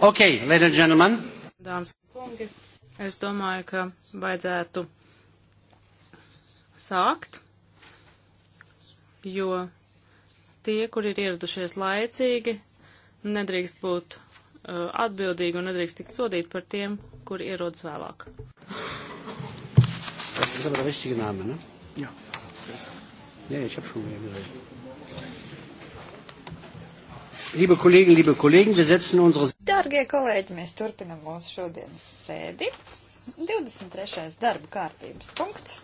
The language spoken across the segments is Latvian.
Ok, ladies and gentlemen. Dāmas un kungi, es domāju, ka vajadzētu sākt, jo tie, kur ir ieradušies laicīgi, nedrīkst būt uh, atbildīgi un nedrīkst tikt sodīt par tiem, kur ierodas vēlāk. Das ist aber der richtige Name, ne? Ja. Ja, ich habe schon wieder gesagt. Liebe Kollegen, liebe Kollegen, wir setzen unsere Dargie kolēģi, mēs turpinam mūsu šodienas sēdi. 23. darba kārtības punkts.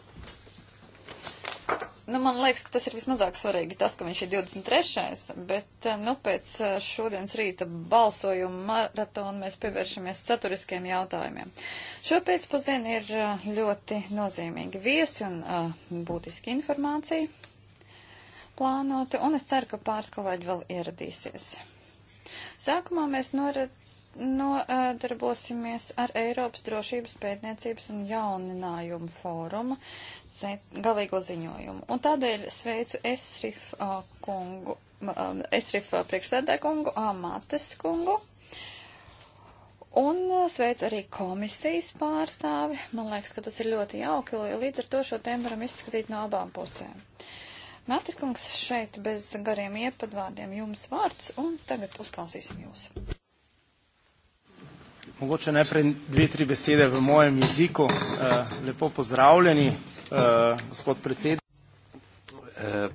Nu, man liekas, ka tas ir vismazāk svarīgi tas, ka viņš ir 23. Bet, eh, nu, pēc eh, šodienas rīta balsojuma maratona mēs pievēršamies saturiskiem jautājumiem. Šo pēcpusdienu ir eh, ļoti nozīmīgi viesi un uh, būtiski informācija plānota, un es ceru, ka pāris kolēģi vēl ieradīsies. Sākumā mēs norad, nodarbosimies ar Eiropas drošības pētniecības un jauninājumu fórumu galīgo ziņojumu. Un tādēļ sveicu Esrif kungu, Esrif priekšsēdē kungu, Amates kungu. Un sveicu arī komisijas pārstāvi. Man liekas, ka tas ir ļoti jauki, jo līdz ar to šo tēmu varam izskatīt no abām pusēm. Matis kungs šeit bez gariem iepadvārdiem jums vārds, un tagad uzklausīsim jūs. Mogoče najprej dve, tri besede v mojem jeziku. Eh, lepo pozdravljeni, eh, gospod predsednik. Eh,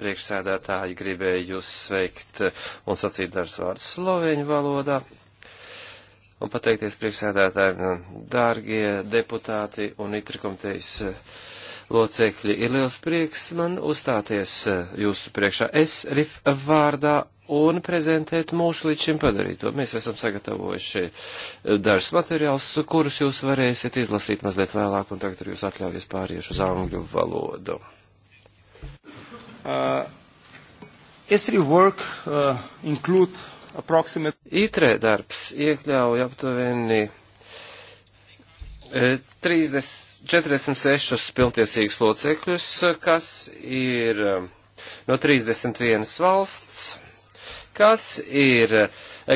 Priekšsēdētāji gribēju jūs sveikt un sacīt dažus vārdus sloveņu valodā. Un pateikties priekšsēdētājiem, dārgie deputāti un itrikomtejas locekļi, ir liels prieks man uzstāties jūsu priekšā. Es Rif vārdā un prezentēt mūsu līdz šim padarīto. Mēs esam sagatavojuši eh, dažus materiālus, kurus jūs varēsiet izlasīt mazliet vēlāk, un tagad ar jūs atļaujies pāriešu uz angļu valodu. Uh, work, uh, approximate... ITRE darbs iekļauj aptuveni 30, eh, 46 pilntiesīgus locekļus, kas ir eh, no 31 valsts kas ir,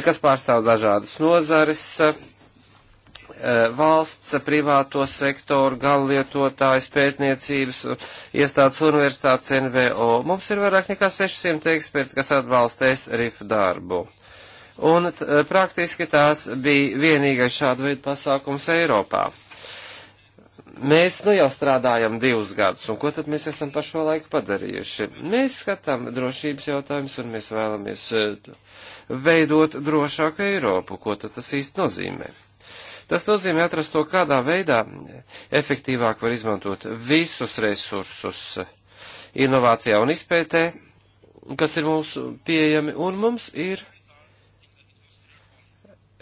kas pārstāv dažādas nozares, eh, valsts, privāto sektoru, gallietotājs, pētniecības, iestādes universitātes NVO. Mums ir vairāk nekā 600 eksperti, kas atbalstēs RIF darbu. Un eh, praktiski tās bija vienīgais šāda veida pasākums Eiropā. Mēs nu jau strādājam divus gadus, un ko tad mēs esam pa šo laiku padarījuši? Mēs skatām drošības jautājumus, un mēs vēlamies eh, veidot drošāku Eiropu. Ko tad tas īsti nozīmē? Tas nozīmē atrast to, kādā veidā efektīvāk var izmantot visus resursus inovācijā un izpētē, kas ir mums pieejami, un mums ir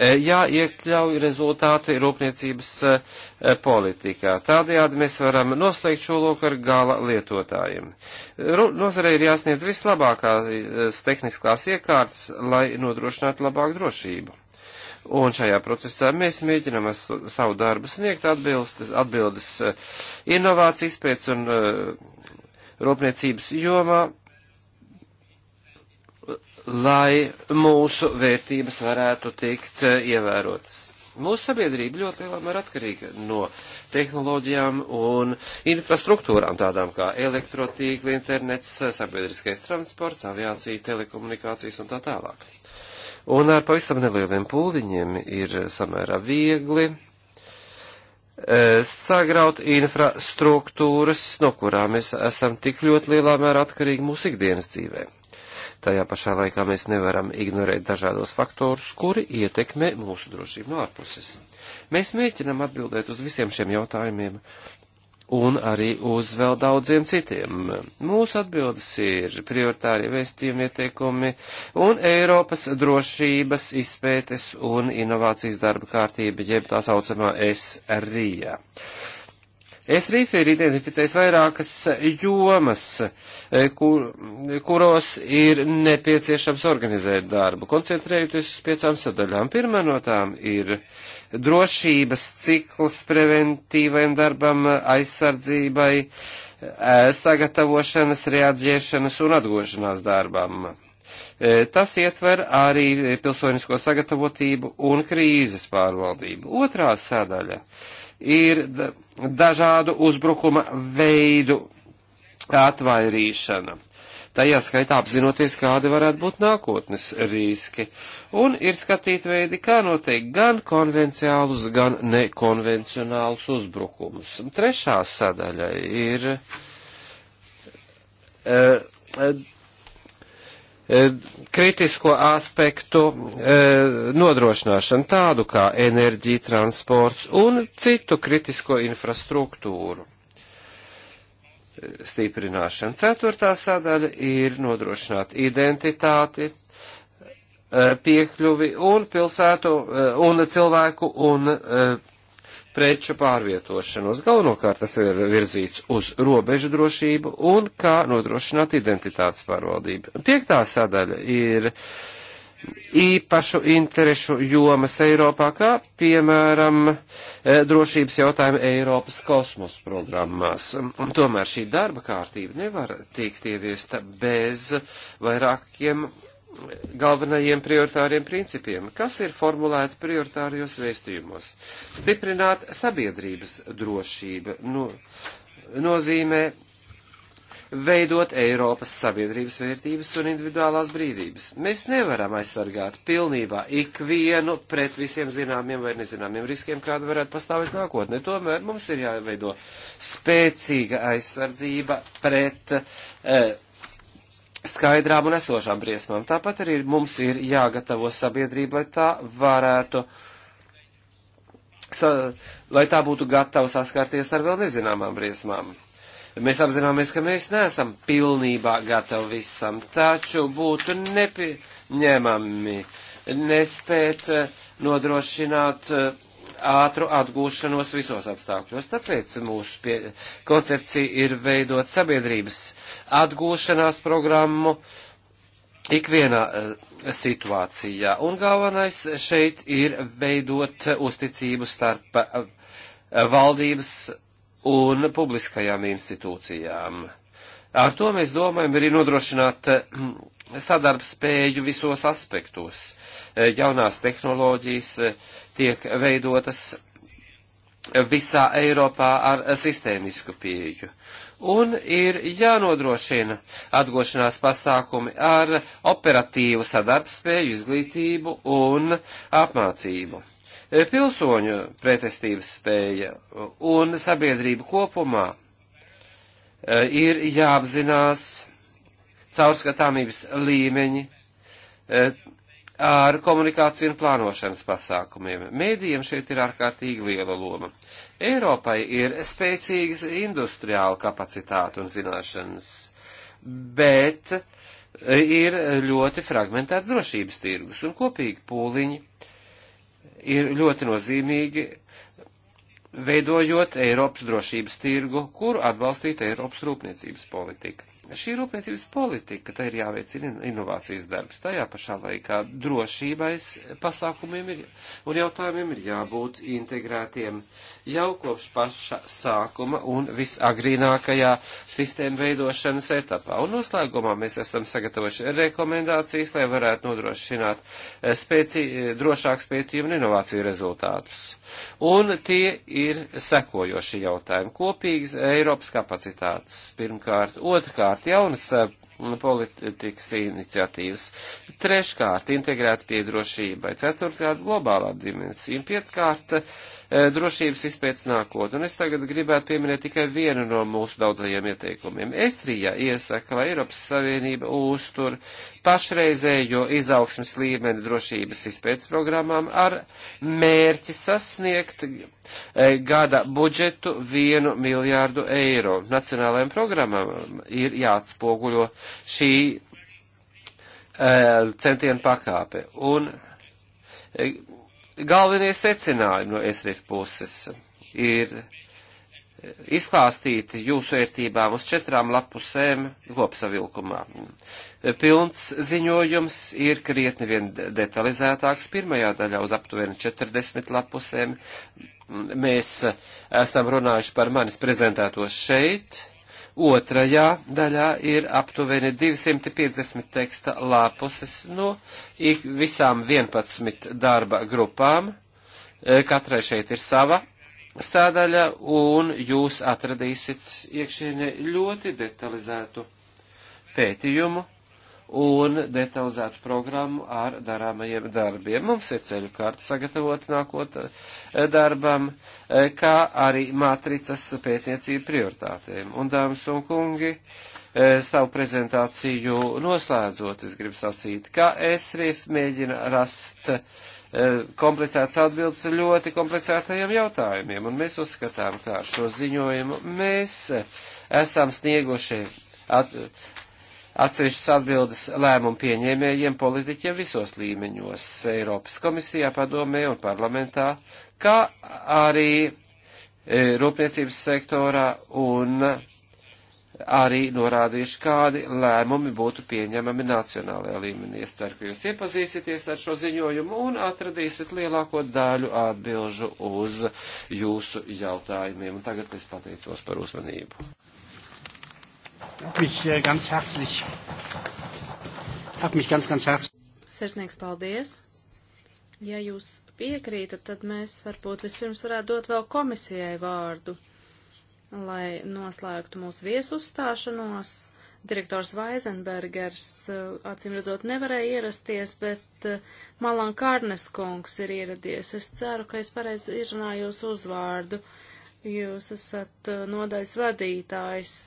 E, jāiekļauj rezultāti rūpniecības e, e, politikā. Tādējādi mēs varam noslēgt šo loku ar gala lietotājiem. Nozarei ir jāsniedz vislabākās tehniskās iekārtas, lai nodrošinātu labāku drošību. Un šajā procesā mēs mēģinām savu darbu sniegt atbildes, atbildes inovācijas pēc un rūpniecības jomā lai mūsu vērtības varētu tikt eh, ievērotas. Mūsu sabiedrība ļoti lielā mērā atkarīga no tehnoloģijām un infrastruktūrām, tādām kā elektrotīkli, internets, sabiedriskais transports, aviācija, telekomunikācijas un tā tālāk. Un ar pavisam nelieliem pūliņiem ir samērā viegli eh, sagraut infrastruktūras, no kurām mēs esam tik ļoti lielā mērā atkarīgi mūsu ikdienas dzīvēm. Tajā pašā laikā mēs nevaram ignorēt dažādos faktorus, kuri ietekmē mūsu drošību no ārpuses. Mēs mēģinam atbildēt uz visiem šiem jautājumiem un arī uz vēl daudziem citiem. Mūsu atbildes ir prioritārie vēstījumi ieteikumi un Eiropas drošības izpētes un inovācijas darba kārtība, jeb tā saucamā SRIA. Es Rīfe ir identificējis vairākas jomas, e, kur, kuros ir nepieciešams organizēt darbu, koncentrējoties uz piecām sadaļām. Pirmā no tām ir drošības cikls preventīvajam darbam, aizsardzībai, e, sagatavošanas, reaģēšanas un atgošanās darbam. E, tas ietver arī pilsonisko sagatavotību un krīzes pārvaldību. Otrā sadaļa ir dažādu uzbrukuma veidu atvairīšana. Tajā skaitā apzinoties, kādi varētu būt nākotnes riski, un ir skatīt veidi, kā noteikt gan konvenciālus, gan nekonvencionālus uzbrukumus. Trešā sadaļa ir. Uh, uh, E, kritisko aspektu e, nodrošināšanu, tādu kā enerģija, transports un citu kritisko infrastruktūru stiprināšana. Ceturtā sadaļa ir nodrošināt identitāti, e, piekļuvi un pilsētu un cilvēku un preču pārvietošanos. Galvenokārt tas ir virzīts uz robežu drošību un kā nodrošināt identitātes pārvaldību. Piektā sadaļa ir īpašu interešu jomas Eiropā, kā piemēram e, drošības jautājumi Eiropas kosmos programmās. Un tomēr šī darba kārtība nevar tikt ieviesta bez vairākiem galvenajiem prioritāriem principiem, kas ir formulēti prioritārijos vēstījumos. Stiprināt sabiedrības drošību nu, nozīmē veidot Eiropas sabiedrības vērtības un individuālās brīvības. Mēs nevaram aizsargāt pilnībā ikvienu pret visiem zināmiem vai nezināmiem riskiem, kāda varētu pastāvēt nākotnē. Tomēr mums ir jāveido spēcīga aizsardzība pret. Eh, skaidrām un esošām briesmām. Tāpat arī mums ir jāgatavo sabiedrība, lai tā varētu, sa, lai tā būtu gatava saskarties ar vēl nezināmām briesmām. Mēs apzināmies, ka mēs neesam pilnībā gatavi visam, taču būtu nepieņemami nespēt eh, nodrošināt uh, ātru atgūšanos visos apstākļos. Tāpēc mūsu pie, koncepcija ir veidot sabiedrības atgūšanās programmu ikvienā eh, situācijā. Un galvenais šeit ir veidot uzticību starp eh, valdības un publiskajām institūcijām. Ar to mēs domājam arī nodrošināt eh, sadarbspēju visos aspektos. Jaunās tehnoloģijas, tiek veidotas visā Eiropā ar sistēmisku pieeju. Un ir jānodrošina atgošanās pasākumi ar operatīvu sadarbspēju, izglītību un apmācību. Pilsoņu pretestības spēja un sabiedrība kopumā e, ir jāapzinās caurskatāmības līmeņi, e, ar komunikāciju un plānošanas pasākumiem. Mēdījiem šeit ir ārkārtīgi liela loma. Eiropai ir spēcīgas industriāla kapacitāte un zināšanas, bet e, ir ļoti fragmentēts drošības tirgus un kopīgi pūliņi ir ļoti nozīmīgi, veidojot Eiropas drošības tirgu, kuru atbalstītu Eiropas rūpniecības politika. Šī rūpniecības politika, tai ir jāveicina inovācijas darbs. Tajā pašā laikā drošībais pasākumiem ir, un jautājumiem ir jābūt integrētiem jau kopš paša sākuma un visagrīnākajā sistēma veidošanas etapā. Un noslēgumā mēs esam sagatavojuši rekomendācijas, lai varētu nodrošināt eh, spēcī, drošāks pētījumu un inovāciju rezultātus. Un tie ir sekojoši jautājumi. Kopīgas Eiropas kapacitātes pirmkārt, otrkārt jaunas eh, politikas iniciatīvas, treškārt integrēta piedrošībai, ceturtkārt globālā dimensija, piekārt uh, Eh, drošības izpētes nākotni. Un es tagad gribētu pieminēt tikai vienu no mūsu daudzajiem ieteikumiem. Esrija iesaka, lai Eiropas Savienība uztur pašreizējo izaugsmes līmeni drošības izpētes programmām ar mērķi sasniegt eh, gada budžetu vienu miljārdu eiro. Nacionālajām programmām ir jāatspoguļo šī eh, centienu pakāpe. Un galvenie secinājumi no esrīt puses ir izklāstīti jūsu vērtībām uz četrām lapusēm kopsavilkumā. Pilns ziņojums ir krietni vien detalizētāks pirmajā daļā uz aptuveni 40 lapusēm. Mēs esam runājuši par manis prezentētos šeit, Otrajā daļā ir aptuveni 250 teksta lāpuses no ik visām 11 darba grupām. E, katrai šeit ir sava sādaļa, un jūs atradīsiet iekšienē ļoti detalizētu pētījumu un detalizētu programmu ar darāmajiem darbiem. Mums ir ceļu kārta sagatavot nākot eh, darbam, eh, kā arī matricas pētniecību prioritātēm. Un, dāmas un kungi, eh, savu prezentāciju noslēdzot, es gribu sacīt, ka es rif mēģinu rast komplicētas atbildes ļoti komplicētajiem jautājumiem, un mēs uzskatām, ka ar šo ziņojumu mēs esam snieguši at, atsevišķas atbildes lēmumu pieņēmējiem, politiķiem visos līmeņos - Eiropas komisijā, padomē un parlamentā, kā arī e, rūpniecības sektorā un arī norādījuši, kādi lēmumi būtu pieņemami nacionālajā līmenī. Es ceru, ka jūs iepazīsieties ar šo ziņojumu un atradīsiet lielāko daļu atbilžu uz jūsu jautājumiem. Un tagad es pateicos par uzmanību mich äh, ganz herzlich. Hab mich ganz, ganz herzlich. Sirsnieks paldies. Ja jūs piekrītat, tad mēs varbūt vispirms varētu dot vēl komisijai vārdu, lai noslēgtu mūsu viesu uzstāšanos. Direktors Vaizenbergers uh, acīm redzot nevarēja ierasties, bet uh, Malan Kārnes kungs ir ieradies. Es ceru, ka es pareizi izrunāju jūsu uzvārdu. Jūs esat uh, nodaļas vadītājs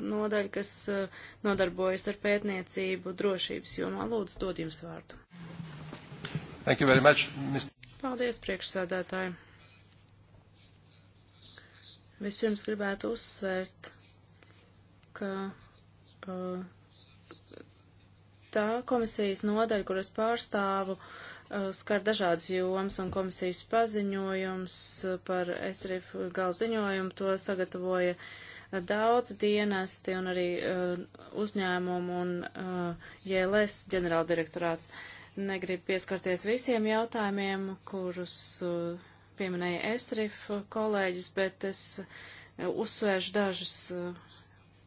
nodaļa, kas eh, nodarbojas ar pētniecību drošības jomā. Lūdzu, dod jums vārdu. Thank you very much, Mr. Paldies, priekšsēdētāji. Vispirms gribētu uzsvērt, ka uh, tā komisijas nodaļa, kuras pārstāvu, uh, skar dažādas jomas un komisijas paziņojums par SRF galziņojumu to sagatavoja uh, daudz dienesti un arī uh, uzņēmumu un uh, JLS ģenerāldirektorāts negrib pieskarties visiem jautājumiem, kurus uh, pieminēja Esrif kolēģis, bet es uh, uzsvēršu dažus uh,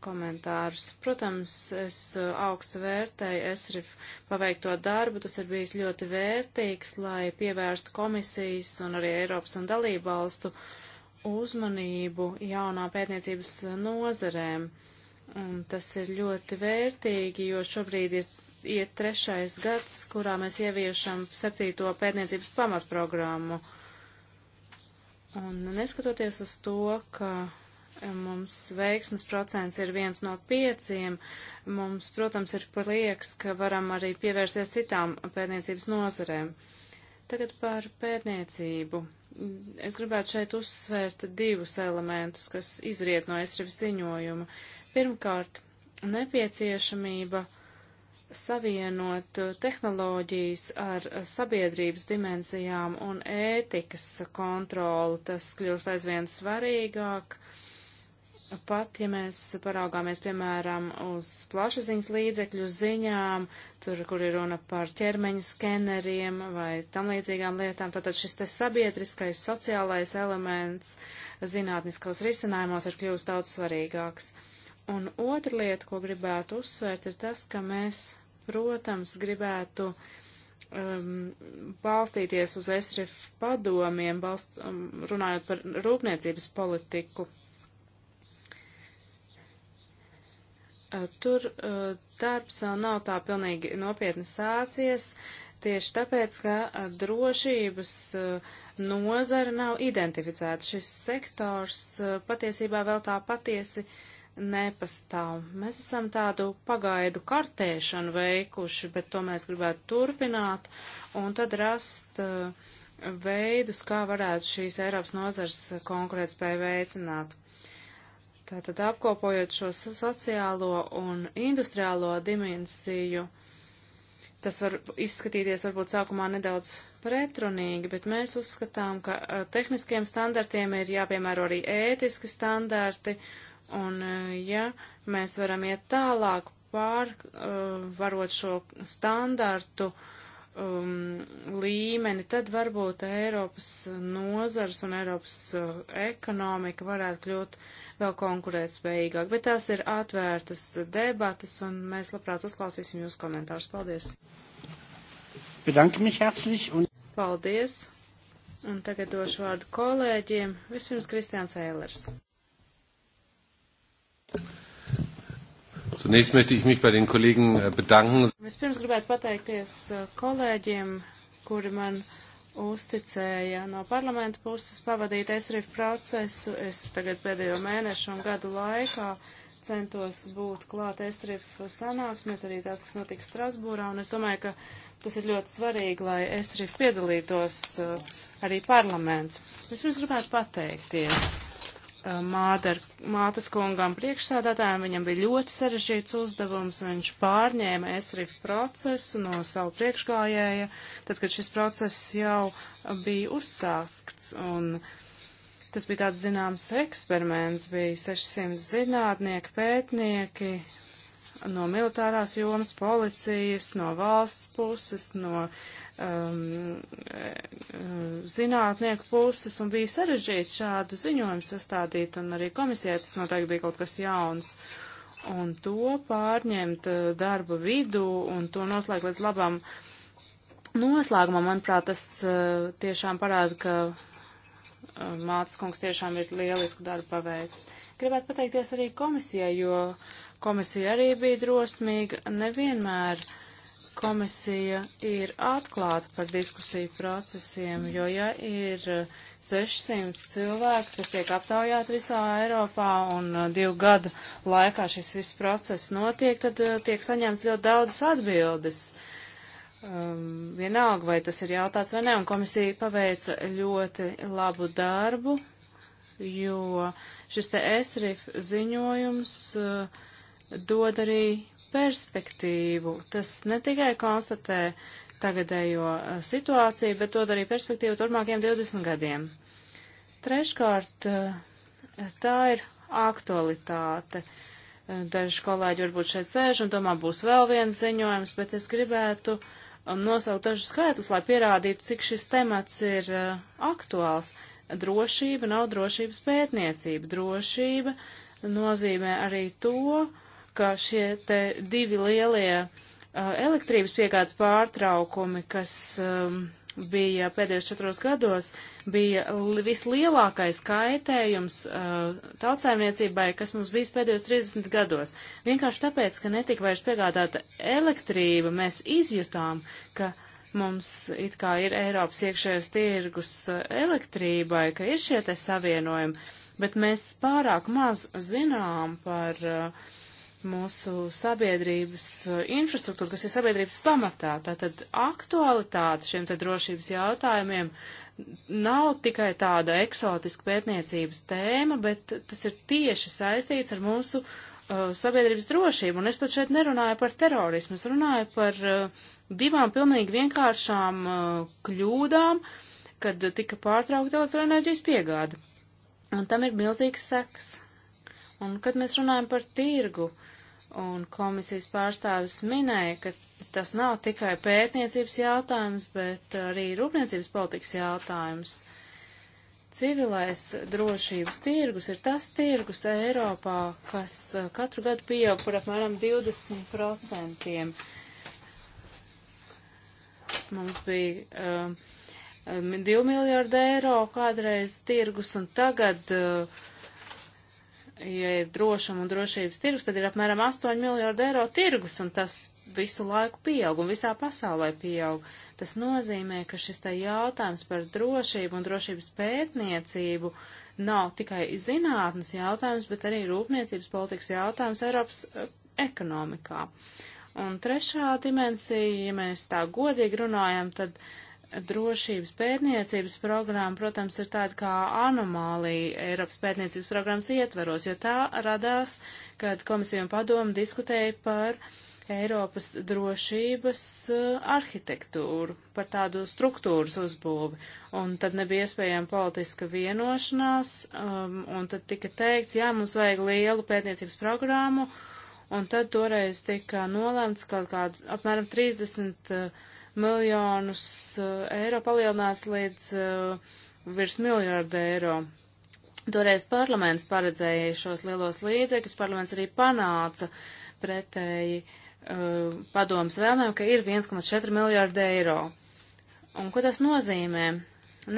komentārus. Protams, es uh, augstu vērtēju Esrif paveikto darbu, tas ir bijis ļoti vērtīgs, lai pievērstu komisijas un arī Eiropas un dalību valstu uh, uzmanību jaunā pētniecības nozarēm. Un tas ir ļoti vērtīgi, jo šobrīd ir iet trešais gads, kurā mēs ieviešam septīto pētniecības pamatprogrammu. Un neskatoties uz to, ka mums veiksmes procents ir viens no pieciem, mums, protams, ir palieks, ka varam arī pievērsties citām pētniecības nozarēm. Tagad par pētniecību es gribētu šeit uzsvērt divus elementus, kas izriet no esrevs ziņojuma. Pirmkārt, nepieciešamība savienot tehnoloģijas ar sabiedrības dimensijām un ētikas kontroli. Tas kļūst aizvien svarīgāk. Uh, pat, ja mēs paraugāmies, piemēram, uz plašsaziņas līdzekļu ziņām, tur, kur ir runa par ķermeņa skeneriem vai tam līdzīgām lietām, tātad šis te sabiedriskais, sociālais elements zinātniskos risinājumos ir kļūst daudz svarīgāks. Un otra lieta, ko gribētu uzsvērt, ir tas, ka mēs, protams, gribētu um, balstīties uz ESRIF padomiem, balst, um, runājot par rūpniecības politiku Eh, tur eh, darbs vēl nav tā pilnīgi nopietni sācies, tieši tāpēc, ka eh, drošības nozara nav identificēta. Šis sektors patiesībā vēl tā patiesi nepastāv. Mēs esam tādu pagaidu kartēšanu veikuši, bet to mēs gribētu turpināt un tad rast veidus, kā varētu šīs Eiropas nozars konkurētspēju veicināt. Tātad apkopojot šo sociālo un industriālo dimensiju, tas var izskatīties varbūt sākumā nedaudz pretrunīgi, bet mēs uzskatām, ka tehniskiem standartiem ir jāpiemēro arī ētiski standarti, un ja mēs varam iet tālāk pārvarot šo standartu, uh, um, līmeni, tad varbūt Eiropas nozars un Eiropas uh, ekonomika varētu kļūt vēl konkurētspējīgāk. Bet tās ir atvērtas debatas, un mēs labprāt uzklausīsim jūsu komentārus. Paldies! Un... Paldies! Un tagad došu vārdu kolēģiem. Vispirms Kristiāns Ēlers. Thank you. Zunächst möchte ich mich bei den Kollegen äh, bedanken. Vispirms gribētu pateikties äh, kolēģiem, kuri man uzticēja no parlamenta puses pavadīt esrif procesu. Es tagad pēdējo mēnešu un gadu laikā centos būt klāt esrif sanāksmēs, arī tās, kas notika Strasbūrā, un es domāju, ka tas ir ļoti svarīgi, lai esrif piedalītos äh, arī parlaments. Vispirms gribētu pateikties Māder, mātes kungam priekšsēdētājiem, viņam bija ļoti sarežģīts uzdevums, viņš pārņēma esrif procesu no savu priekšgājēja, tad, kad šis process jau bija uzsākts, un tas bija tāds zināms eksperiments, bija 600 zinātnieki, pētnieki no militārās jomas, policijas, no valsts puses, no um, eh, zinātnieku puses, un bija sarežģīti šādu ziņojumu sastādīt, un arī komisijai tas noteikti bija kaut kas jauns. Un to pārņemt eh, darba vidu un to noslēgt līdz labam noslēgumam, manuprāt, tas uh, tiešām parāda, ka Mācis kungs tiešām ir lielisku darbu paveicis. Gribētu pateikties arī komisijai, jo komisija arī bija drosmīga. Nevienmēr komisija ir atklāta par diskusiju procesiem, jo ja ir 600 eh, cilvēki, kas tiek aptaujāti visā Eiropā un eh, divu gadu laikā šis viss process notiek, tad eh, tiek saņemts ļoti daudzas atbildes. Um, vienalga, vai tas ir jautāts vai nē, un komisija paveica ļoti labu darbu, jo šis te esrif ziņojums uh, dod arī perspektīvu. Tas ne tikai konstatē tagadējo eh, situāciju, bet dod arī perspektīvu turpmākajiem 20 gadiem. Treškārt, eh, tā ir aktualitāte. Eh, daži kolēģi varbūt šeit sēž un domā, būs vēl viens ziņojums, bet es gribētu um, nosaukt dažus skaitļus, lai pierādītu, cik šis temats ir aktuāls. Drošība nav drošības pētniecība. Drošība nozīmē arī to, uh, ka šie te divi lielie elektrības piegādes pārtraukumi, kas um, bija pēdējos četros gados, bija vislielākais kaitējums uh, tautsājumniecībai, kas mums bijis pēdējos 30 gados. Vienkārši tāpēc, ka netika vairs piegādāta elektrība, mēs izjutām, ka mums it kā ir Eiropas iekšējais tirgus elektrībai, ka ir šie te savienojumi, bet mēs pārāk maz zinām par uh, mūsu sabiedrības eh, infrastruktūru, kas ir sabiedrības pamatā. Tātad aktualitāte šiem te drošības jautājumiem nav tikai tāda eksotiska pētniecības tēma, bet tas ir tieši saistīts ar mūsu uh, sabiedrības drošību. Un es pat šeit nerunāju par terorismu, es runāju par uh, divām pilnīgi vienkāršām uh, kļūdām, kad tika pārtraukta elektroenerģijas piegāde. Un tam ir milzīgs seks. Un kad mēs runājam par tirgu, un komisijas pārstāvis minēja, ka tas nav tikai pētniecības jautājums, bet arī rūpniecības politikas jautājums. Civilais drošības tirgus ir tas tirgus Eiropā, kas eh, katru gadu pieaug par apmēram 20%. Mums bija uh, eh, 2 eh, miljārdi eiro kādreiz tirgus, un tagad uh, ja ir drošuma un drošības tirgus, tad ir apmēram 8 miljārdu eiro tirgus, un tas visu laiku pieaug, un visā pasaulē pieaug. Tas nozīmē, ka šis te jautājums par drošību un drošības pētniecību nav tikai zinātnes jautājums, bet arī rūpniecības politikas jautājums Eiropas e, ekonomikā. Un trešā dimensija, ja mēs tā godīgi runājam, tad uh, drošības pētniecības programma, protams, ir tāda kā anomālija Eiropas pētniecības programmas ietvaros, jo tā radās, kad komisija un padoma diskutēja par Eiropas drošības uh, arhitektūru, par tādu struktūras uzbūvi. Un tad nebija iespējama politiska vienošanās, um, un tad tika teikts, jā, mums vajag lielu pētniecības programmu, un tad toreiz tika nolēmts kaut kādu apmēram 30 uh, miljonus eh, eiro palielināts līdz eh, virs miljardu eiro. Toreiz parlaments paredzēja šos lielos līdzekļus, parlaments arī panāca pretēji uh, padomas vēlmēm, ka ir 1,4 miljārdi eiro. Un ko tas nozīmē?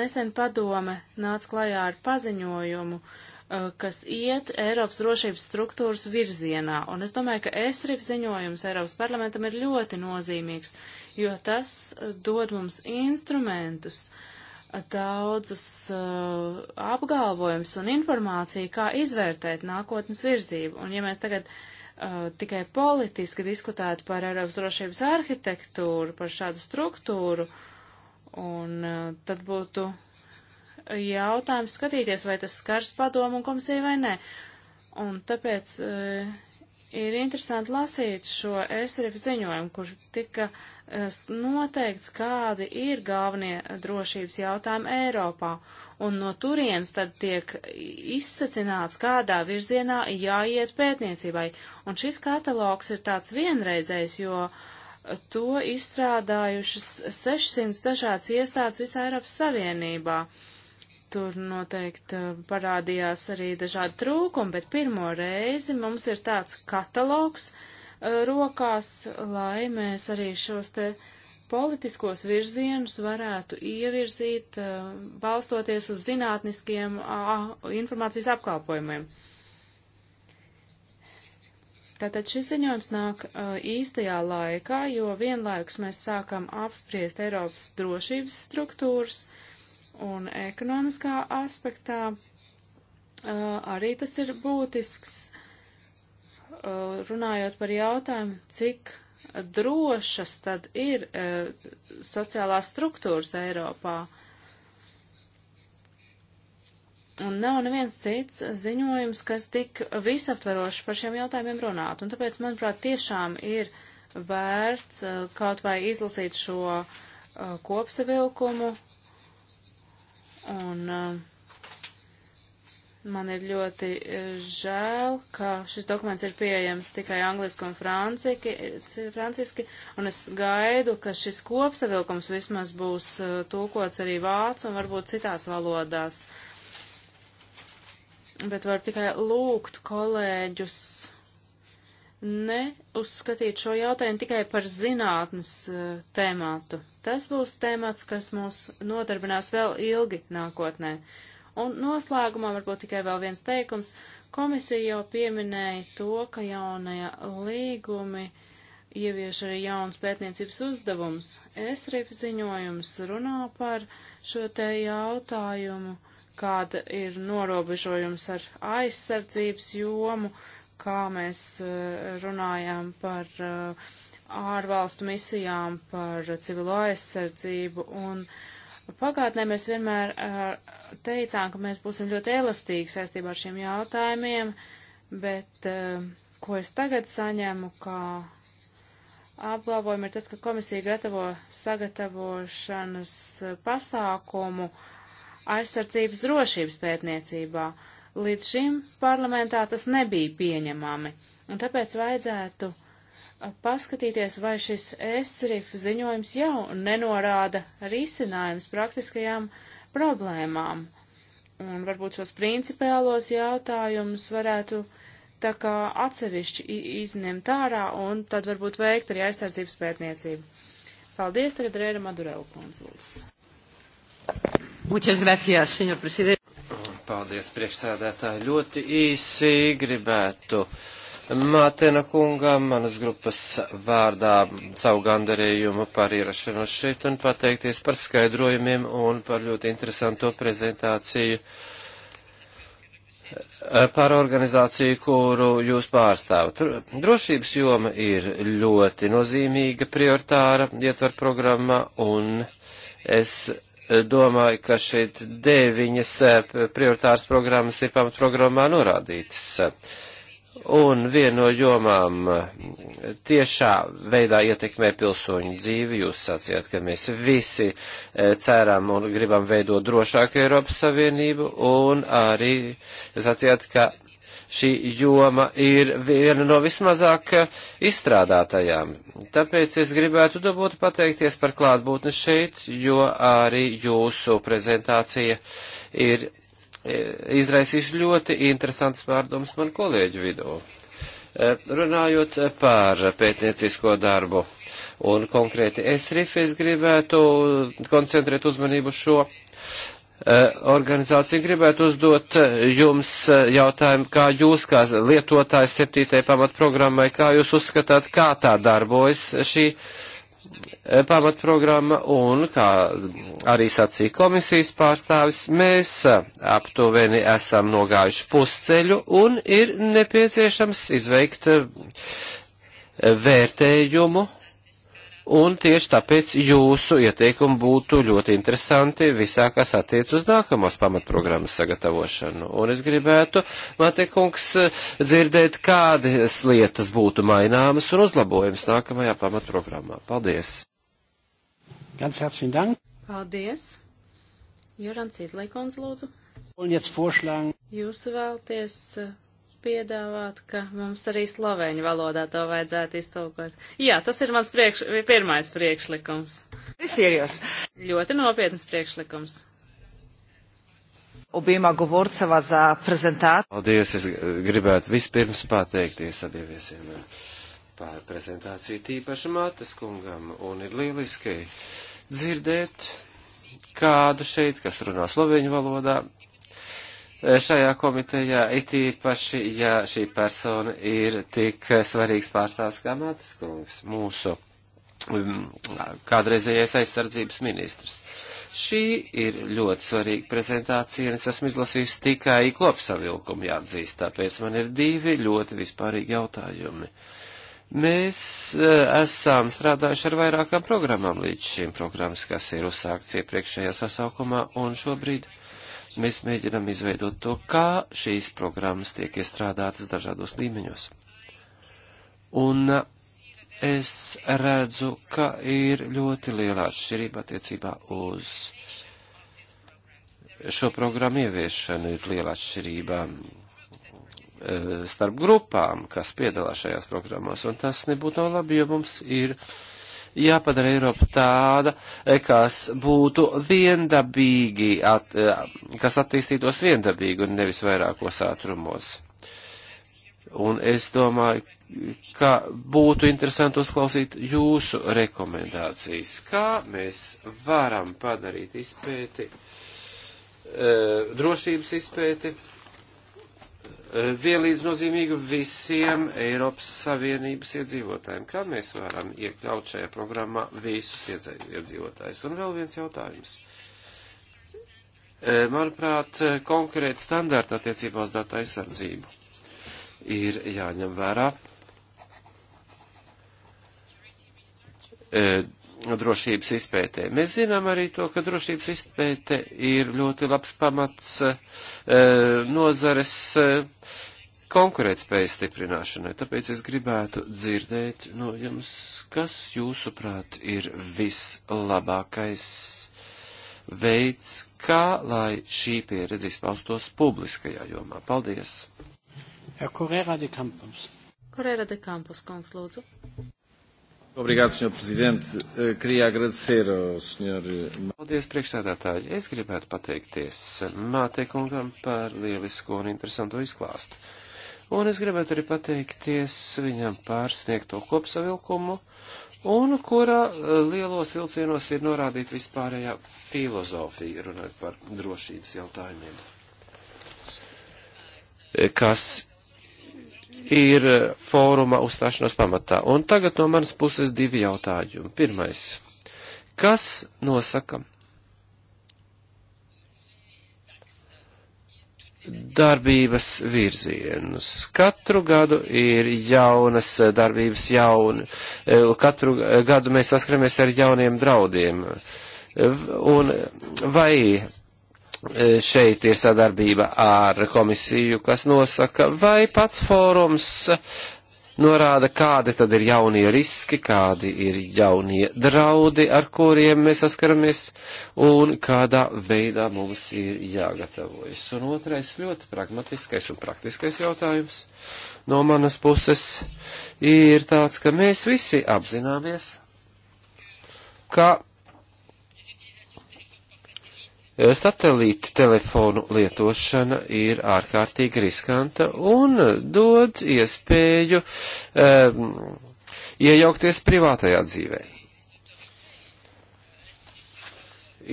Nesen padome nāca klajā ar paziņojumu, uh, Eh, kas iet Eiropas drošības struktūras virzienā. Un es domāju, ka ESRIF ziņojums Eiropas parlamentam ir ļoti nozīmīgs, jo tas eh, dod mums instrumentus, eh, daudzus uh, apgalvojumus un informāciju, kā izvērtēt nākotnes virzību. Un ja mēs tagad uh, tikai politiski diskutētu par Eiropas drošības arhitektūru, par šādu struktūru, un uh, tad būtu jautājums skatīties, vai tas skars padomu un komisiju vai nē. Un tāpēc uh, ir interesanti lasīt šo ESRF ziņojumu, kur tika eh, noteikts, kādi ir galvenie drošības jautājumi Eiropā. Un no turienes tad tiek izsacināts, kādā virzienā jāiet pētniecībai. Un šis katalogs ir tāds vienreizējs, jo eh, to izstrādājušas 600 dažādas iestādes visā Eiropas Savienībā. Uh, Tur noteikti eh, parādījās arī dažādi trūkumi, bet pirmo reizi mums ir tāds katalogs eh, rokās, lai mēs arī šos te politiskos virzienus varētu ievirzīt, eh, balstoties uz zinātniskiem informācijas apkalpojumiem. Tātad šis ziņojums nāk uh, īstajā laikā, jo vienlaikus mēs sākam apspriest Eiropas drošības struktūras, un ekonomiskā aspektā arī tas ir būtisks, runājot par jautājumu, cik drošas tad ir sociālās struktūras Eiropā. Un nav neviens cits ziņojums, kas tik visaptveroši par šiem jautājumiem runātu. Un tāpēc, manuprāt, tiešām ir vērts kaut vai izlasīt šo kopsavilkumu Un uh, man ir ļoti uh, žēl, ka šis dokuments ir pieejams tikai angliski un franciski, un es gaidu, ka šis kopsavilkums vismaz būs uh, tulkots arī vācu un varbūt citās valodās. Bet var tikai lūgt kolēģus neuzskatīt šo jautājumu tikai par zinātnes uh, tēmātu. Tas būs tēmats, kas mūs nodarbinās vēl ilgi nākotnē. Un noslēgumā varbūt tikai vēl viens teikums. Komisija jau pieminēja to, ka jaunajā līgumi ievieš arī jauns pētniecības uzdevums. ESRIF ziņojums runā par šo te jautājumu, kāda ir norobežojums ar aizsardzības jomu. Uh, kā mēs eh, runājam par eh, ārvalstu misijām, par civilo aizsardzību. Un pagātnē mēs vienmēr eh, teicām, ka mēs būsim ļoti elastīgi saistībā ar šiem jautājumiem, bet ko es tagad saņemu, kā apgalvojumi ir tas, ka komisija gatavo sagatavošanas pasākumu aizsardzības drošības pētniecībā. Uh, Līdz šim parlamentā tas nebija pieņemami, un tāpēc vajadzētu paskatīties, vai šis ESRIF ziņojums jau nenorāda risinājums praktiskajām problēmām. Un varbūt šos principiālos jautājumus varētu tā kā atsevišķi izņemt ārā un tad varbūt veikt arī aizsardzības pētniecību. Paldies, tagad Rēra Madurela kundze, lūdzu. Muchas gracias, señor presidente. Paldies, priekšsēdētāji. Ļoti īsi gribētu Mātena kungam manas grupas vārdā savu gandarījumu par ierašanos šeit un pateikties par skaidrojumiem un par ļoti interesanto prezentāciju par organizāciju, kuru jūs pārstāvat. Drošības joma ir ļoti nozīmīga, prioritāra, ietver programma, un es domāju, ka šeit deviņas eh, prioritāras programmas ir pamatprogrammā norādītas. Un viena no jomām tiešā veidā ietekmē pilsoņu dzīvi. Jūs sacījāt, ka mēs visi eh, ceram un gribam veidot drošāku Eiropas Savienību, un arī sacījāt, ka šī joma ir viena no vismazāk eh, izstrādātajām. Tāpēc es gribētu dabūt pateikties par klātbūtni šeit, jo arī jūsu prezentācija ir eh, izraisījusi ļoti interesants pārdoms man kolēģu vidū. Eh, runājot par pētniecisko darbu un konkrēti es rifes gribētu koncentrēt uzmanību šo Eh, organizācija. Gribētu uzdot eh, jums eh, jautājumu, kā jūs, kā lietotājs septītajai pamatprogrammai, kā jūs uzskatāt, kā tā darbojas šī pamatprogramma un, kā arī sacīja komisijas pārstāvis, mēs aptuveni esam nogājuši pusceļu un ir nepieciešams izveikt vērtējumu un tieši tāpēc jūsu ieteikumi būtu ļoti interesanti visā, kas attiec uz nākamos pamatprogrammas sagatavošanu. Un es gribētu, Matekungs, dzirdēt, kādas lietas būtu maināmas un uzlabojums nākamajā pamatprogrammā. Paldies! Ganz herzlichen Dank! Paldies! Jurans Izlaikons, lūdzu! Un jetzt vorschlagen. Jūs vēlties piedāvāt, ka mums arī slovēņu valodā to vajadzētu iztulkot. Jā, tas ir mans priekš, pirmais priekšlikums. Es ieros. Ļoti nopietnas priekšlikums. Obīmā Govorcevā za prezentāciju. Paldies, es gribētu vispirms pateikties abiem viesiem par prezentāciju tīpaši Mātes kungam, un ir lieliski dzirdēt kādu šeit, kas runā sloveņu valodā, šajā komitejā, it īpaši, ja šī persona ir tik svarīgs pārstāvs kā Matis Kungs, mūsu um, kādreizējais aizsardzības ministrs. Šī ir ļoti svarīga prezentācija, un es esmu izlasījis tikai kopsavilkumu jāatzīst, tāpēc man ir divi ļoti vispārīgi jautājumi. Mēs uh, esam strādājuši ar vairākām programmām līdz šīm programmas, kas ir uzsākts iepriekšējā sasaukumā, un šobrīd mēs mēģinam izveidot to, kā šīs programmas tiek iestrādātas dažādos līmeņos. Un uh, es redzu, ka ir ļoti liela atšķirība attiecībā uz šo programmu ieviešanu, ir liela atšķirība uh, starp grupām, kas piedalās šajās programmās, un tas nebūtu nav labi, jo mums ir uh, jāpadara Eiropa tāda, eh, kas būtu viendabīgi, at, eh, kas attīstītos viendabīgi un nevis vairākos ātrumos. Un es domāju, ka būtu interesanti uzklausīt jūsu rekomendācijas, kā mēs varam padarīt izpēti, eh, drošības izpēti vienlīdz nozīmīga visiem Eiropas Savienības iedzīvotājiem. Kā mēs varam iekļaut šajā programmā visus iedzīvotājus? Un vēl viens jautājums. Eh, manuprāt, eh, konkrēti standārti attiecībā uz datu aizsardzību ir jāņem vērā. Eh, drošības izpētē. Mēs zinām arī to, ka drošības izpēte ir ļoti labs pamats e, nozares e, konkurētspējas stiprināšanai. Tāpēc es gribētu dzirdēt no jums, kas jūsuprāt ir vislabākais veids, kā lai šī pieredze izpaustos publiskajā jomā. Paldies! Korēra de Campos. Korēra de Campos, kungs, lūdzu. Obrigado, Sr. Presidente. Eh, queria agradecer ao Sr. Eh, Paldies, priekšsēdētāji. Es gribētu pateikties Mātei kungam par lielisko un interesanto izklāstu. Un es gribētu arī pateikties viņam par sniegto kopsavilkumu, un kurā eh, lielos vilcienos ir norādīta vispārējā filozofija, runājot par drošības jautājumiem. Kas ir eh, fóruma uzstāšanos pamatā. Un tagad no manas puses divi jautājumi. Pirmais. Kas nosaka darbības virzienus? Katru gadu ir jaunas darbības jauni, eh, katru gadu mēs saskaramies ar jauniem draudiem. Un vai E, šeit ir sadarbība ar komisiju, kas nosaka, vai pats fórums norāda, kādi tad ir jaunie riski, kādi ir jaunie draudi, ar kuriem mēs saskaramies, un kādā veidā mums ir jāgatavojas. Un otrais ļoti pragmatiskais un praktiskais jautājums no manas puses ir tāds, ka mēs visi apzināmies, ka satelīta telefonu lietošana ir ārkārtīgi riskanta un dod iespēju um, iejaukties privātajā dzīvē.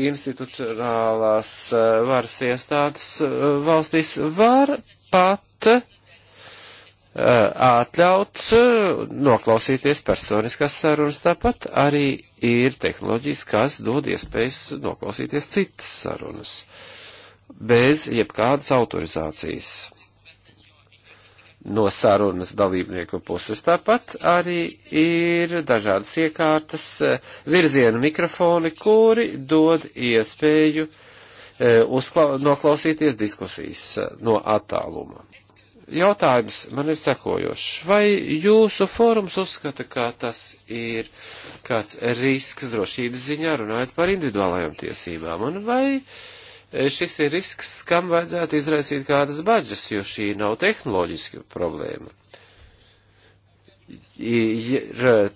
Institucionālās eh, varas iestādes eh, valstīs var pat eh, atļaut noklausīties personiskas sarunas, tāpat arī ir tehnoloģijas, kas dod iespējas noklausīties citas sarunas bez jebkādas autorizācijas no sarunas dalībnieku puses. Tāpat arī ir dažādas iekārtas virzienu mikrofoni, kuri dod iespēju eh, uzkla... noklausīties diskusijas eh, no attāluma jautājums man ir sekojošs. Vai jūsu fórums uzskata, ka tas ir kāds risks drošības ziņā runājot par individuālajām tiesībām? Un vai šis ir risks, kam vajadzētu izraisīt kādas baģas, jo šī nav tehnoloģiska problēma? Ir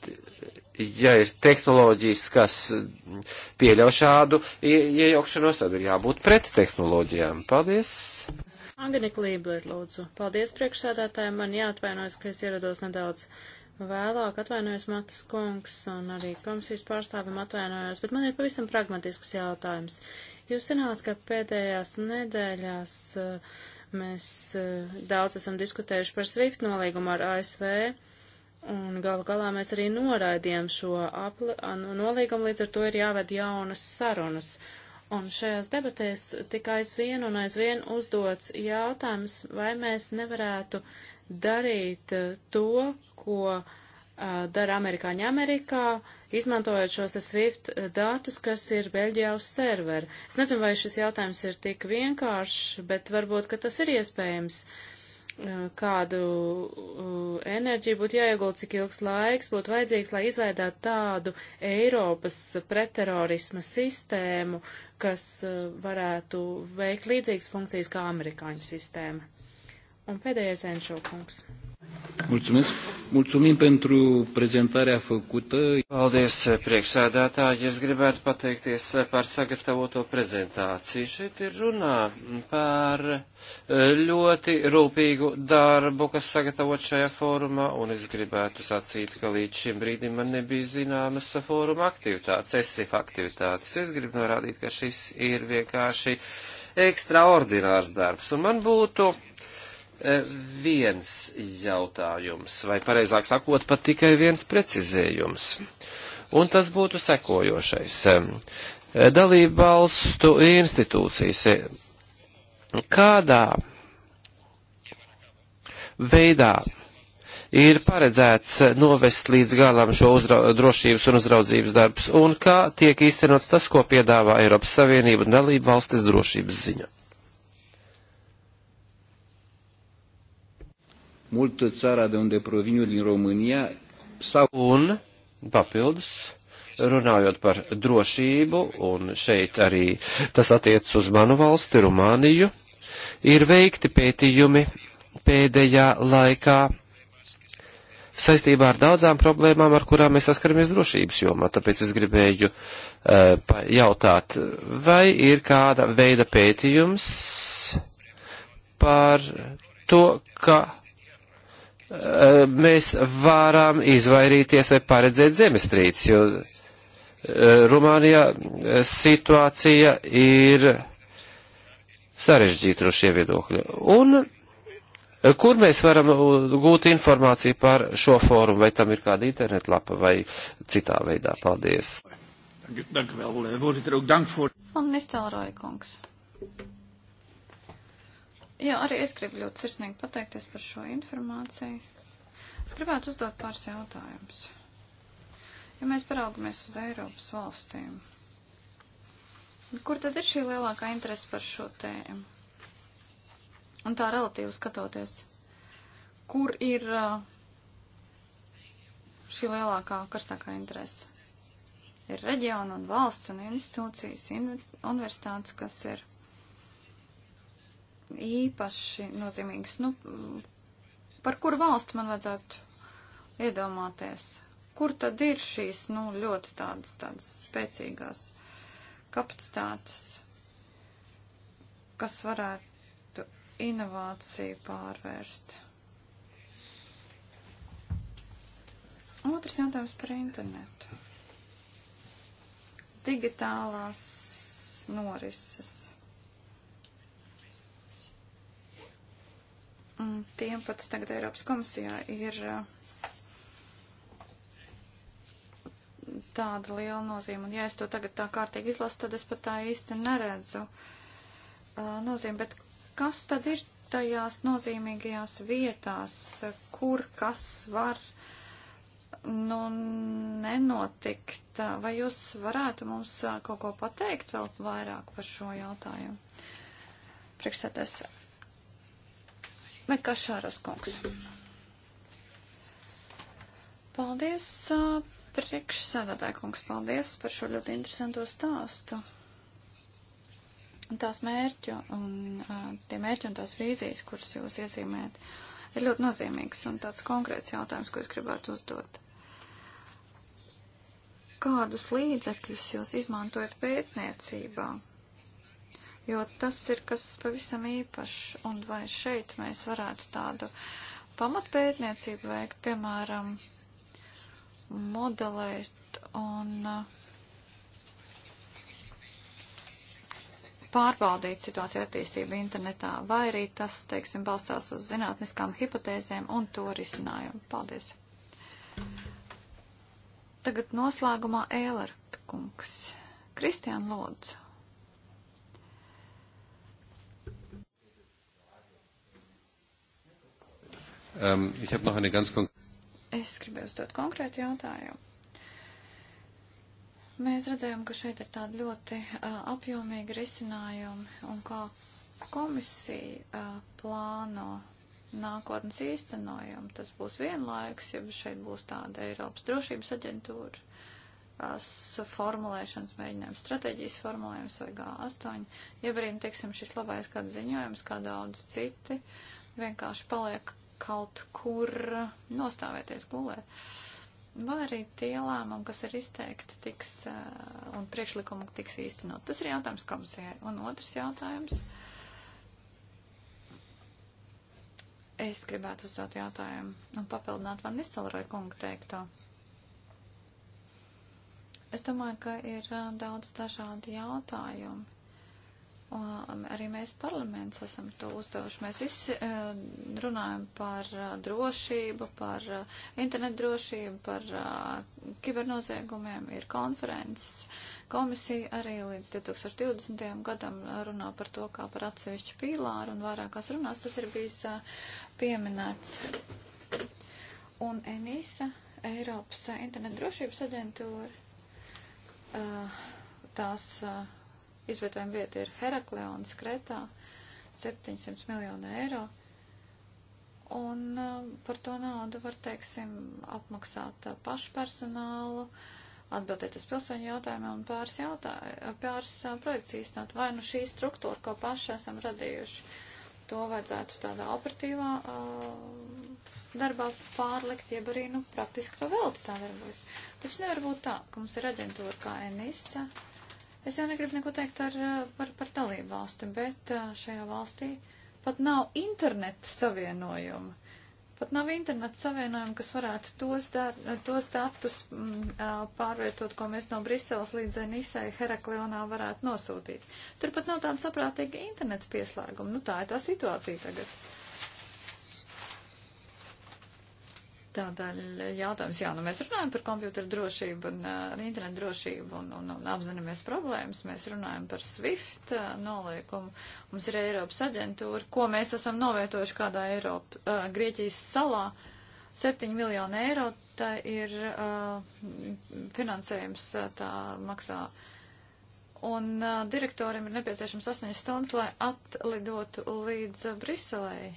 ja ir tehnoloģijas, kas pieļauj šādu iejaukšanos, tad ir jābūt pret tehnoloģijām. Paldies! Agni Klībler, lūdzu. Paldies priekšsēdētājiem, man jāatvainojas, ka es ierados nedaudz vēlāk. Atvainojos Matas kungs un arī komisijas pārstāvim atvainojos, bet man ir pavisam pragmatisks jautājums. Jūs zināt, ka pēdējās nedēļās uh, mēs uh, daudz esam diskutējuši par SWIFT nolīgumu ar ASV. Un galu galā mēs arī noraidījām šo apli, nolīgumu, līdz ar to ir jāved jaunas sarunas. Uh, Un šajās debatēs tika aizvien un aizvien uzdots jautājums, vai mēs nevarētu darīt eh, to, ko uh, dara amerikāņi Amerikā, izmantojot šos SWIFT eh, datus, kas ir Beļģijā uz servera. Es nezinu, vai šis jautājums ir tik vienkāršs, bet varbūt, ka tas ir iespējams. Uh, Eh, kādu eh, enerģiju būtu jāiegulda, cik ilgs laiks būtu vajadzīgs, lai izveidētu tādu Eiropas pretterorisma sistēmu, kas eh, varētu veikt līdzīgas funkcijas kā amerikāņu sistēma. Un pēdējais Enšokungs. Mulțumesc. Mulțumim pentru prezentarea făcută. Paldies, priekšsēdētāji. Es gribētu pateikties par sagatavoto prezentāciju. Šeit ir runā par e, ļoti rūpīgu darbu, kas sagatavot šajā fórumā, un es gribētu sacīt, ka līdz šim brīdim man nebija zināmas fóruma aktivitātes, STF aktivitātes. Es gribu norādīt, ka šis ir vienkārši ekstraordinārs darbs, un man būtu E, viens jautājums, vai pareizāk sakot, pat tikai viens precizējums. Un tas būtu sekojošais. E, dalību valstu institūcijas. E, kādā veidā ir paredzēts novest līdz galam šo uzra, drošības un uzraudzības darbs, un kā tiek īstenots tas, ko piedāvā Eiropas Savienība un dalību valstis drošības ziņa. mult țara de unde provin eu din România sau... Un papildus runājot par drošību, un šeit arī tas attiec uz manu valsti, Rumāniju, ir veikti pētījumi pēdējā laikā saistībā ar daudzām problēmām, ar kurām mēs saskaramies drošības jomā. Tāpēc es gribēju uh, jautāt, vai ir kāda veida pētījums par to, ka mēs varam izvairīties vai paredzēt zemestrīces, jo Rumānijā situācija ir sarežģīta no šie viedokļi. Un Kur mēs varam gūt informāciju par šo fórumu, vai tam ir kāda internetlapa vai citā veidā? Paldies! Un Nistelroja kungs. Jā, arī es gribu ļoti sirsnīgi pateikties par šo informāciju. Es gribētu uzdot pāris jautājumus. Ja mēs paraugamies uz Eiropas valstīm, kur tad ir šī lielākā interese par šo tēmu? Un tā relatīvi skatoties, kur ir uh, šī lielākā, karstākā interese? Ir reģiona un valsts un institūcijas, universitātes, kas ir īpaši nozīmīgs. Nu, par kuru valstu man vajadzētu iedomāties? Kur tad ir šīs, nu, ļoti tādas, tādas spēcīgās kapacitātes, kas varētu inovāciju pārvērst? Otrs jautājums par internetu. Digitālās norises Tiem pat tagad Eiropas komisijā ir uh, tāda liela nozīme. Un ja es to tagad tā kārtīgi izlasu, tad es pat tā īsti neredzu uh, nozīmi. Bet kas tad ir tajās nozīmīgajās vietās, kur kas var nu, nenotikt. Vai jūs varētu mums uh, kaut ko pateikt vēl vairāk par šo jautājumu? Priekšsēdēs Mekašāras kungs. Paldies, priekšsēdētāji kungs, paldies par šo ļoti interesanto stāstu. Tās mērķu un tie mērķi un tās vīzijas, kuras jūs iezīmējat, ir ļoti nozīmīgs un tāds konkrēts jautājums, ko es gribētu uzdot kādus līdzekļus jūs izmantojat pētniecībā, jo tas ir kas pavisam īpašs, un vai šeit mēs varētu tādu pamatpētniecību veikt, piemēram, modelēt un uh, pārbaudīt situāciju attīstību internetā, vai arī tas, teiksim, balstās uz zinātniskām hipotēzēm un to risinājumu. Paldies! Tagad noslēgumā Ēlert kungs. Kristiāna Lodze. Um, ich habe noch eine ganz konkrete. Es gribēju uzdot konkrētu jautājumu. Mēs redzējām, ka šeit ir tādi ļoti uh, apjomīgi risinājumi un kā komisija uh, plāno nākotnes īstenojumu. Tas būs vienlaiks, ja šeit būs tāda Eiropas drošības aģentūra, formulēšanas mēģinājums, stratēģijas formulējums vai G8. Jeb arī, teiksim, šis labais kāds ziņojums, kā daudz citi, vienkārši paliek kaut kur nostāvēties gulēt. Vai arī tie lēmumi, kas ir izteikti, tiks eh, un priekšlikumi tiks īstenot. Tas ir jautājums komisijai. Un otrs jautājums. Es gribētu uzdot jautājumu un papildināt Van Nistelroja kungu teikto. Es domāju, ka ir eh, daudz dažādi jautājumi Arī mēs parlaments esam to uzdevuši. Mēs visi eh, runājam par eh, drošību, par eh, internetu drošību, par kibernoziegumiem. Ir konferences. Komisija arī līdz 2020. gadam runā par to, kā par atsevišķu pīlāru un vairākās runās tas ir bijis pieminēts. Un Enisa, Eiropas internetu drošības aģentūra, tās. Uh, izvietojuma vieta ir Herakleons Kretā, 700 miljonu eiro. Un um, par to naudu var, teiksim, apmaksāt uh, pašu personālu, atbildēt uz pilsoņu jautājumiem un pāris, jautā, pāris uh, projekts īstenot. Vai nu šī struktūra, ko paši esam radījuši, to vajadzētu tādā operatīvā uh, darbā pārlikt, jeb arī, nu, praktiski pavelti tā darbojas. Taču nevar būt tā, ka mums ir aģentūra kā ENISA, Es jau negribu neko teikt ar, eh, par, par dalību valsti, bet eh, šajā valstī pat nav interneta savienojuma. Pat nav interneta savienojuma, kas varētu tos, dar, tos datus m, mm, eh, pārvietot, ko mēs no Briseles līdz Nisai Heraklionā varētu nosūtīt. Turpat nav tāda saprātīga interneta pieslēguma. Nu, tā ir tā situācija tagad. Tādēļ jautājums, jā, nu mēs runājam par kompjuteru drošību un uh, internetu drošību un, un, un apzināmies problēmas, mēs runājam par SWIFT uh, noliekumu, mums ir Eiropas aģentūra, ko mēs esam novietojuši kādā Eiropa, uh, Grieķijas salā, 7 miljonu eiro, tā ir uh, finansējums, tā maksā. Un uh, direktoriem ir nepieciešams 8 stundas, lai atlidotu līdz uh, Briselei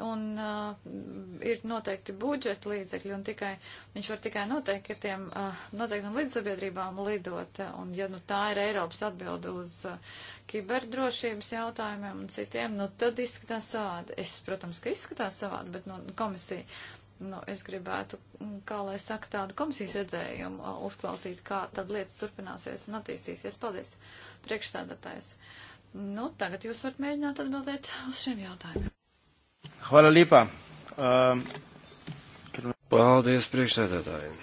un uh, ir noteikti budžeta līdzekļi, un tikai, viņš var tikai noteikt ar tiem uh, noteiktām līdzsabiedrībām lidot, un ja nu tā ir Eiropas atbilda uz uh, kiberdrošības jautājumiem un citiem, nu tad izskatās savādi. Es, protams, ka izskatās savādi, bet nu, komisija, nu, es gribētu, mm, kā lai saka, tādu komisijas redzējumu uh, uzklausīt, kā tad lietas turpināsies un attīstīsies. Paldies, priekšsēdētājs. Nu, tagad jūs varat mēģināt atbildēt uz šiem jautājumiem. Hvala lipa. Um, ehm, Paldies priekšsēdētājiem.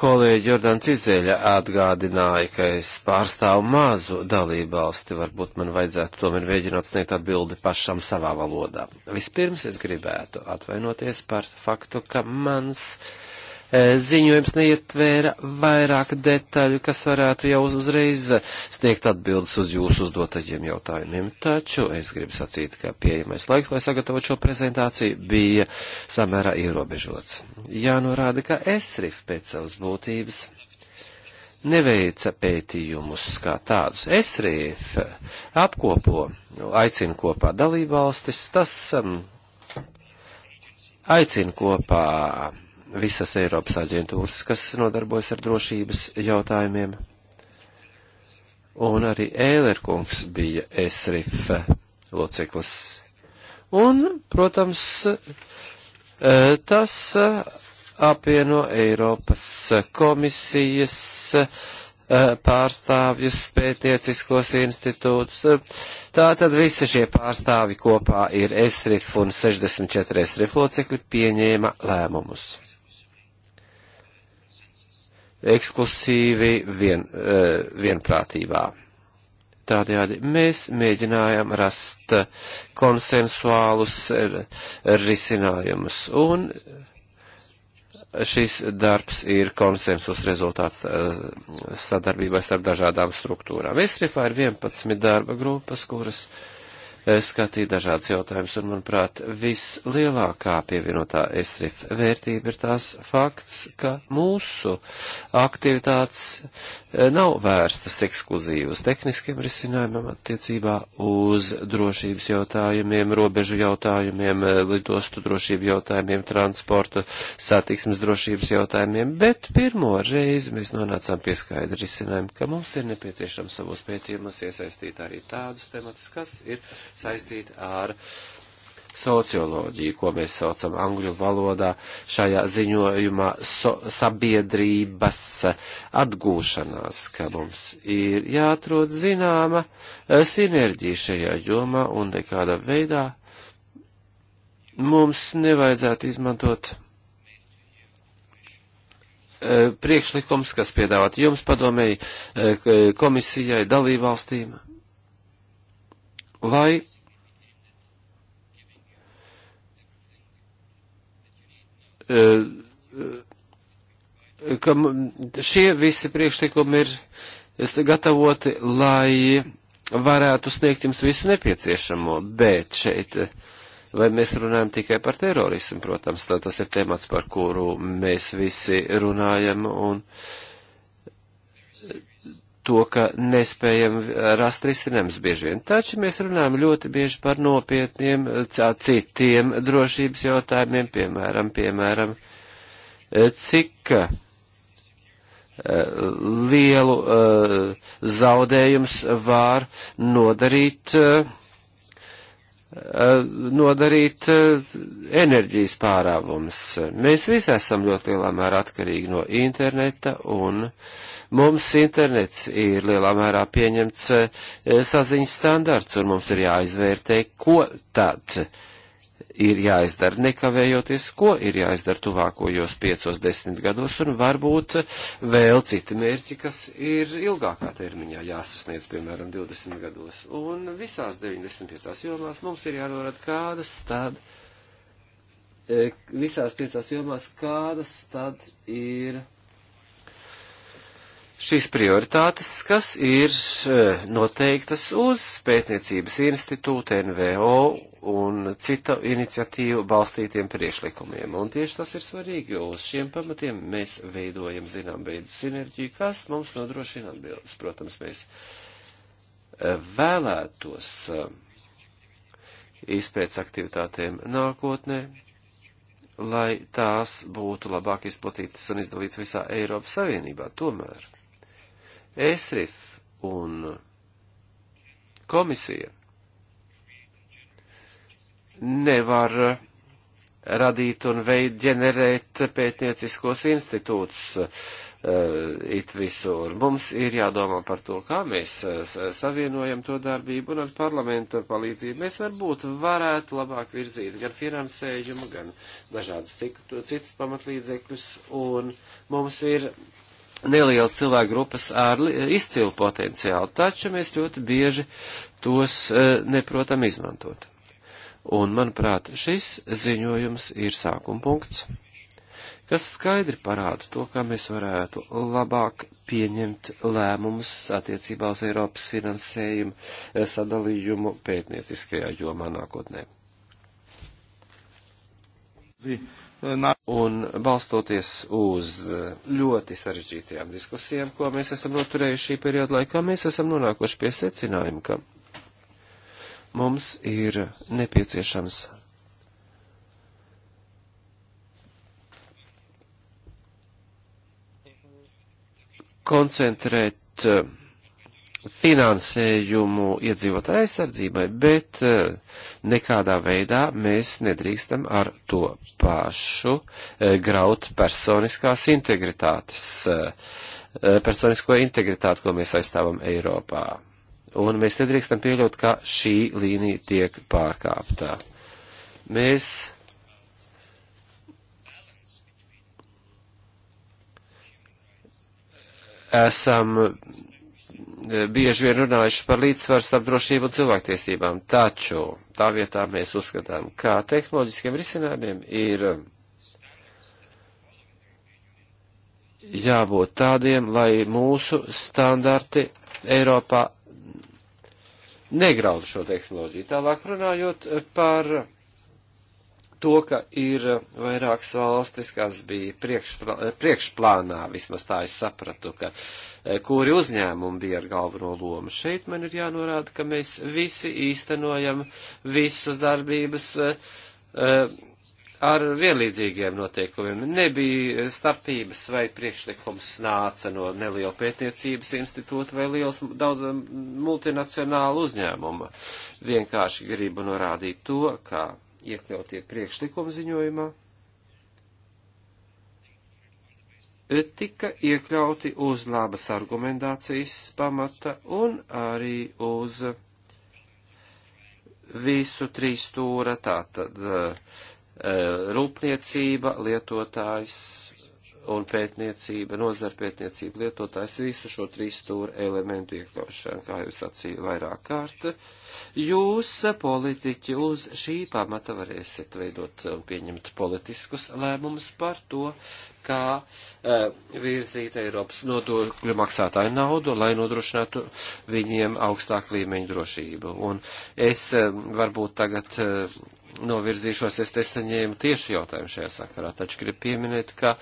Kolēģi Jordan Cizēļa atgādināja, ka es pārstāvu mazu dalību valsti, varbūt man vajadzētu tomēr mēģināt sniegt atbildi pašam savā valodā. Vispirms es gribētu atvainoties par faktu, ka mans uh, E, ziņojums neietvēra vairāk detaļu, kas varētu jau uzreiz sniegt atbildes uz jūsu uzdotajiem jautājumiem. Taču es gribu sacīt, ka pieejamais laiks, lai sagatavotu šo prezentāciju, bija samērā ierobežots. Jānorāda, ka esrif pēc savas būtības neveica pētījumus kā tādus. Esrif apkopo, aicina kopā dalībvalstis, tas um, aicina kopā visas Eiropas aģentūras, kas nodarbojas ar drošības jautājumiem. Un arī Ēlerkungs bija Esrif loceklis. Un, protams, eh, tas eh, apvieno Eiropas komisijas eh, pārstāvjus, pētnieciskos institūtus. Tātad visi šie pārstāvi kopā ir SRIF un 64 SRIF locekļi pieņēma lēmumus ekskluzīvi vien, e, vienprātībā. Tādējādi mēs mēģinājām rast konsensuālus risinājumus, un šis darbs ir konsensus rezultāts e, sadarbībai starp dažādām struktūrām. Es rifāju 11 darba grupas, kuras uh, skatīt dažādas jautājumas, un, manuprāt, vislielākā pievienotā SRF vērtība ir tās fakts, ka mūsu aktivitātes eh, nav vērstas ekskluzīvi uz tehniskiem risinājumiem attiecībā uz drošības jautājumiem, robežu jautājumiem, eh, lidostu drošību jautājumiem, transportu, satiksmes drošības jautājumiem, bet pirmo reizi mēs nonācām pie skaidra risinājuma, ka mums ir nepieciešams savos pētījumos iesaistīt arī tādus tematus, kas ir saistīta ar socioloģiju, ko mēs saucam angļu valodā šajā ziņojumā so, sabiedrības atgūšanās, ka mums ir jāatrod zināma eh, sinerģija šajā jomā un nekādā veidā mums nevajadzētu izmantot eh, priekšlikums, kas piedāvāt jums padomēji, eh, komisijai, dalībvalstīm lai eh, eh, ka šie visi priekšlikumi ir gatavoti, lai varētu sniegt jums visu nepieciešamo, bet šeit, eh, vai mēs runājam tikai par terorismu, protams, tā tas ir temats, par kuru mēs visi runājam, un uh, to, ka nespējam rast risinājums bieži vien. Taču mēs runājam ļoti bieži par nopietniem citiem drošības jautājumiem, piemēram, piemēram, e, cik e, lielu e, zaudējums var nodarīt uh, Eh, nodarīt eh, enerģijas pārāvums. Mēs visi esam ļoti lielā mērā atkarīgi no interneta, un mums internets ir lielā mērā pieņemts eh, saziņas standarts, un mums ir jāizvērtē, ko tad ir jāizdara nekavējoties, ko ir jāizdara tuvākojos piecos desmit gados, un varbūt vēl citi mērķi, kas ir ilgākā termiņā jāsasniedz, piemēram, 20 gados. Un visās 95 jomās mums ir jānorāda, kādas tad, e, visās piecās jomās, kādas tad ir šīs prioritātes, kas ir e, noteiktas uz pētniecības institūta, NVO un cita iniciatīvu balstītiem priešlikumiem. Un tieši tas ir svarīgi, jo uz šiem pamatiem mēs veidojam zinām veidu sinerģiju, kas mums nodrošina atbildes. Protams, mēs e, vēlētos e, izpēc aktivitātēm nākotnē, lai tās būtu labāk izplatītas un izdalītas visā Eiropas Savienībā tomēr. ESRIF un komisija nevar radīt un veid ģenerēt pētnieciskos institūtus uh, it visur. Mums ir jādomā par to, kā mēs eh, savienojam to darbību un ar parlamenta palīdzību. Mēs varbūt varētu labāk virzīt gan finansējumu, gan dažādas citas pamatlīdzekļus un mums ir nelielas cilvēku grupas ar eh, izcilu potenciālu, taču mēs ļoti bieži tos eh, neprotam izmantot. Un, manuprāt, šis ziņojums ir sākuma punkts, kas skaidri parāda to, kā mēs varētu labāk pieņemt lēmumus attiecībā uz Eiropas finansējumu eh, sadalījumu pētnieciskajā jomā nākotnē. Zī. Un balstoties uz ļoti sarežģītajām diskusijām, ko mēs esam noturējuši šī perioda laikā, mēs esam nonākuši pie secinājuma, ka mums ir nepieciešams koncentrēt finansējumu iedzīvotāju aizsardzībai, bet eh, nekādā veidā mēs nedrīkstam ar to pašu eh, graut personiskās integritātes, eh, personisko integritāti, ko mēs aizstāvam Eiropā. Un mēs nedrīkstam pieļaut, ka šī līnija tiek pārkāptā. Mēs esam E, bieži vien runājuši par līdzsvaru starp drošību un cilvēktiesībām, taču tā vietā mēs uzskatām, kā tehnoloģiskiem risinājumiem ir jābūt tādiem, lai mūsu standarti Eiropā negraudu šo tehnoloģiju. Tālāk runājot par to, ka ir vairākas valstis, kas bija priekšplā, priekšplānā, vismaz tā es sapratu, ka e, kuri uzņēmumi bija ar galveno lomu. Šeit man ir jānorāda, ka mēs visi īstenojam visus darbības e, e, ar vienlīdzīgiem noteikumiem. Nebija starpības vai priekšlikums nāca no neliela pētniecības institūta vai liels daudz multinacionālu uzņēmumu. Vienkārši gribu norādīt to, ka iekļautie priekšlikumi ziņojumā tika iekļauti uz labas argumentācijas pamata un arī uz visu trīs stūra, tātad eh, rūpniecība, lietotājs un pētniecība, nozarpētniecība, lietotājs visu šo trīs stūra elementu iekļaušanu, kā jūs sacīja vairāk kārt. Jūs, politiķi, uz šī pamata varēsiet veidot un pieņemt politiskus lēmumus par to, kā uh, virzīt Eiropas nodokļu maksātāju naudu, lai nodrošinātu viņiem augstāku līmeņu drošību. Un es uh, varbūt tagad. Uh, novirzīšos, es te saņēmu tieši jautājumu šajā sakarā, taču gribu pieminēt, ka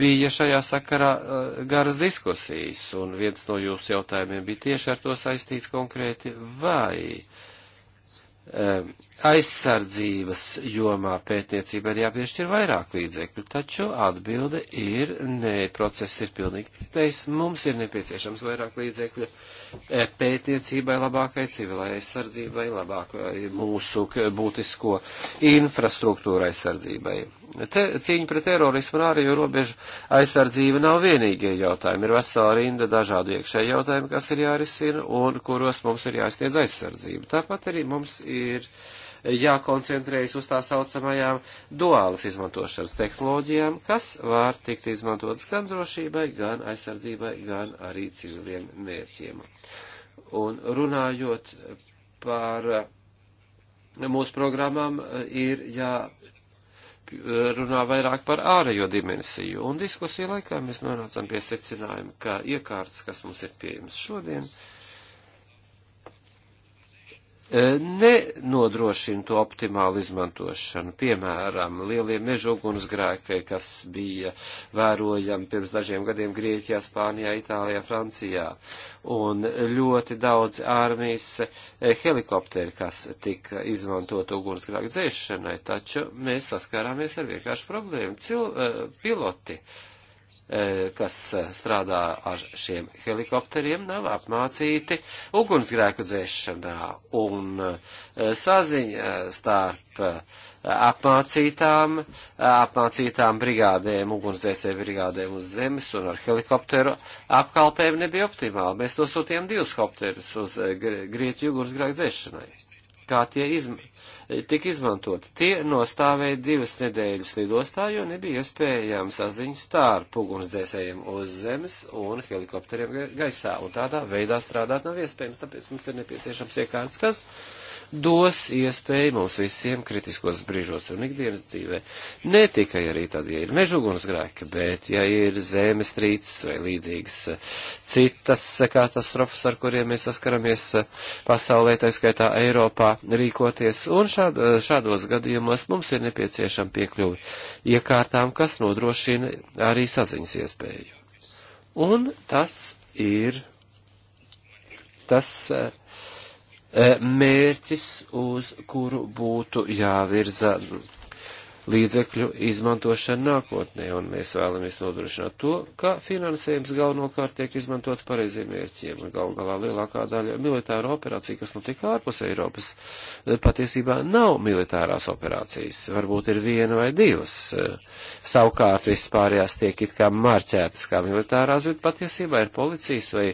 bija šajā sakarā eh, garas diskusijas, un viens no jūsu jautājumiem bija tieši ar to saistīts konkrēti, vai um, aizsardzības jomā pētniecība ir jāpiešķir vairāk līdzekļu, taču atbilde ir nē, process ir pilnīgi pretējs. Mums ir nepieciešams vairāk līdzekļu e, pētniecībai, labākai civilai aizsardzībai, labākai mūsu būtisko infrastruktūra aizsardzībai. Te, cīņa pret terorismu un ārējo robežu aizsardzība nav vienīgie jautājumi. Ir vesela rinda dažādu iekšēju jautājumu, kas ir jārisina un kuros mums ir jāizsniedz aizsardzība. Tāpat arī mums ir. Uh, jākoncentrējas uz tā saucamajām duālas izmantošanas tehnoloģijām, kas var tikt izmantotas gan drošībai, gan aizsardzībai, gan arī civiliem mērķiem. Un runājot par eh, mūsu programmām, eh, ir jā runā vairāk par ārējo dimensiju, un diskusiju laikā mēs nonācām pie secinājuma, ka iekārtas, kas mums ir pieejamas šodien, uh, E, nenodrošina to optimālu izmantošanu. Piemēram, lielie meža ugunsgrēki, kas bija vērojami pirms dažiem gadiem Grieķijā, Spānijā, Itālijā, Francijā, un ļoti daudz armijas e, helikopteri, kas tika izmantot ugunsgrēku dzēšanai, taču mēs saskārāmies ar vienkāršu problēmu. Cil, e, piloti E, kas e, strādā ar šiem helikopteriem, nav apmācīti ugunsgrēku dzēšanā un e, saziņa starp apmācītām, apmācītām brigādēm, ugunsdzēsēju brigādēm uz zemes un ar helikopteru apkalpēm nebija optimāli. Mēs to sūtījām divus helikopterus uz Grieķu ugunsgrēku dzēšanai kā tie izm tika izmantoti. Tie nostāvēja divas nedēļas lidostā, jo nebija iespējams saziņas starp ugunsdzēsējiem uz zemes un helikopteriem gaisā, un tādā veidā strādāt nav iespējams, tāpēc mums ir nepieciešams iekārts, kas. Uh, dos iespēju mums visiem kritiskos brīžos un ikdienas dzīvē. Ne tikai arī tad, ja ir mežugunsgrēki, bet ja ir zemestrīces vai līdzīgas eh, citas eh, katastrofas, ar kuriem mēs saskaramies eh, pasaulē, tā skaitā Eiropā, rīkoties. Un šād, šādos gadījumos mums ir nepieciešama piekļuvi iekārtām, kas nodrošina arī saziņas iespēju. Un tas ir tas Eh, mērķis, uz kuru būtu jāvirza līdzekļu izmantošanu nākotnē, un mēs vēlamies nodrošināt to, ka finansējums galvenokārt tiek izmantots pareiziem mērķiem, un gal galā lielākā daļa militāra operācija, kas notika ārpus Eiropas, eh, patiesībā nav militārās operācijas, varbūt ir viena vai divas. Eh, savukārt vispārējās tiek it kā marķētas kā militārās, bet patiesībā ir policijas vai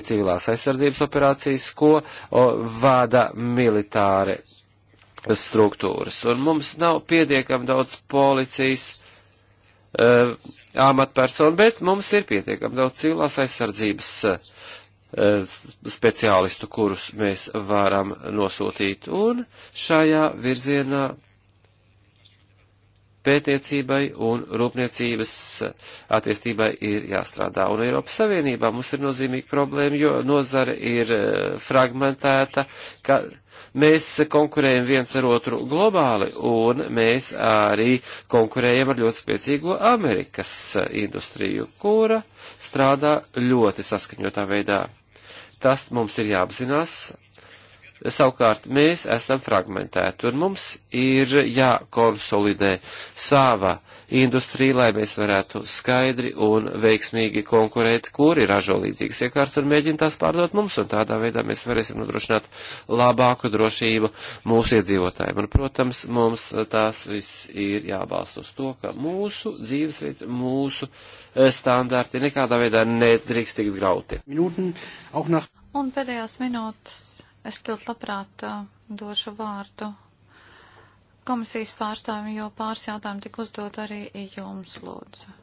civilās aizsardzības operācijas, ko vada militāre struktūras. Un mums nav pietiekami daudz policijas uh, amatpersonu, bet mums ir pietiekami daudz civilās aizsardzības uh, speciālistu, kurus mēs varam nosūtīt. Un šajā virzienā pētniecībai un rūpniecības attīstībai ir jāstrādā. Un Eiropas Savienībā mums ir nozīmīga problēma, jo nozara ir e, fragmentēta, ka mēs konkurējam viens ar otru globāli, un mēs arī konkurējam ar ļoti spēcīgo Amerikas industriju, kura strādā ļoti saskaņotā veidā. Tas mums ir jāapzinās, Savukārt mēs esam fragmentēti un mums ir jākonsolidē sava industrija, lai mēs varētu skaidri un veiksmīgi konkurēt, kuri ražo līdzīgas iekārtas un mēģina tās pārdot mums un tādā veidā mēs varēsim nodrošināt labāku drošību mūsu iedzīvotājiem. Un, protams, mums tās viss ir jābalsta uz to, ka mūsu dzīvesveids, mūsu eh, standarti nekādā veidā nedrīkst tikt grauti. Minūten, Un pēdējās minūtes Es ļoti labprāt uh, došu vārdu komisijas pārstāvjiem, jo pāris jautājumi tika uzdot arī jums, lūdzu.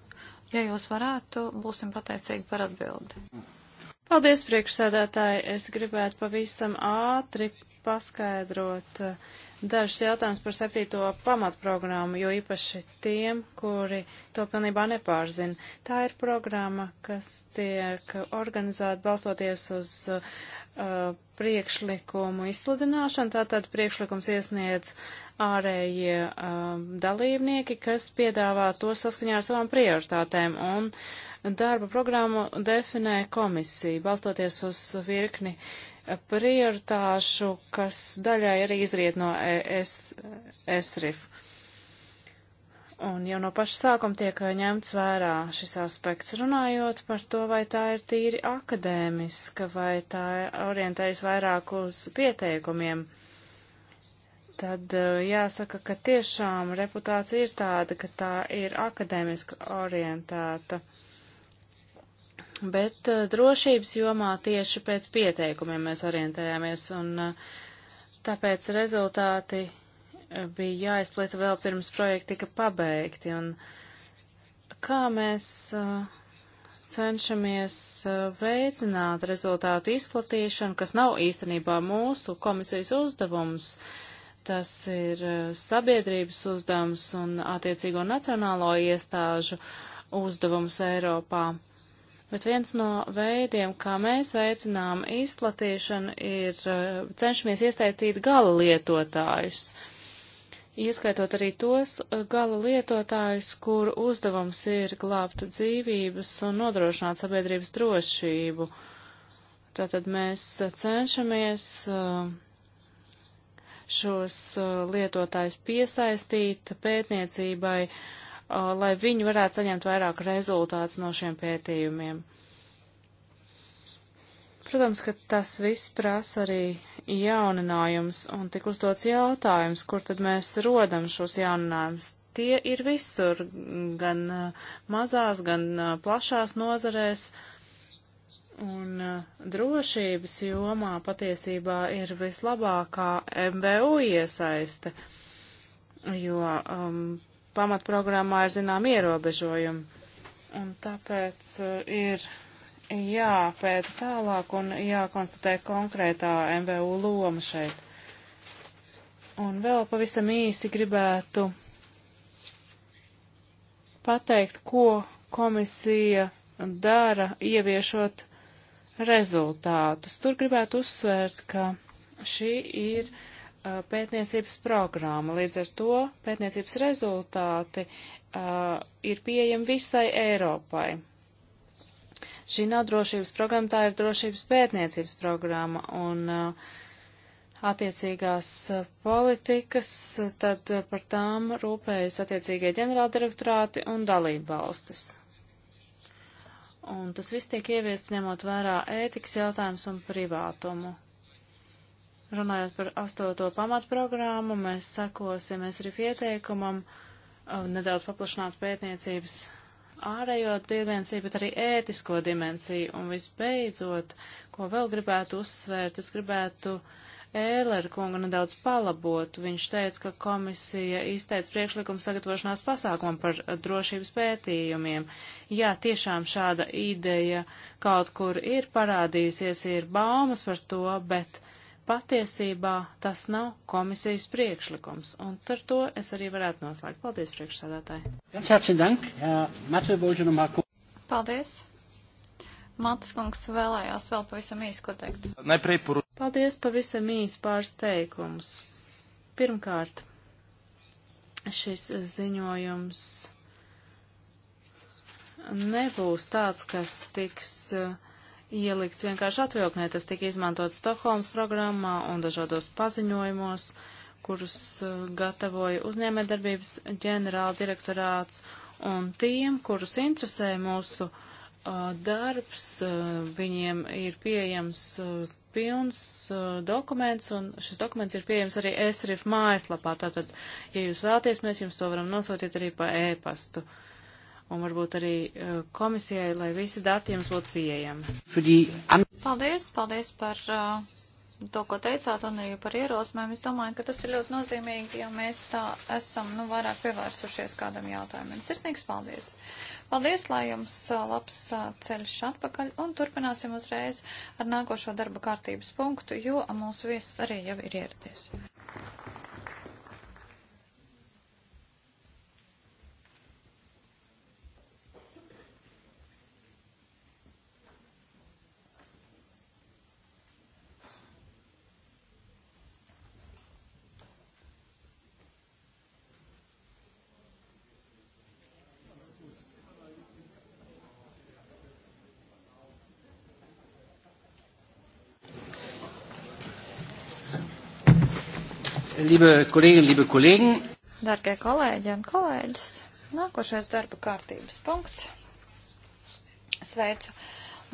Ja jūs varētu, būsim pateicīgi par atbildi. Paldies, priekšsēdētāji. Es gribētu pavisam ātri paskaidrot dažus jautājumus par septīto pamatprogrammu, jo īpaši tiem, kuri to pilnībā nepārzina. Tā ir programma, kas tiek organizēta balstoties uz uh, Uh, priekšlikumu izsludināšanu. Tātad priekšlikums iesniedz ārējie uh, dalībnieki, kas piedāvā to saskaņā ar savām prioritātēm. Un darba programmu definē komisija, balstoties uz virkni uh, prioritāšu, kas daļai arī izriet no ES, ESRIF. Un jau no paša sākuma tiek eh, ņemts vērā šis aspekts, runājot par to, vai tā ir tīri akadēmiska, vai tā orientējas vairāk uz pieteikumiem. Tad eh, jāsaka, ka tiešām reputācija ir tāda, ka tā ir akadēmiska orientēta. Bet eh, drošības jomā tieši pēc pieteikumiem mēs orientējāmies, un tāpēc rezultāti bija jāizplata vēl pirms projekti tika pabeigti. Un kā mēs uh, cenšamies uh, veicināt rezultātu izplatīšanu, kas nav īstenībā mūsu komisijas uzdevums, tas ir uh, sabiedrības uzdevums un attiecīgo nacionālo iestāžu uzdevums Eiropā. Bet viens no veidiem, kā mēs veicinām izplatīšanu, ir cenšamies iesaistīt gala lietotājus. Uh, ieskaitot arī tos uh, gala lietotājus, kur uzdevums ir glābt dzīvības un nodrošināt sabiedrības drošību. Tātad mēs uh, cenšamies uh, šos lietotājus piesaistīt pētniecībai, lai viņi varētu saņemt vairāk rezultātus no šiem pētījumiem. Protams, ka tas viss prasa arī jauninājums, un tik uzdots jautājums, kur tad mēs rodam šos jauninājumus. Tie ir visur, gan mazās, gan plašās nozarēs, un drošības jomā patiesībā ir vislabākā MBU iesaiste, jo um, pamatprogrammā ir zinām ierobežojumi, un tāpēc uh, ir jāpēta tālāk un jākonstatē konkrētā MVU loma šeit. Un vēl pavisam īsi gribētu pateikt, ko komisija dara, ieviešot rezultātus. Tur gribētu uzsvērt, ka šī ir uh, pētniecības programma. Līdz ar to pētniecības rezultāti uh, ir pieejami visai Eiropai. Šī nav drošības programma, tā ir drošības pētniecības programma. Un, uh, attiecīgās uh, politikas, uh, tad uh, par tām rūpējas attiecīgie ģenerāldirektorāti un dalība valstis. Un tas viss tiek ieviests ņemot vērā ētikas jautājums un privātumu. Runājot par astoto pamatprogrammu, mēs sekosim, mēs arī ieteikumam um, nedaudz paplašināt pētniecības ārējo dimensiju, bet arī ētisko dimensiju. Un visbeidzot, ko vēl gribētu uzsvērt, es gribētu Ēleru kungu nedaudz palabot. Viņš teica, ka komisija izteica priekšlikumu sagatavošanās pasākumu par drošības pētījumiem. Jā, tiešām šāda ideja kaut kur ir parādījusies, ir baumas par to, bet Patiesībā tas nav komisijas priekšlikums, un ar to es arī varētu noslēgt. Paldies, priekšsādātāji! Paldies! Matas kungs vēlējās vēl pavisam īsi ko teikt. Nepripuru. Paldies pavisam īsi pāris teikumus. Pirmkārt, šis ziņojums nebūs tāds, kas tiks uh, ielikts vienkārši atvilknē. Tas tika izmantot Stokholmas programmā un dažādos paziņojumos, kurus eh, gatavoja uzņēmējdarbības ģenerāla direktorāts. Un tiem, kurus interesē mūsu uh, darbs, uh, viņiem ir pieejams uh, pilns dokuments, un šis dokuments ir pieejams arī ESRIF mājaslapā. Tātad, ja jūs vēlaties, mēs jums to varam nosūtīt arī pa e-pastu. Uh, un varbūt arī e, komisijai, lai visi dati jums būtu pieejami. Paldies, paldies par e, to, ko teicāt, un arī par ierosmēm. Es domāju, ka tas ir ļoti nozīmīgi, ja mēs tā esam, nu, vairāk pievērsušies kādam jautājumam. Sirsnīgs paldies! Paldies, lai jums e, labs ceļš atpakaļ, un turpināsim uzreiz ar nākošo darba kārtības punktu, jo mūsu viesis arī jau ir ieradies. liebe Kolleginnen, liebe Kollegen. Dargie kolēģi un kolēģis, nākošais darba kārtības punkts. Sveicu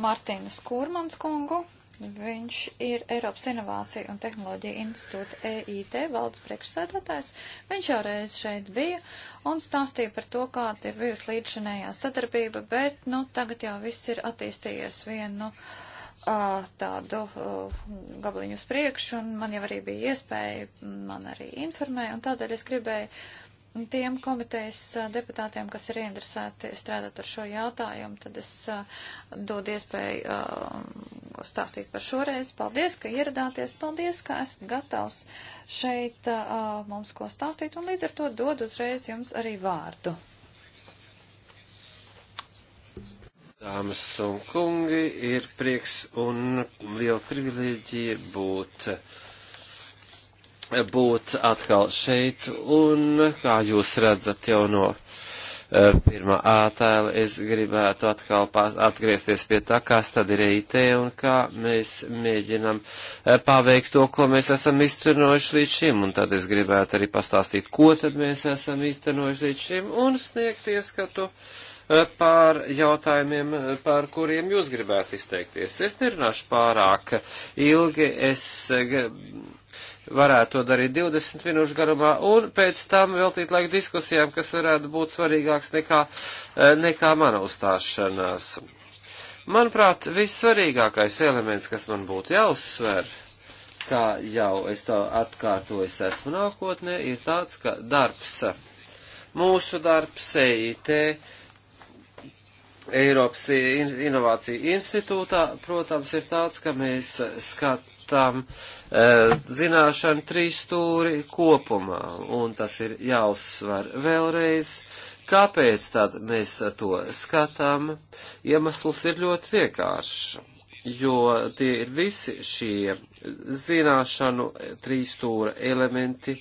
Martīnu Skūrmans kungu. Viņš ir Eiropas Inovācija un Tehnoloģija institūta EIT valdes priekšsēdētājs. Viņš jau reiz šeit bija un stāstīja par to, kāda ir bijusi līdzinējā sadarbība, bet, nu, tagad jau viss ir attīstījies vienu. No tādu gabaliņu uz priekšu, un man jau arī bija iespēja, man arī informēja, un tādēļ es gribēju tiem komitejas deputātiem, kas ir ieinteresēti strādāt ar šo jautājumu, tad es dodu iespēju stāstīt par šoreiz. Paldies, ka ieradāties, paldies, ka esat gatavs šeit mums ko stāstīt, un līdz ar to dodu uzreiz jums arī vārdu. Dāmas un kungi, ir prieks un liela privilēģija būt, būt atkal šeit, un kā jūs redzat jau no eh, pirmā ātēla, es gribētu atkal atgriezties pie tā, kas tad ir e IT un kā mēs mēģinam eh, paveikt to, ko mēs esam izturnojuši līdz šim, un tad es gribētu arī pastāstīt, ko tad mēs esam izturnojuši līdz šim, un sniegt ieskatu. Ka Eh, pār jautājumiem, eh, pār kuriem jūs gribētu izteikties. Es nerunāšu pārāk ilgi, es eh, varētu to darīt 20 minūšu garumā un pēc tam veltīt laiku diskusijām, kas varētu būt svarīgāks nekā, nekā mana uzstāšanās. Manuprāt, vissvarīgākais elements, kas man būtu jāuzsver, kā jau es to atkārtoju, esmu nākotnē, ir tāds, ka darbs, mūsu darbs EIT Eiropas Inovāciju institūtā, protams, ir tāds, ka mēs skatām e, zināšanu trīs stūri kopumā, un tas ir jāuzsver vēlreiz. Kāpēc tad mēs to skatām? Iemesls ir ļoti vienkāršs jo tie ir visi šie zināšanu trīstūra elementi,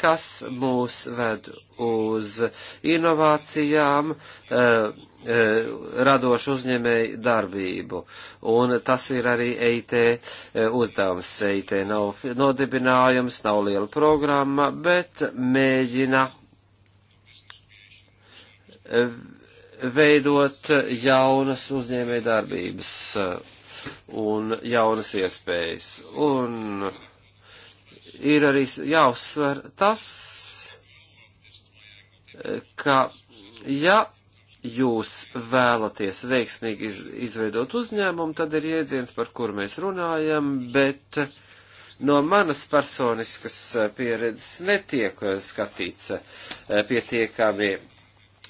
kas mūs ved uz inovācijām, e, E, radošu uzņēmēju darbību. Un tas ir arī EIT e, uzdevums. EIT nav nodibinājums, nav liela programma, bet mēģina e, veidot jaunas uzņēmēju darbības un jaunas iespējas. Un ir arī jāuzsver tas, ka ja jūs vēlaties veiksmīgi izveidot uzņēmumu, tad ir jēdziens, par kur mēs runājam, bet no manas personiskas eh, pieredzes netiek eh, skatīts eh, pietiekami.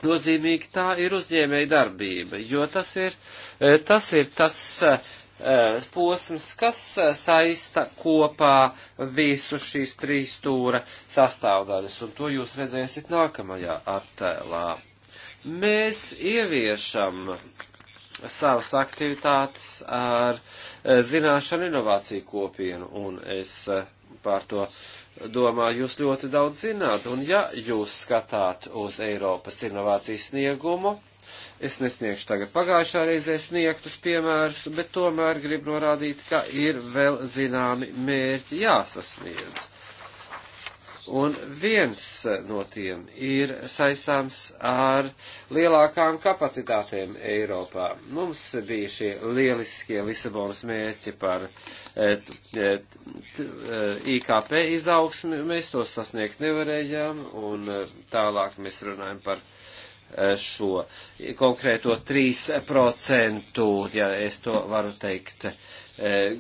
Nozīmīgi tā ir uzņēmēja darbība, jo tas ir tas, ir tas posms, kas saista kopā visu šīs trīs stūra sastāvdaļas, un to jūs redzēsiet nākamajā attēlā. Mēs ieviešam savas aktivitātes ar eh, zināšanu inovāciju kopienu, un es eh, pār to domāju, jūs ļoti daudz zināt, un ja jūs skatāt uz Eiropas inovāciju sniegumu, Es nesniegšu tagad pagājušā reizē sniegtus piemērus, bet tomēr gribu norādīt, ka ir vēl zināmi mērķi jāsasniedz. Un viens no tiem ir saistāms ar lielākām kapacitātēm Eiropā. Mums bija šie lieliskie Lisabonas mērķi par et, eh, et, t, eh, IKP izaugsmi, mēs tos sasniegt nevarējām, un eh, tālāk mēs runājam par šo konkrēto 3%, ja es to varu teikt E,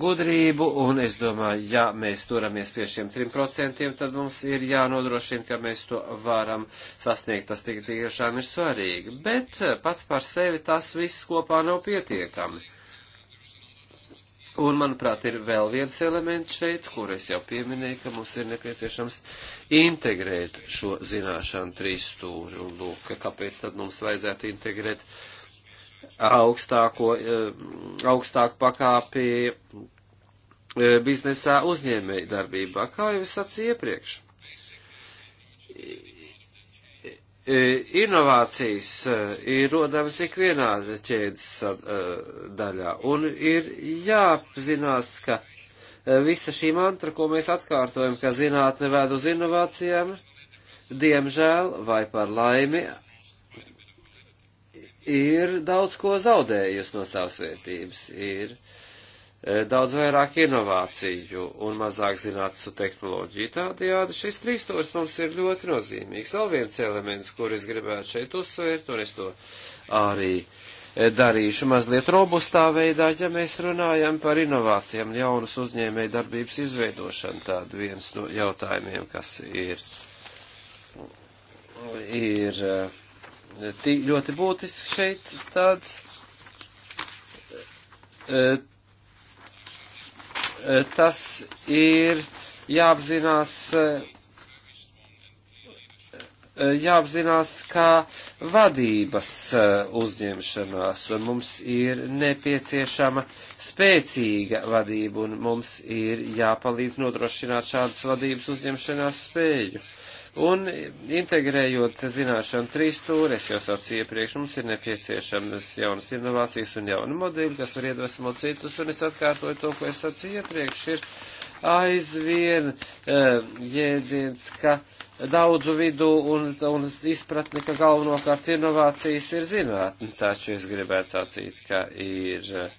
gudrību, un es domāju, ja mēs turamies pie šiem 3%, tad mums ir jānodrošina, ka mēs to varam sasniegt. Tas tik tiešām ir svarīgi. Bet pats par sevi tas viss kopā nav pietiekami. Un, manuprāt, ir vēl viens elements šeit, kur es jau pieminēju, ka mums ir nepieciešams integrēt šo zināšanu trīs stūri. Un, lūk, kāpēc tad mums vajadzētu integrēt uh, augstāko, eh, augstāku pakāpi eh, biznesā uzņēmēji darbībā, kā jau es sacīju iepriekš. Inovācijas eh, ir rodamas ikvienā ķēdes daļā, un ir jāapzinās, ka visa šī mantra, ko mēs atkārtojam, ka zinātne ved uz inovācijām, diemžēl vai par laimi ir daudz ko zaudējusi no savas vērtības, ir e, daudz vairāk inovāciju un mazāk zinātnes un tehnoloģiju. Tādējādi šis trīstors mums ir ļoti nozīmīgs. Vēl viens elements, kur es gribētu šeit uzsvērt, un es to arī e, darīšu mazliet robustā veidā, ja mēs runājam par inovācijām un jaunas uzņēmēja darbības izveidošanu. Tādu viens no jautājumiem, kas ir. ir uh, ļoti būtisks šeit tāds. E, e, tas ir jāapzinās, e, jāapzinās kā vadības uzņemšanās, un mums ir nepieciešama spēcīga vadība, un mums ir jāpalīdz nodrošināt šādas vadības uzņemšanās spēju. Uh, Un integrējot zināšanu trīs stūri, es jau sacīju iepriekš, mums ir nepieciešamas jaunas inovācijas un jauni modeļi, kas var iedvesmot citus, un es atkārtoju to, ko es sacīju iepriekš, ir aizvien uh, jēdziens, ka daudzu vidu un, un izpratni, ka galvenokārt inovācijas ir zinātni, taču es gribētu sacīt, ka ir. Uh,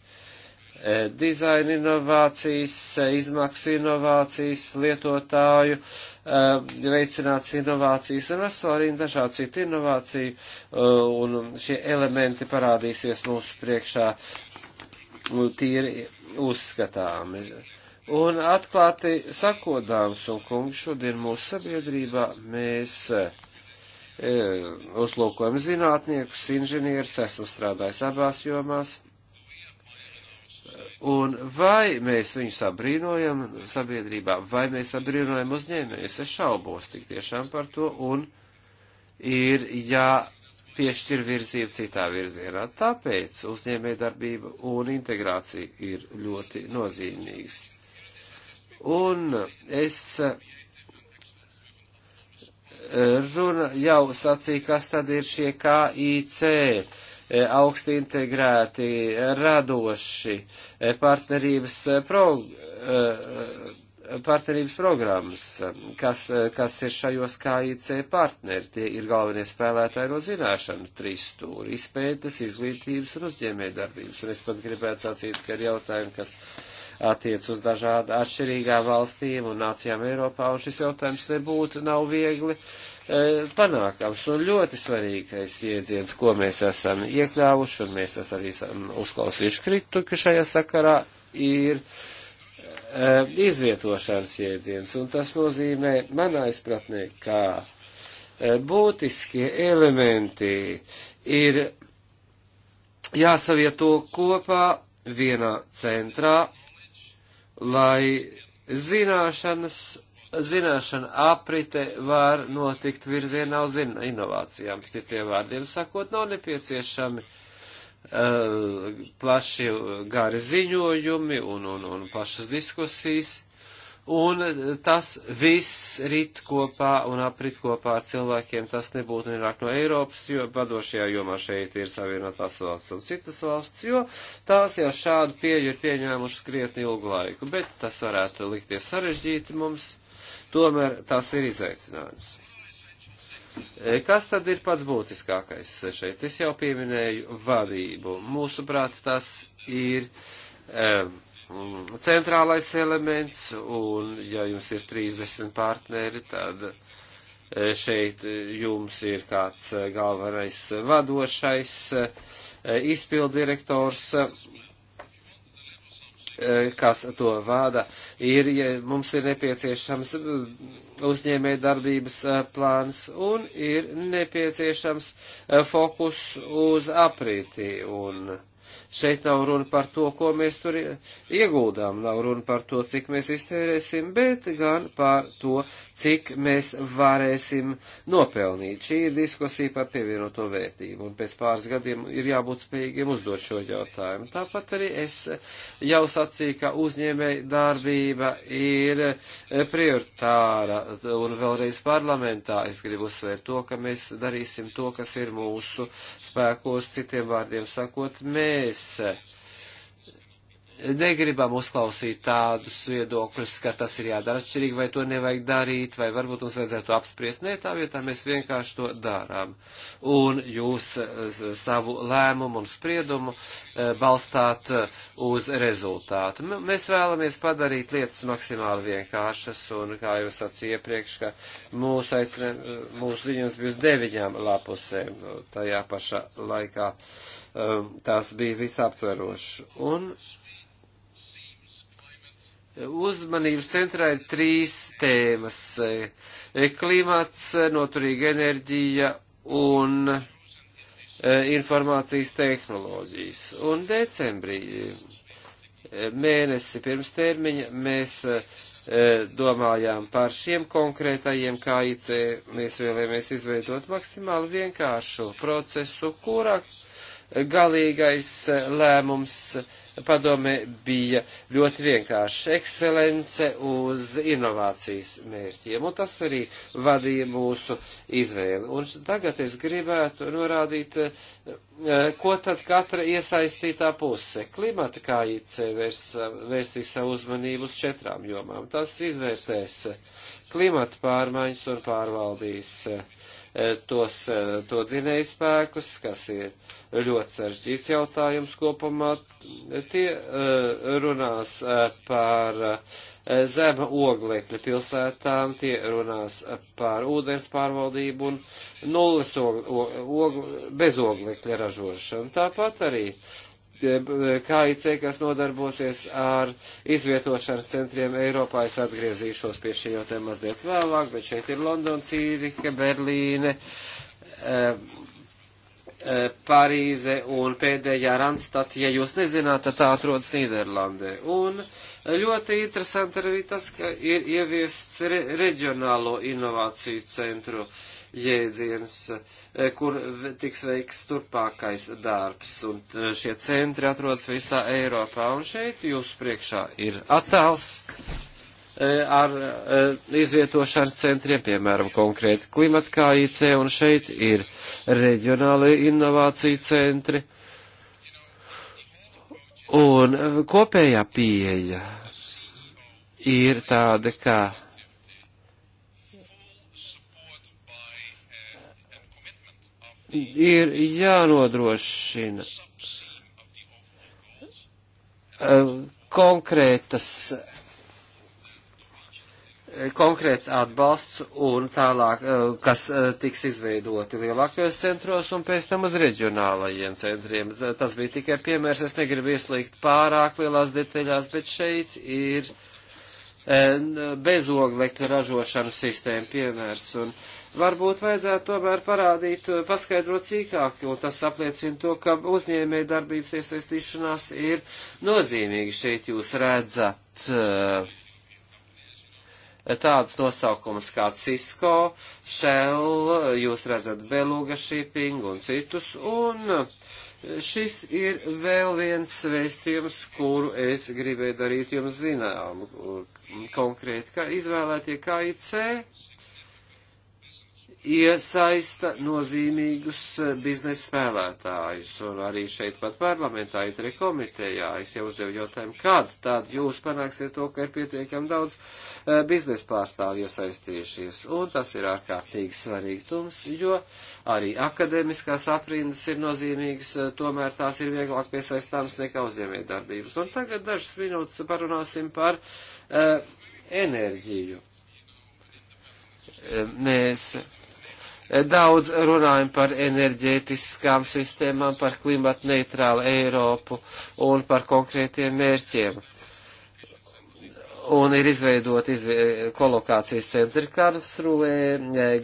E, dizaina inovācijas, e, izmaksu inovācijas, lietotāju, e, veicināts inovācijas un vesel arī dažādu citu inovāciju, un šie elementi parādīsies mūsu priekšā tīri uzskatāmi. Un atklāti sakodāms un kungs, šodien mūsu sabiedrībā mēs uzlūkojam zinātniekus, inženierus, esmu strādājis abās jomās Un vai mēs viņus abrīnojam sabiedrībā, vai mēs abrīnojam uzņēmējus, es šaubos tik tiešām par to, un ir jāpiešķir ja virzība citā virzienā. Tāpēc uzņēmējdarbība un integrācija ir ļoti nozīmīgas. Un es eh, runa jau sacīju, kas tad ir šie KIC E, augsti integrēti, e, radoši e, partnerības, prog partnerības programmas, kas, kas ir šajos KIC partneri. Tie ir galvenie spēlētāji no zināšanu tristūra, izpētes, izglītības un uzņēmējdarbības. Un es pat gribētu sacīt, ka ir jautājumi, kas attiec uz dažādu atšķirīgām valstīm un nācijām Eiropā, un šis jautājums nebūtu nav viegli e, panākams. Un ļoti svarīgais iedziens, ko mēs esam iekļāvuši, un mēs esam arī uzklausījuši kritiku šajā sakarā, ir e, izvietošanas jēdziens, un tas nozīmē manā izpratnē, kā e, būtiskie elementi ir jāsavieto kopā vienā centrā, lai zināšanas, zināšana aprite var notikt virzienā uz inovācijām. Citiem vārdiem sakot, nav nepieciešami uh, plaši gari ziņojumi un, un, un plašas diskusijas Un tas viss rit kopā un aprit kopā ar cilvēkiem. Tas nebūtu nenāk no Eiropas, jo vadošajā jomā šeit ir savienotās valsts un citas valsts, jo tās jau šādu pieeju ir pieņēmušas krietni ilgu laiku. Bet tas varētu likties sarežģīti mums. Tomēr tas ir izaicinājums. E, kas tad ir pats būtiskākais šeit? Es jau pieminēju vadību. Mūsuprāt, tas ir um, centrālais elements, un ja jums ir 30 partneri, tad e, šeit e, jums ir kāds e, galvenais vadošais izpildirektors, kas to vada, ir, ja mums ir nepieciešams uzņēmē darbības plāns un ir nepieciešams fokus uz aprītī. Un, Šeit nav runa par to, ko mēs tur ieguldām, nav runa par to, cik mēs iztērēsim, bet gan par to, cik mēs varēsim nopelnīt. Šī ir diskusija par pievienoto vērtību, un pēc pāris gadiem ir jābūt spējīgiem uzdot šo jautājumu. Tāpat arī es jau sacīju, ka uzņēmēji darbība ir prioritāra, un vēlreiz parlamentā es gribu uzsvērt to, ka mēs darīsim to, kas ir mūsu spēkos, citiem vārdiem sakot, mēs mēs eh, negribam uzklausīt tādus viedokļus, ka tas ir jādara atšķirīgi, vai to nevajag darīt, vai varbūt mums vajadzētu apspriest. Nē, tā vietā mēs vienkārši to darām. Un jūs eh, savu lēmumu un spriedumu eh, balstāt uz rezultātu. Mēs vēlamies padarīt lietas maksimāli vienkāršas, un kā jau sacīju iepriekš, ka mūsu, aicinē, mūsu ziņas bija uz deviņām lapusēm tajā pašā laikā Um, tās bija visaptverošas. Un uzmanības centrā ir trīs tēmas e, - klimats, e, noturīga enerģija un e, informācijas tehnoloģijas. Un decembrī, mēnesi pirms termiņa, mēs domājām par šiem konkrētajiem KIC. Mēs vēlamies izveidot maksimāli vienkāršu procesu, kurā galīgais eh, lēmums padome bija ļoti vienkārši ekscelence uz inovācijas mērķiem, un tas arī vadīja mūsu izvēli. Un tagad es gribētu norādīt, eh, eh, ko tad katra iesaistītā puse. Klimata kājice vērs, vērsīs savu uzmanību uz četrām jomām. Tas izvērtēs klimata pārmaiņas un pārvaldīs Eh, tos, eh, to dzinēju spēkus, kas ir ļoti sarežģīts jautājums kopumā. Tie eh, runās par zema oglekļa pilsētām, tie runās par ūdens pārvaldību un nulles og, og, og, bezoglekļa ražošanu. Tāpat arī uh, Eh, KIC, kas nodarbosies ar izvietošanas centriem Eiropā. Es atgriezīšos pie šī jautājuma mazliet vēlāk, bet šeit ir Londona, Cīrika, Berlīne, eh, eh, Parīze un pēdējā Randstad, ja jūs nezināt, tad tā atrodas Nīderlandē. Un ļoti interesanti arī tas, ka ir ieviests re reģionālo inovāciju centru. Uh, jēdziens, eh, kur tiks veiks turpākais darbs. Un eh, šie centri atrodas visā Eiropā. Un šeit jūs priekšā ir attēls eh, ar izvietošanas centriem, piemēram, konkrēti klimata KIC, un šeit ir reģionālie inovāciju centri. Un kopējā pieeja ir tāda, ka ir jānodrošina eh, konkrētas, eh, konkrēts atbalsts un tālāk, eh, kas tiks izveidoti lielākajos centros un pēc tam uz reģionālajiem centriem. Tas bija tikai piemērs, es negribu ieslīgt pārāk lielās detaļās, bet šeit ir bezoglekļa ražošanu sistēma piemērs. Un, uh, varbūt vajadzētu tomēr parādīt, eh, paskaidrot cīkāk, jo tas apliecina to, ka uzņēmē darbības iesaistīšanās ir nozīmīgi. Šeit jūs redzat eh, tādas nosaukumas kā Cisco, Shell, jūs redzat Beluga Shipping un citus, un eh, šis ir vēl viens vēstījums, kuru es gribēju darīt jums zinām konkrēti, kā izvēlētie KIC iesaista nozīmīgus eh, biznesa spēlētājus, un arī šeit pat parlamentā, itri komitejā, es jau uzdevu jautājumu, kad tad jūs panāksiet to, ka ir pietiekami daudz eh, biznesa pārstāvju iesaistījušies, un tas ir ārkārtīgi svarīgi tums, jo arī akadēmiskās aprindas ir nozīmīgas, eh, tomēr tās ir vieglāk piesaistāmas nekā uzņēmējdarbības. Un tagad dažas minūtes parunāsim par uh, enerģiju. Mēs daudz runājam par enerģētiskām sistēmām, par klimatu neitrālu Eiropu un par konkrētiem mērķiem. Un ir izveidot izve kolokācijas centri Karlsruē,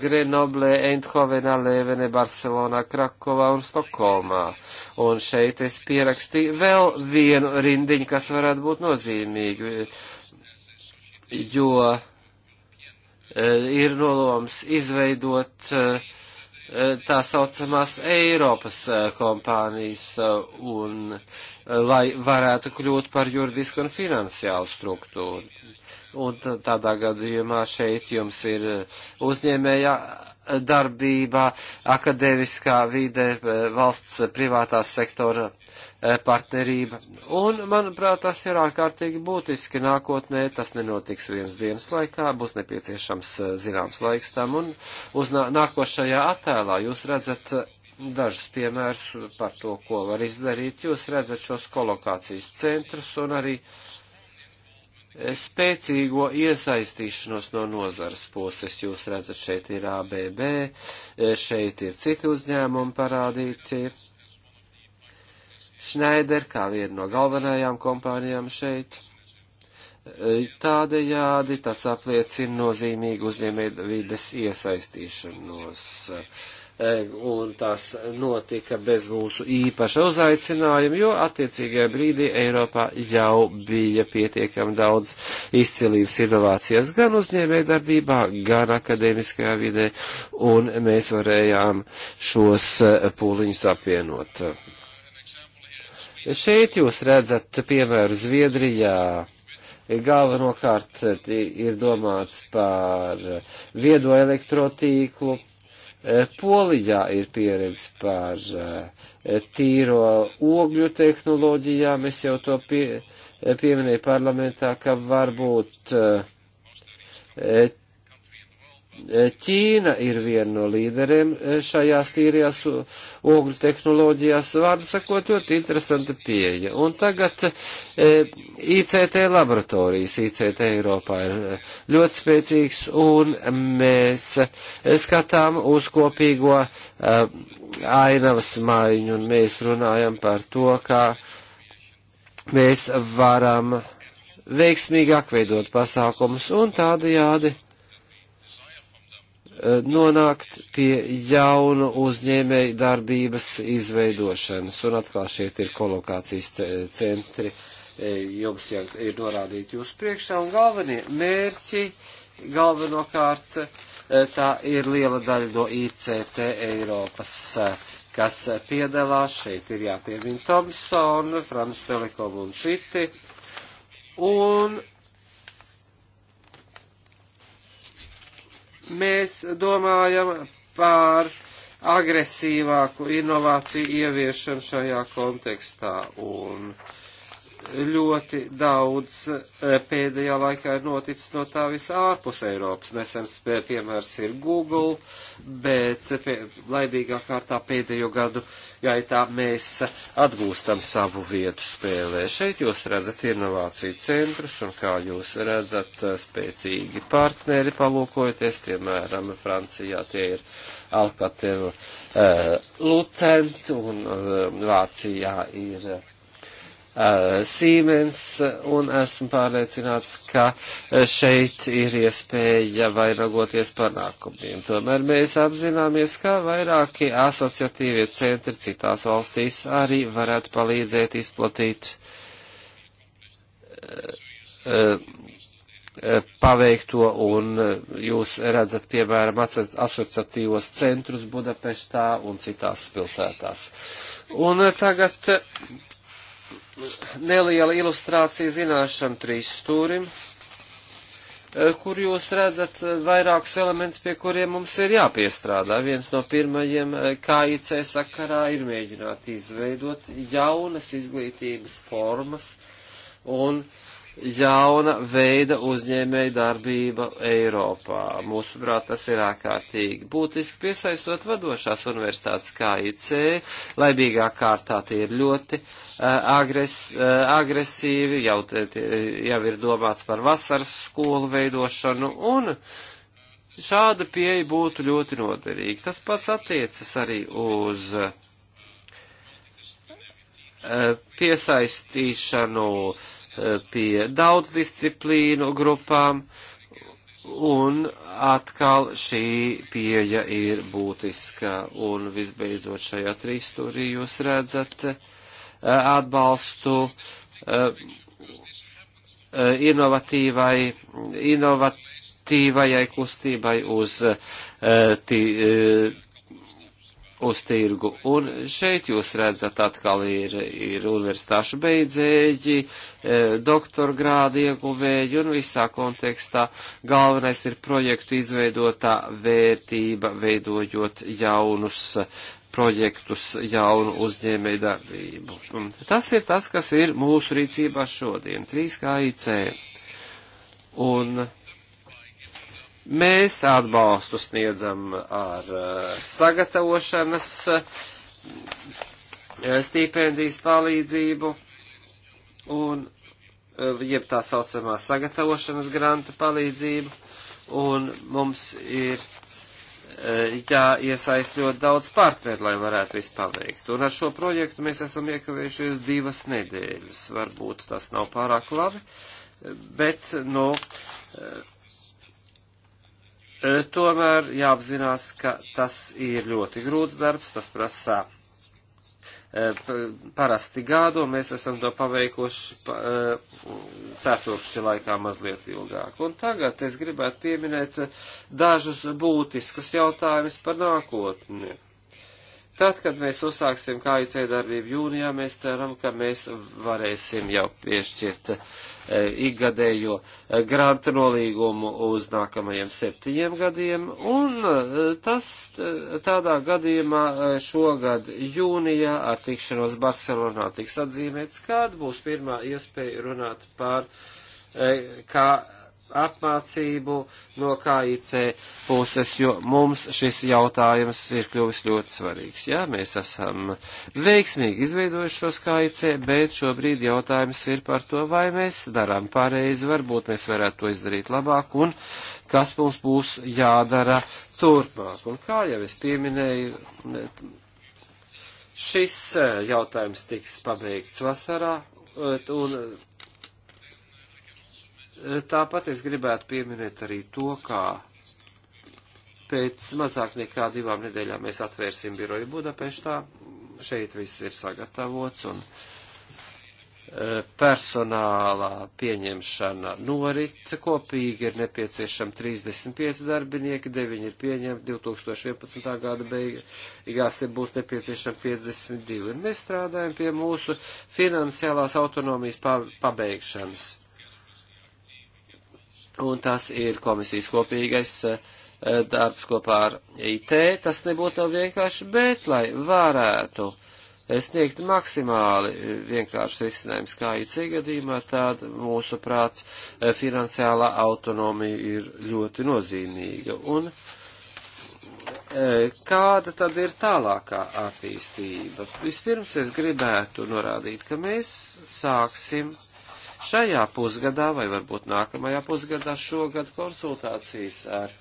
Grenoblē, Eindhovenā, Lēvenē, Barcelonā, Krakovā un Stokholmā. Un šeit es pierakstīju vēl vienu rindiņu, kas varētu būt nozīmīgi, jo Eh, ir nolūms izveidot eh, eh, tā saucamās Eiropas kompānijas un lai varētu kļūt par juridisku un finansiālu struktūru. Un tādā gadījumā šeit jums ir uzņēmēja darbībā, akadēmiskā vide, eh, valsts privātās sektora eh, partnerība. Un, manuprāt, tas ir ārkārtīgi būtiski nākotnē, tas nenotiks viens dienas laikā, būs nepieciešams eh, zināms laiks tam, un uz nākošajā attēlā jūs redzat dažus piemērus par to, ko var izdarīt. Jūs redzat šos kolokācijas centrus un arī uh, spēcīgo iesaistīšanos no nozares puses. Jūs redzat, šeit ir ABB, e, šeit ir citi uzņēmumi parādīti. Schneider kā viena no galvenajām kompānijām šeit. E, tādējādi tas apliecina nozīmīgu uzņēmējvides iesaistīšanos. Uh, E, un tas notika bez mūsu īpaša uzaicinājuma, jo attiecīgajā brīdī Eiropā jau bija pietiekami daudz izcilības inovācijas gan uzņēmē darbībā, gan akadēmiskajā vidē, un mēs varējām šos e, pūliņus apvienot. Šeit jūs redzat piemēru Zviedrijā galvenokārt ir domāts par viedo elektrotīklu, Eh, Polijā ir pieredze par eh, tīro ogļu tehnoloģijām. Es jau to pie, eh, pieminēju parlamentā, ka varbūt Ķīna ir viena no līderiem e, šajās tīrajās ogļu tehnoloģijās, vārdu sakot, ļoti interesanta pieeja. Un tagad e, ICT laboratorijas, ICT Eiropā ir e, ļoti spēcīgs, un mēs e, skatām uz kopīgo e, ainavas maiņu, un mēs runājam par to, kā mēs varam veiksmīgāk veidot pasākumus, un tādajādi nonākt pie jaunu uzņēmēju darbības izveidošanas. Un atkal šeit ir kolokācijas centri, e, jums jau ir norādīti jūsu priekšā, un galvenie mērķi galvenokārt e, tā ir liela daļa no ICT Eiropas, e, kas piedalās. Šeit ir jāpiemina Thomson, France Telekom un citi. Un mēs domājam par agresīvāku inovāciju ieviešanu šajā kontekstā. Un, uh, ļoti daudz e, pēdējā laikā ir noticis no tā visa ārpus Eiropas. Nesens piemērs ir Google, bet e, pie, laimīgā kārtā pēdējo gadu gaitā mēs atgūstam savu vietu spēlē. Šeit jūs redzat inovāciju centrus un kā jūs redzat e, spēcīgi partneri palūkojoties, piemēram, Francijā tie ir Alcatel uh, Lutent un uh, Vācijā ir. Uh, Uh, Siemens, un esmu pārliecināts, ka uh, šeit ir iespēja vainagoties panākumiem. Tomēr mēs apzināmies, ka vairāki asociatīvie centri citās valstīs arī varētu palīdzēt izplatīt uh, uh, paveikto, un uh, jūs redzat, piemēram, asociatīvos centrus Budapeštā un citās pilsētās. Un tagad neliela ilustrācija zināšanu trīs stūrim, eh, kur jūs redzat eh, vairākus elementus, pie kuriem mums ir jāpiestrādā. Viens no pirmajiem eh, KIC sakarā ir mēģināt izveidot jaunas izglītības formas un uh, jauna veida uzņēmēja darbība Eiropā. Mūsuprāt, tas ir ārkārtīgi būtiski piesaistot vadošās universitātes kā IC, laimīgā kārtā tie ir ļoti uh, agres, uh, agresīvi, jau, te, jau ir domāts par vasaras skolu veidošanu un šāda pieeja būtu ļoti noderīga. Tas pats attiecas arī uz uh, piesaistīšanu uh, pie daudz disciplīnu grupām, un atkal šī pieeja ir būtiska. Un visbeidzot šajā trīsturī jūs redzat eh, atbalstu eh, eh, inovatīvai, inovatīvai kustībai uz tī, uz tirgu. Un šeit jūs redzat atkal ir, ir universitāšu beidzēģi, e, doktora grāda ieguvēji un visā kontekstā galvenais ir projektu izveidotā vērtība, veidojot jaunus projektus, jaunu uzņēmēju darbību. Tas ir tas, kas ir mūsu rīcībā šodien, 3KIC. Un Mēs atbalstu sniedzam ar uh, sagatavošanas uh, stipendijas palīdzību un uh, jeb tā saucamā sagatavošanas granta palīdzību, un mums ir jāiesaist ļoti daudz partneri, lai varētu visu paveikt. Un ar šo projektu mēs esam iekavējušies divas nedēļas. Varbūt tas nav pārāk labi, bet, nu, no, E, tomēr jāapzinās, ka tas ir ļoti grūts darbs, tas prasā e, parasti gādu, un mēs esam to paveikuši e, ceturkšķi laikā mazliet ilgāk. Un tagad es gribētu pieminēt dažus būtiskus jautājumus par nākotni. Tad, kad mēs uzsāksim KIC darbību jūnijā, mēs ceram, ka mēs varēsim jau piešķirt e, ikgadējo e, grantu nolīgumu uz nākamajiem septiņiem gadiem, un e, tas tādā gadījumā e, šogad jūnijā ar tikšanos Barcelonā tiks atzīmēts, kad būs pirmā iespēja runāt par e, kā apmācību no KIC puses, jo mums šis jautājums ir kļuvis ļoti svarīgs. Jā, mēs esam veiksmīgi izveidojuši šos KIC, bet šobrīd jautājums ir par to, vai mēs darām pareizi, varbūt mēs varētu to izdarīt labāk un kas mums būs jādara turpmāk. Un kā jau es pieminēju, šis eh, jautājums tiks pabeigts vasarā eh, un Tāpat es gribētu pieminēt arī to, kā pēc mazāk nekā divām nedēļām mēs atvērsim biroju Budapeštā. Šeit viss ir sagatavots un e, personālā pieņemšana norit. Kopīgi ir nepieciešami 35 darbinieki, 9 ir pieņemti 2011. gada beigās, ja būs nepieciešami 52. Un mēs strādājam pie mūsu finansiālās autonomijas pabeigšanas Un tas ir komisijas kopīgais eh, darbs kopā ar IT. Tas nebūtu nav vienkārši, bet lai varētu eh, sniegt maksimāli eh, vienkārši risinājums kā IT gadījumā, tad mūsu prāts finansiālā autonomija ir ļoti nozīmīga. Un kāda tad ir tālākā attīstība? Vispirms es gribētu norādīt, ka mēs sāksim Šajā pusgadā vai varbūt nākamajā pusgadā šogad konsultācijas ar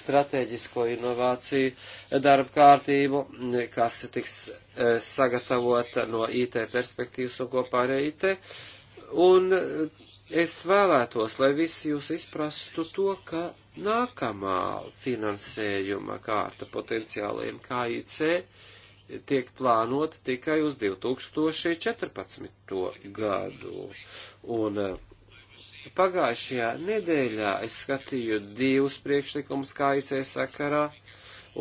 strateģisko inovāciju darba kārtību, kas tiks eh, sagatavota no IT perspektīvas un kopā ar IT. Un eh, es vēlētos, lai visi jūs izprastu to, ka nākamā finansējuma kārta potenciālajiem KIC tiek plānota tikai uz 2014. gadu. Un eh, pagājušajā nedēļā es skatīju divus priekšlikumus KIC sakarā,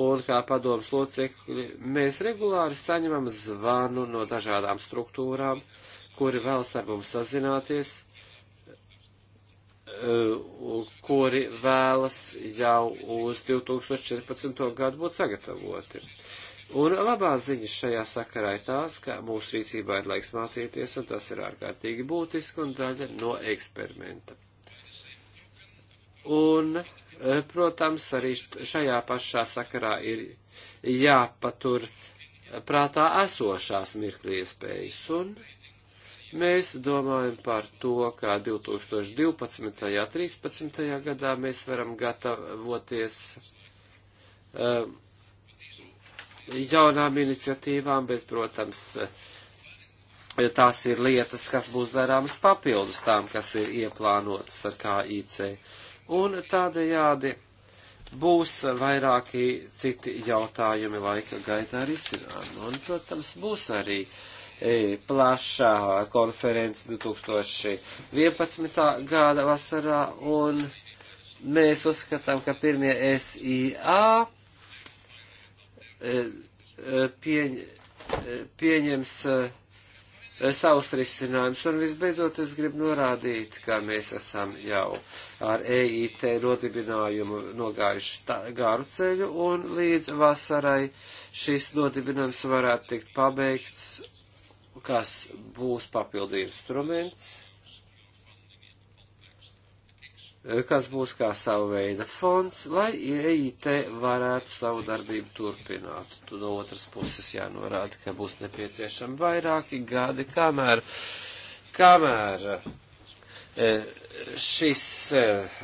un kā padomas locekļi mēs regulāri saņemam zvanu no dažādām struktūrām, kuri vēlas ar mums sazināties, eh, kuri vēlas jau uz 2014. gadu būt sagatavoti. Un labās ziņas šajā sakarā ir tās, ka mūsu rīcībā ir laiks mācīties, un tas ir ārkārtīgi būtiski un daļa no eksperimenta. Un, e, protams, arī šajā pašā sakarā ir jāpatur prātā esošās mirklī iespējas, un mēs domājam par to, kā 2012. un 2013. gadā mēs varam gatavoties. Um, jaunām iniciatīvām, bet, protams, eh, tās ir lietas, kas būs darāmas papildus tām, kas ir ieplānotas ar KIC. Un tādējādi būs vairāki citi jautājumi laika gaitā risināmi. Un, protams, būs arī e, plašā konference 2011. gada vasarā, un mēs uzskatām, ka pirmie SIA E, e, pieņ, e, pieņems savus risinājumus. Un visbeidzot, es gribu norādīt, ka mēs esam jau ar EIT nodibinājumu nogājuši tā, garu ceļu, un līdz vasarai šis nodibinājums varētu tikt pabeigts, kas būs papildu instruments Eh, kas būs kā sava veida fonds, lai EIT varētu savu darbību turpināt. Tur no otras puses jānorāda, ka būs nepieciešami vairāki gadi, kamēr, kamēr eh, šis eh,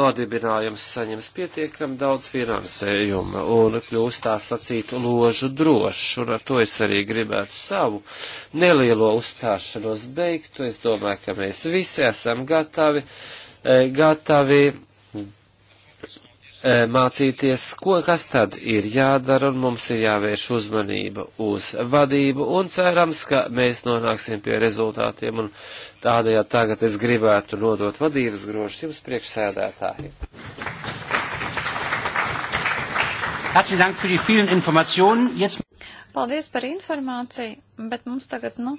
nodibinājums saņems pietiekam daudz finansējuma un kļūst tā sacīt ložu drošs, un ar to es arī gribētu savu nelielo uzstāšanos beigtu. Es domāju, ka mēs visi esam gatavi uh, E, gatavi e, mācīties, ko, kas tad ir jādara, un mums ir jāvērš uzmanība uz vadību, un cerams, ka mēs nonāksim pie rezultātiem, un tādējā tagad es gribētu nodot vadības grožus jums priekšsēdētāji. Paldies par informāciju, bet mums tagad, nu,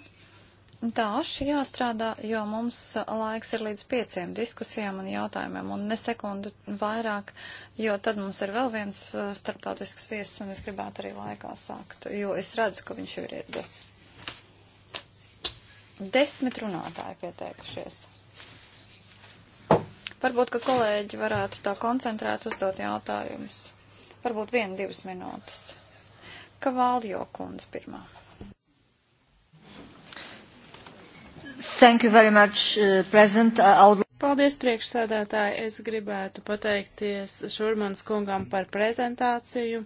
Tā aši jāstrādā, jo mums uh, laiks ir līdz pieciem diskusijām un jautājumiem, un ne sekundu vairāk, jo tad mums ir vēl viens uh, starptautisks viesis, un es gribētu arī laikā sākt, jo es redzu, ka viņš jau ir ieradies. Desmit runātāji pieteikušies. Varbūt, ka kolēģi varētu tā koncentrēt uzdot jautājumus. Varbūt vienu, divas minūtes. Kavaljo kundze pirmā. Thank you very much, uh, President. Uh, Paldies, priekšsēdētāji. Es gribētu pateikties Šurmans kungam par prezentāciju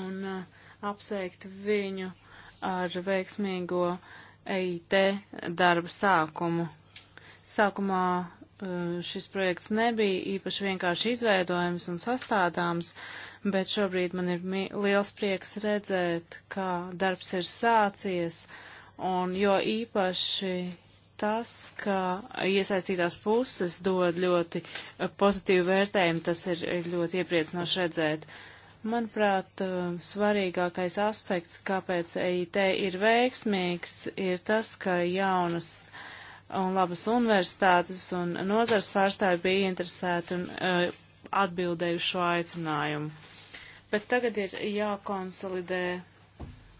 un uh, apsveikt viņu ar veiksmīgo EIT darba sākumu. Sākumā uh, šis projekts nebija īpaši vienkārši izveidojams un sastādāms, bet šobrīd man ir liels prieks redzēt, kā darbs ir sācies. Uh, un jo īpaši tas, ka iesaistītās puses dod ļoti eh, pozitīvu vērtējumu, tas ir ļoti iepriecinoši redzēt. Manuprāt, eh, svarīgākais aspekts, kāpēc EIT ir veiksmīgs, ir tas, ka jaunas un labas universitātes un nozars pārstāvi bija interesēti un eh, atbildēju šo aicinājumu. Bet tagad ir jākonsolidē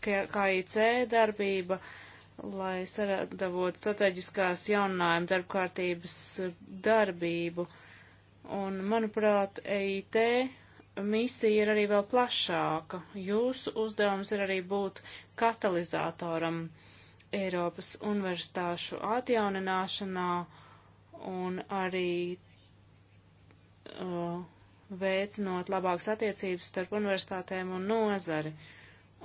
KIC darbība. Uh, lai sagatavotu strateģiskās jauninājuma darbkārtības eh, darbību. Un, manuprāt, EIT misija ir arī vēl plašāka. Jūsu uzdevums ir arī būt katalizatoram Eiropas universitāšu atjaunināšanā un arī uh, veicinot labākas attiecības starp universitātēm un nozari. Uh,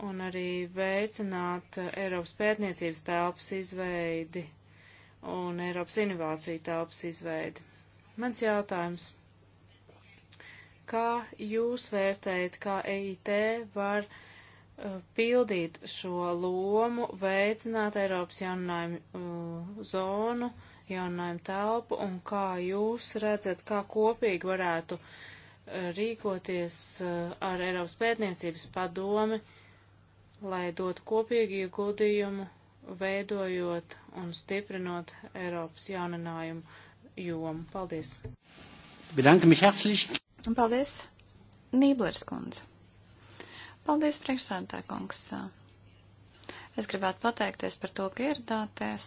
un arī veicināt Eiropas pētniecības telpas izveidi un Eiropas inovāciju telpas izveidi. Mans jautājums. Kā jūs vērtējat, kā EIT var uh, pildīt šo lomu, veicināt Eiropas jauninājumu uh, zonu, jauninājumu telpu, un kā jūs redzat, kā kopīgi varētu uh, rīkoties uh, ar Eiropas pētniecības padomi, lai dotu kopīgu ieguldījumu, veidojot un stiprinot Eiropas jauninājumu jomu. Paldies! Bedanke mich herzlich! Un paldies, Nīblers kundze! Paldies, priekšsēdētāj kungs! Es gribētu pateikties par to, ka ieradāties.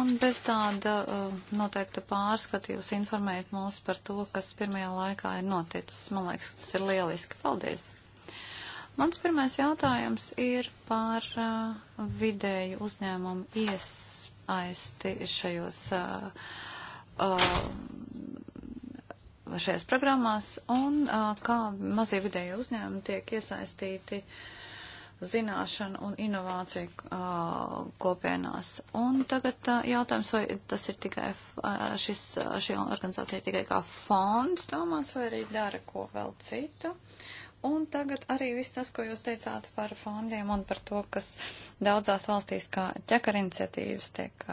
Un bez tāda uh, noteikta pārskata jūs informējat mūs par to, kas pirmajā laikā ir noticis. Man liekas, tas ir lieliski. Paldies! Mans pirmais jautājums ir par uh, vidēju uzņēmumu iesaisti šajos, uh, uh, šajās programmās un uh, kā mazie vidēji uzņēmumi tiek iesaistīti zināšanu un inovāciju uh, kopienās. Un tagad uh, jautājums, vai tas ir tikai, uh, šis, uh, šī organizācija ir tikai kā fonds domāts, vai arī dara ko vēl citu. Uh, Un tagad arī viss tas, ko jūs teicāt par fondiem un par to, kas daudzās valstīs kā ķekar iniciatīvas tiek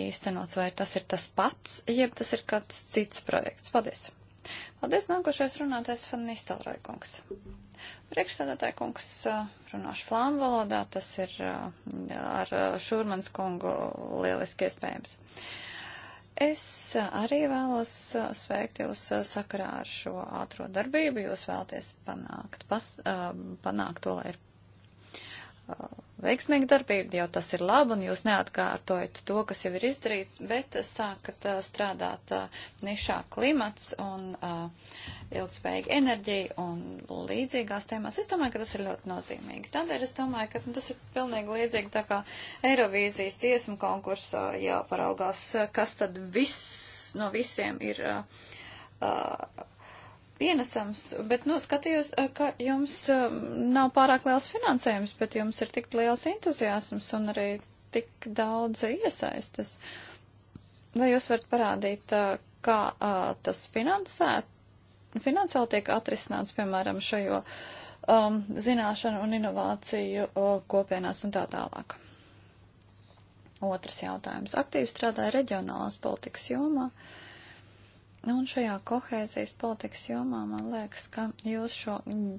īstenots, vai tas ir tas pats, jeb tas ir kāds cits projekts. Paldies! Paldies, nākošais runātais Fanīs Talraikungs. Priekšsēdētāja kungs runāšu flāmu valodā, tas ir ar Šūrmans kungu lieliski iespējams. Uh, Es eh, arī vēlos eh, sveikt jūs eh, sakarā ar šo ātro darbību. Jūs vēlaties panākt, pas, panākt to, lai ir veiksmīgu darbību, jau tas ir labi, un jūs neatkārtojat to, kas jau ir izdarīts, bet sākat uh, strādāt uh, nišā klimats un uh, ilgspējīga enerģija un līdzīgās tēmās. Es domāju, ka tas ir ļoti nozīmīgi. Tādēļ es domāju, ka nu, tas ir pilnīgi līdzīgi tā kā Eirovīzijas tiesmu konkursā jāparaugās, kas tad viss no visiem ir. Uh, uh, pienesams, bet noskatījos, nu, eh, ka jums eh, nav pārāk liels finansējums, bet jums ir tik liels entuziasms un arī tik daudz iesaistas. Vai jūs varat parādīt, eh, kā tas finansēt, finansiāli tiek atrisināts, piemēram, šajo um, zināšanu un inovāciju uh, kopienās un tā tālāk? Otrs jautājums. Aktīvi strādāja reģionālās politikas jomā. Uh, Un šajā kohēzijas politikas jomā man liekas, ka jūs šo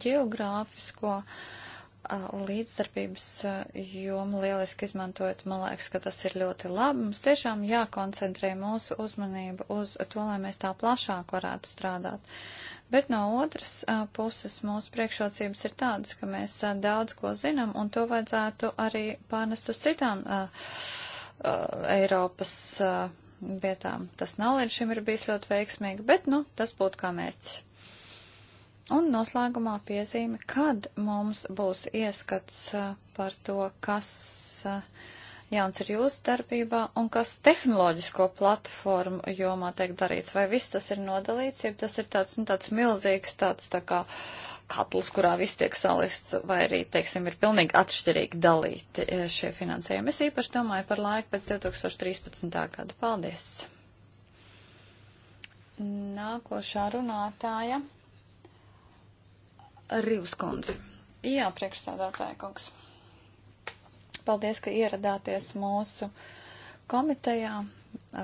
geogrāfisko uh, līdzdarbības uh, jomu lieliski izmantojat. Man liekas, ka tas ir ļoti labi. Mums tiešām jākoncentrē mūsu uzmanība uz to, lai mēs tā plašāk varētu strādāt. Bet no otras uh, puses mūsu priekšrocības ir tādas, ka mēs daudz ko zinām, un to vajadzētu arī pārnest uz citām Eiropas vietām. Tas nav līdz šim ir bijis ļoti veiksmīgi, bet, nu, tas būtu kā mērķis. Un noslēgumā piezīme, kad mums būs ieskats par to, kas jauns ir jūsu darbībā un kas tehnoloģisko platformu jomā tiek darīts. Vai viss tas ir nodalīts, ja tas ir tāds, nu, tāds milzīgs, tāds tā kā katls, kurā viss tiek salists, vai arī, teiksim, ir pilnīgi atšķirīgi dalīti e, šie finansējumi. Es īpaši domāju par laiku pēc 2013. gada. Paldies! Nākošā runātāja - Rīvs kundze. Jā, priekšstādātāja kungs. Paldies, ka ieradāties mūsu komitejā.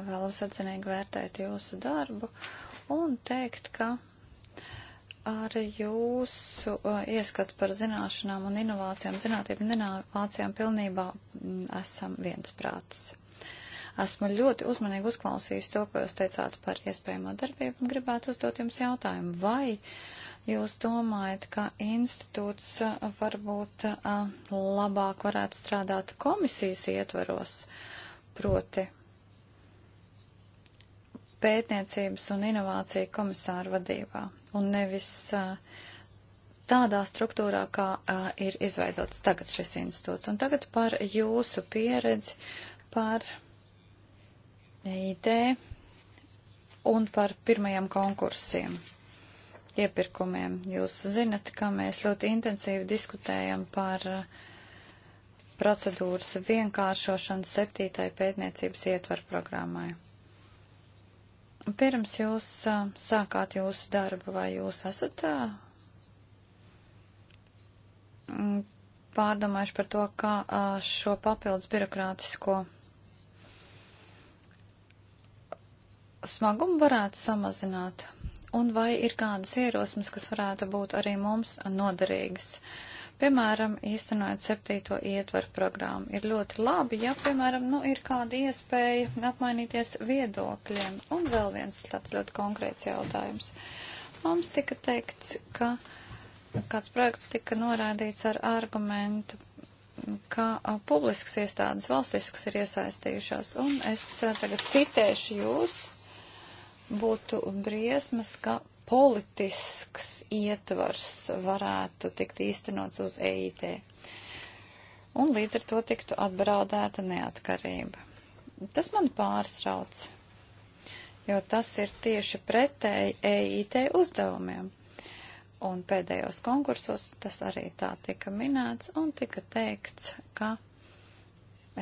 Vēlos atzinīgi vērtēt jūsu darbu un teikt, ka ar jūsu uh, ieskatu par zināšanām un inovācijām, zinātību un inovācijām pilnībā mm, esam viensprāts. Esmu ļoti uzmanīgi uzklausījusi to, ko jūs teicāt par iespējamo darbību un gribētu uzdot jums jautājumu, vai jūs domājat, ka institūts uh, varbūt uh, labāk varētu strādāt komisijas ietvaros, proti pētniecības un inovāciju komisāru vadībā un nevis tādā struktūrā, kā ir izveidots tagad šis institūts. Un tagad par jūsu pieredzi, par e IT un par pirmajiem konkursiem iepirkumiem. Jūs zinat, ka mēs ļoti intensīvi diskutējam par procedūras vienkāršošanu septītai pētniecības ietvaru programmai. Pirms jūs uh, sākāt jūsu darbu, vai jūs esat uh, pārdomājuši par to, kā uh, šo papildus birokrātisko smagumu varētu samazināt? Un vai ir kādas ierosmes, kas varētu būt arī mums noderīgas? Uh, Piemēram, īstenojot septīto ietvaru programmu, ir ļoti labi, ja, piemēram, nu, ir kāda iespēja apmainīties viedokļiem. Un vēl viens tāds ļoti konkrēts jautājums. Mums tika teikts, ka kāds projekts tika noraidīts ar argumentu, ka a, publisks iestādes valstisks ir iesaistījušās. Un es a, tagad citēšu jūs. Būtu briesmas, ka politisks ietvars varētu tikt īstenots uz EIT. Un līdz ar to tiktu atbraudēta neatkarība. Tas man pārstrauc, jo tas ir tieši pretēji EIT uzdevumiem. Un pēdējos konkursos tas arī tā tika minēts un tika teikts, ka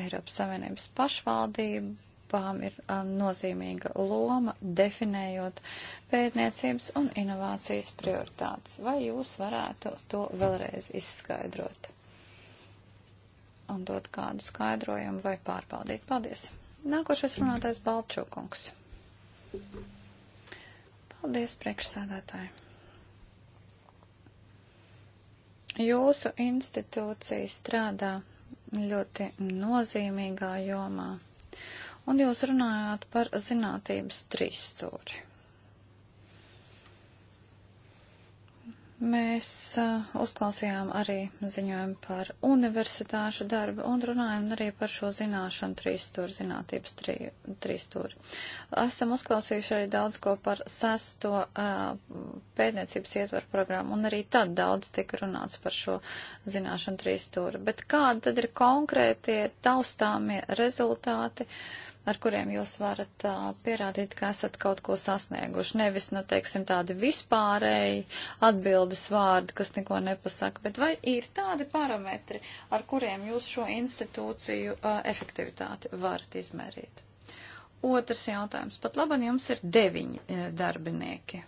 Eiropas Savienības pašvaldība grupām ir um, nozīmīga loma, definējot pētniecības un inovācijas prioritātes. Vai jūs varētu to vēlreiz izskaidrot un dot kādu skaidrojumu vai pārbaudīt? Paldies! Nākošais runātais Balčūkungs. Paldies, priekšsēdētāji! Jūsu institūcija strādā ļoti nozīmīgā jomā Un jūs runājāt par zinātības trīsstūri. Mēs uh, uzklausījām arī ziņojumu par universitāšu darbu un runājam arī par šo zināšanu trīsstūri, zinātības trī, trīsstūri. Esam uzklausījuši arī daudz ko par sesto uh, pētniecības ietvaru programmu un arī tad daudz tika runāts par šo zināšanu trīsstūri. Bet kādi tad ir konkrētie taustāmie rezultāti? Uh, ar kuriem jūs varat uh, pierādīt, ka esat kaut ko sasnieguši. Nevis, nu, teiksim, tādi vispārēji atbildes vārdi, kas neko nepasaka, bet vai ir tādi parametri, ar kuriem jūs šo institūciju uh, efektivitāti varat izmērīt? Otrs jautājums. Pat labam jums ir deviņi uh, darbinieki.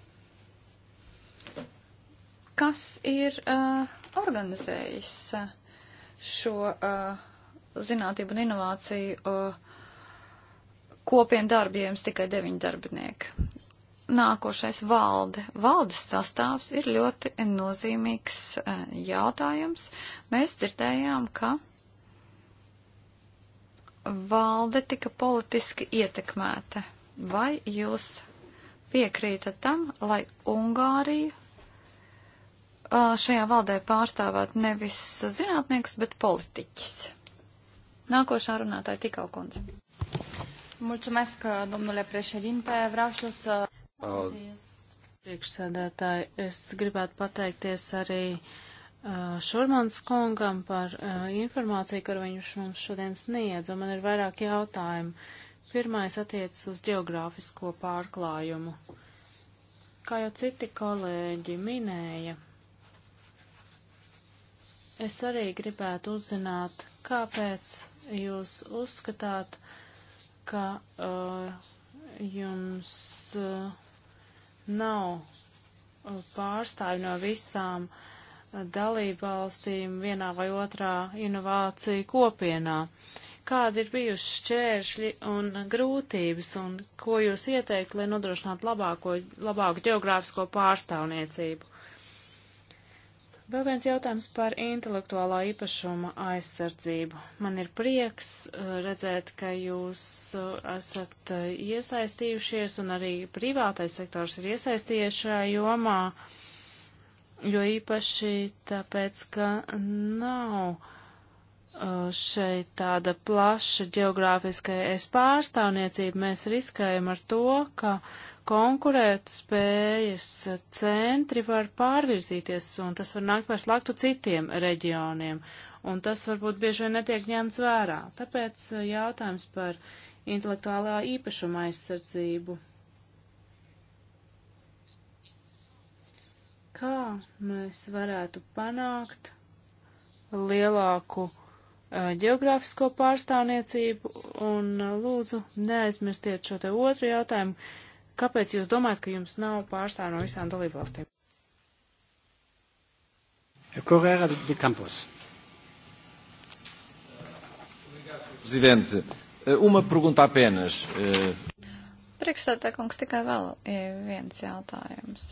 Kas ir uh, organizējis šo uh, zinātību un inovāciju uh, kopienu darbiem tikai deviņi darbinieki. Nākošais valde. Valdes sastāvs ir ļoti nozīmīgs e, jautājums. Mēs dzirdējām, ka valde tika politiski ietekmēta. Vai jūs piekrītat tam, lai Ungārija e, šajā valdē pārstāvētu nevis zinātnieks, bet politiķis? Nākošā runātāja tikau kundze. Mulțumesc, domnule președinte. Vreau și eu să... Paldies. Priekšsēdētāji, es gribētu pateikties arī uh, Šurmans kungam par uh, informāciju, kur viņš mums šodien sniedz, un man ir vairāk jautājumu. Pirmais attiecas uz geogrāfisko pārklājumu. Kā jau citi kolēģi minēja, es arī gribētu uzzināt, kāpēc jūs uzskatāt, uh, ka uh, jums uh, nav uh, pārstāvi no visām uh, dalībvalstīm vienā vai otrā inovāciju kopienā. Kādi ir bijuši šķēršļi un grūtības un ko jūs ieteikt, lai nodrošinātu labāko, labāku geogrāfisko pārstāvniecību? Vēl viens jautājums par intelektuālā īpašuma aizsardzību. Man ir prieks uh, redzēt, ka jūs uh, esat uh, iesaistījušies un arī privātais sektors ir iesaistījies šajā jomā, jo īpaši tāpēc, ka nav šeit tāda plaša geogrāfiskais pārstāvniecība. Mēs riskējam ar to, ka konkurēt spējas centri var pārvirzīties, un tas var nākt par slaktu citiem reģioniem, un tas varbūt bieži vien netiek ņemts vērā. Tāpēc eh, jautājums par intelektuālā īpašuma aizsardzību. Kā mēs varētu panākt lielāku ģeogrāfisko eh, pārstāvniecību un eh, lūdzu neaizmirstiet šo te otru jautājumu, Kāpēc jūs domājat, ka jums nav pārstāv no visām dalībvalstīm? Correra de Campos. Presidente, eh, uma pergunta apenas. Eh. Priekšstādā kungs tikai vēl eh, viens jautājums.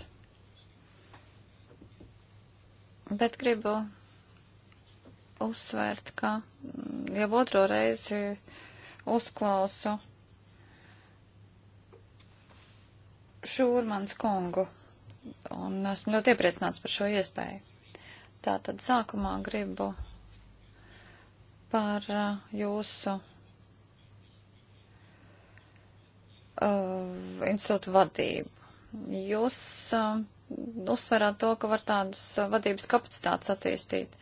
Bet gribu uzsvērt, ka mm, jau otro reizi uzklausu Šūrmans kungu, un esmu ļoti iepriecināts par šo iespēju. Tātad sākumā gribu par uh, jūsu uh, institūtu vadību. Jūs uh, uzsverāt to, ka var tādas uh, vadības kapacitātes attīstīt,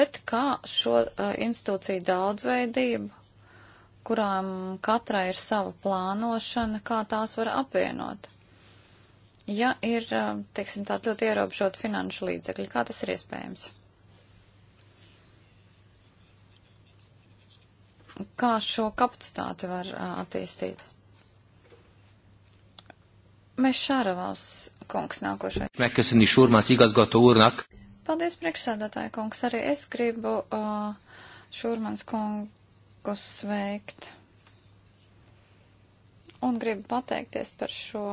bet kā šo uh, institūciju daudzveidību, kurām katrai ir sava plānošana, kā tās var apvienot? ja ir, um, teiksim, tāda ļoti ierobežota finanšu līdzekļa, kā tas ir iespējams? Kā šo kapacitāti var uh, attīstīt? Mēs šāravās, kungs, nākošais. Mekasini šurmās igazgato urnak. Paldies, priekšsēdētāji, kungs. Arī es gribu uh, šurmans kungu sveikt. Un gribu pateikties par šo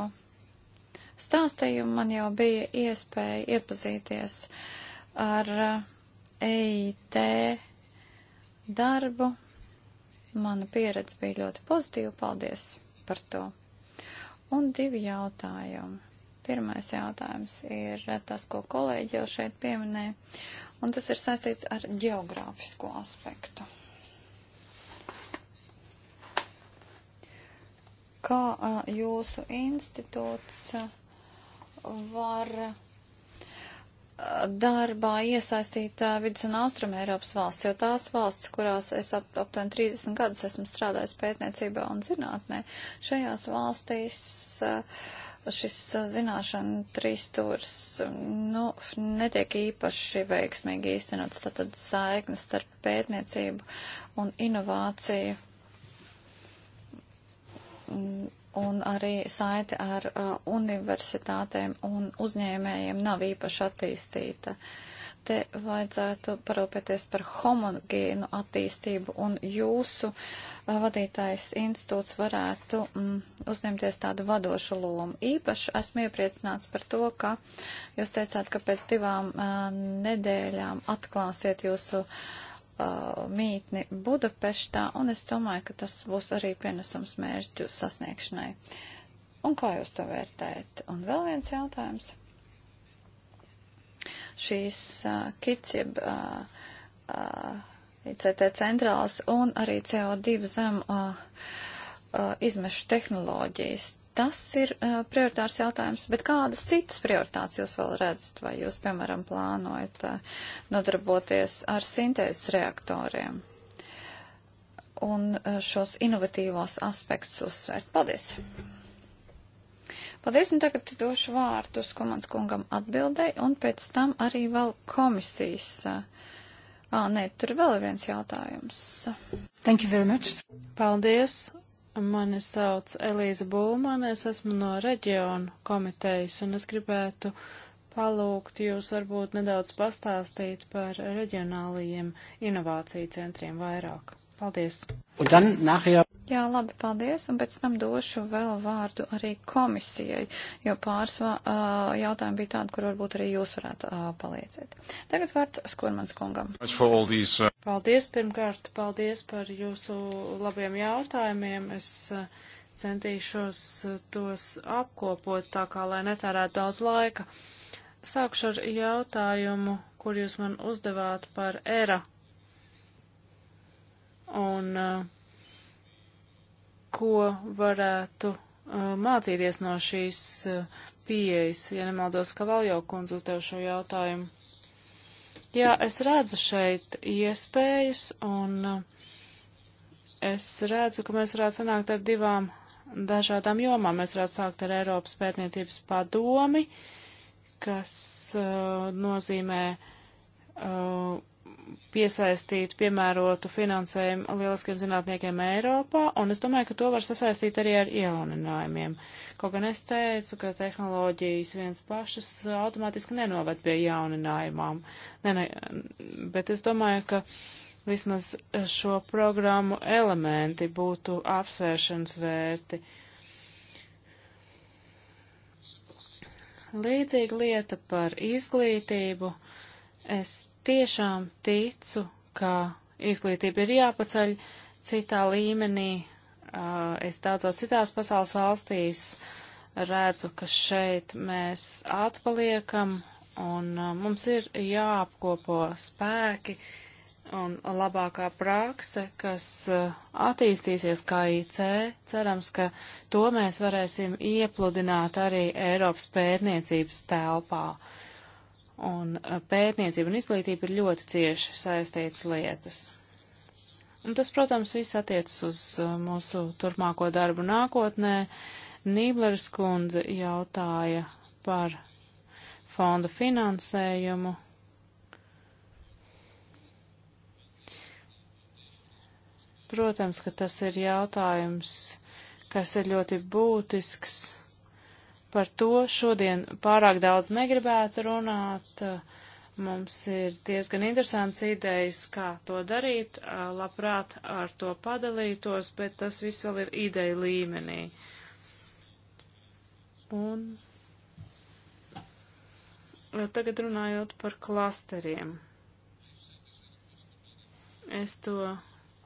stāstījumu man jau bija iespēja iepazīties ar EIT eh, e darbu. Mana pieredze bija ļoti pozitīva, paldies par to. Un divi jautājumi. Pirmais jautājums ir tas, ko kolēģi jau šeit pieminēja, un tas ir saistīts ar geogrāfisko aspektu. Kā a, eh, jūsu institūts. A, eh, var eh, darbā iesaistīt eh, vidus un austrum Eiropas valsts, jo tās valsts, kurās es ap, aptuveni 30 gadus esmu strādājis pētniecībā un zinātnē, šajās valstīs eh, šis zināšana trīstūrs nu, netiek īpaši veiksmīgi īstenots, tātad saiknes starp pētniecību un inovāciju mm, un arī saite ar uh, universitātēm un uzņēmējiem nav īpaši attīstīta. Te vajadzētu parūpēties par homogēnu attīstību, un jūsu uh, vadītājs institūts varētu mm, uzņemties tādu vadošu lomu. Īpaši esmu iepriecināts par to, ka jūs teicāt, ka pēc divām uh, nedēļām atklāsiet jūsu uh, uh, mītni Budapeštā, un es domāju, ka tas būs arī pienesums mērķu sasniegšanai. Un kā jūs to vērtējat? Un vēl viens jautājums. Šīs uh, kits, jeb uh, uh, ICT centrāls un arī CO2 zem uh, uh, izmešu tehnoloģijas Tas ir uh, prioritārs jautājums, bet kādas citas prioritātes jūs vēl redzat, vai jūs, piemēram, plānojat uh, nodarboties ar sintēzes reaktoriem un uh, šos inovatīvos aspektus uzsvērt? Paldies! Paldies, un tagad došu vārdus komandas kungam atbildēji, un pēc tam arī vēl komisijas. Ā, nē, tur vēl ir viens jautājums. Thank you very much. Paldies. Mani sauc Elīza Bulmane, es esmu no reģionu komitejas, un es gribētu palūgt jūs varbūt nedaudz pastāstīt par reģionālajiem inovāciju centriem vairāk. Paldies. Gan, nahajā... Jā, labi, paldies. Un pēc tam došu vēl vārdu arī komisijai, jo pāris uh, jautājumi bija tādi, kur varbūt arī jūs varētu uh, palīdzēt. Tagad vārds Skormans kungam. These, uh... Paldies pirmkārt, paldies par jūsu labiem jautājumiem. Es uh, centīšos tos apkopot tā kā, lai netērētu daudz laika. Sākšu ar jautājumu, kur jūs man uzdevāt par ERA un uh, ko varētu uh, mācīties no šīs uh, pieejas, ja nemaldos, ka Valjo kundze uzdev šo jautājumu. Jā, es redzu šeit iespējas, un es redzu, ka mēs varētu sanākt ar divām dažādām jomām. Mēs varētu sākt ar Eiropas pētniecības padomi, kas uh, nozīmē uh, piesaistīt piemērotu finansējumu lieliskiem zinātniekiem Eiropā, un es domāju, ka to var sasaistīt arī ar jauninājumiem. Kaut gan es teicu, ka tehnoloģijas viens pašas automātiski nenoved pie jauninājumām, ne, ne, bet es domāju, ka vismaz šo programmu elementi būtu apsvēršanas vērti. Līdzīga lieta par izglītību. Es tiešām ticu, ka izglītība ir jāpaceļ citā līmenī. Es daudzos citās pasaules valstīs redzu, ka šeit mēs atpaliekam un mums ir jāapkopo spēki un labākā prakse, kas attīstīsies kā IC. Cerams, ka to mēs varēsim iepludināt arī Eiropas pētniecības telpā. Uh, un eh, pētniecība un izglītība ir ļoti cieši saistītas lietas. Un tas, protams, viss attiecas uz eh, mūsu turpmāko darbu nākotnē. Nībleris kundze jautāja par fonda finansējumu. Protams, ka tas ir jautājums, kas ir ļoti būtisks Par to šodien pārāk daudz negribētu runāt. Mums ir diezgan interesants idejas, kā to darīt, labprāt ar to padalītos, bet tas viss vēl ir ideja līmenī. Un tagad runājot par klasteriem. Es to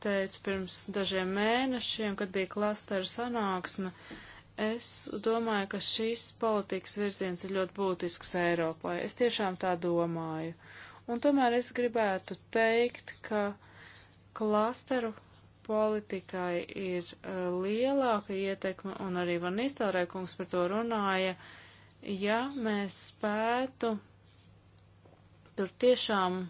teicu pirms dažiem mēnešiem, kad bija klastera sanāksme. Uh, Es domāju, ka šīs politikas virziens ir ļoti būtisks Eiropai. Es tiešām tā domāju. Un tomēr es gribētu teikt, ka klasteru politikai ir uh, lielāka ietekme, un arī Van Nistelrē kungs par to runāja, ja mēs spētu tur tiešām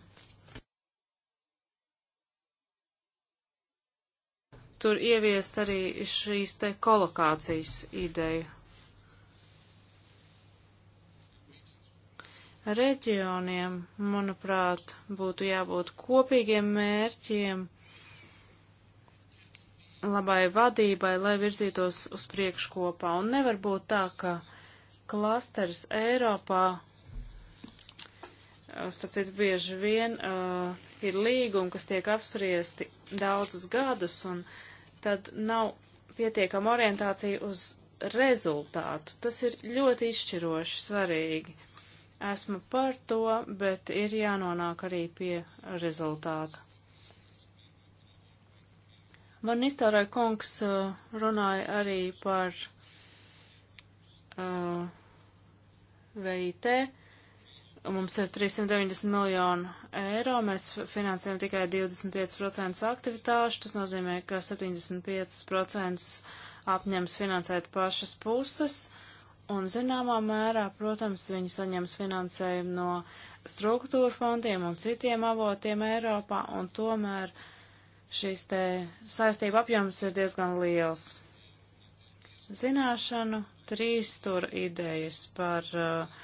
tur ieviest arī šīs te kolokācijas ideju. Reģioniem, manuprāt, būtu jābūt kopīgiem mērķiem labai vadībai, lai virzītos uz priekšu kopā. Un nevar būt tā, ka klasters Eiropā, starp citu, bieži vien uh, ir līgumi, kas tiek apspriesti daudzus gadus, un uh, tad nav pietiekama orientācija uz rezultātu. Tas ir ļoti izšķiroši svarīgi. Esmu par to, bet ir jānonāk arī pie rezultāta. Man iztārā kungs uh, runāja arī par uh, VIT Mums ir 390 miljonu eiro, mēs finansējam tikai 25% aktivitāšu, tas nozīmē, ka 75% apņems finansēt pašas puses, un zināmā mērā, protams, viņi saņems finansējumu no struktūra fondiem un citiem avotiem Eiropā, un tomēr šīs te saistība apjoms ir diezgan liels. Zināšanu trīs tur idejas par uh,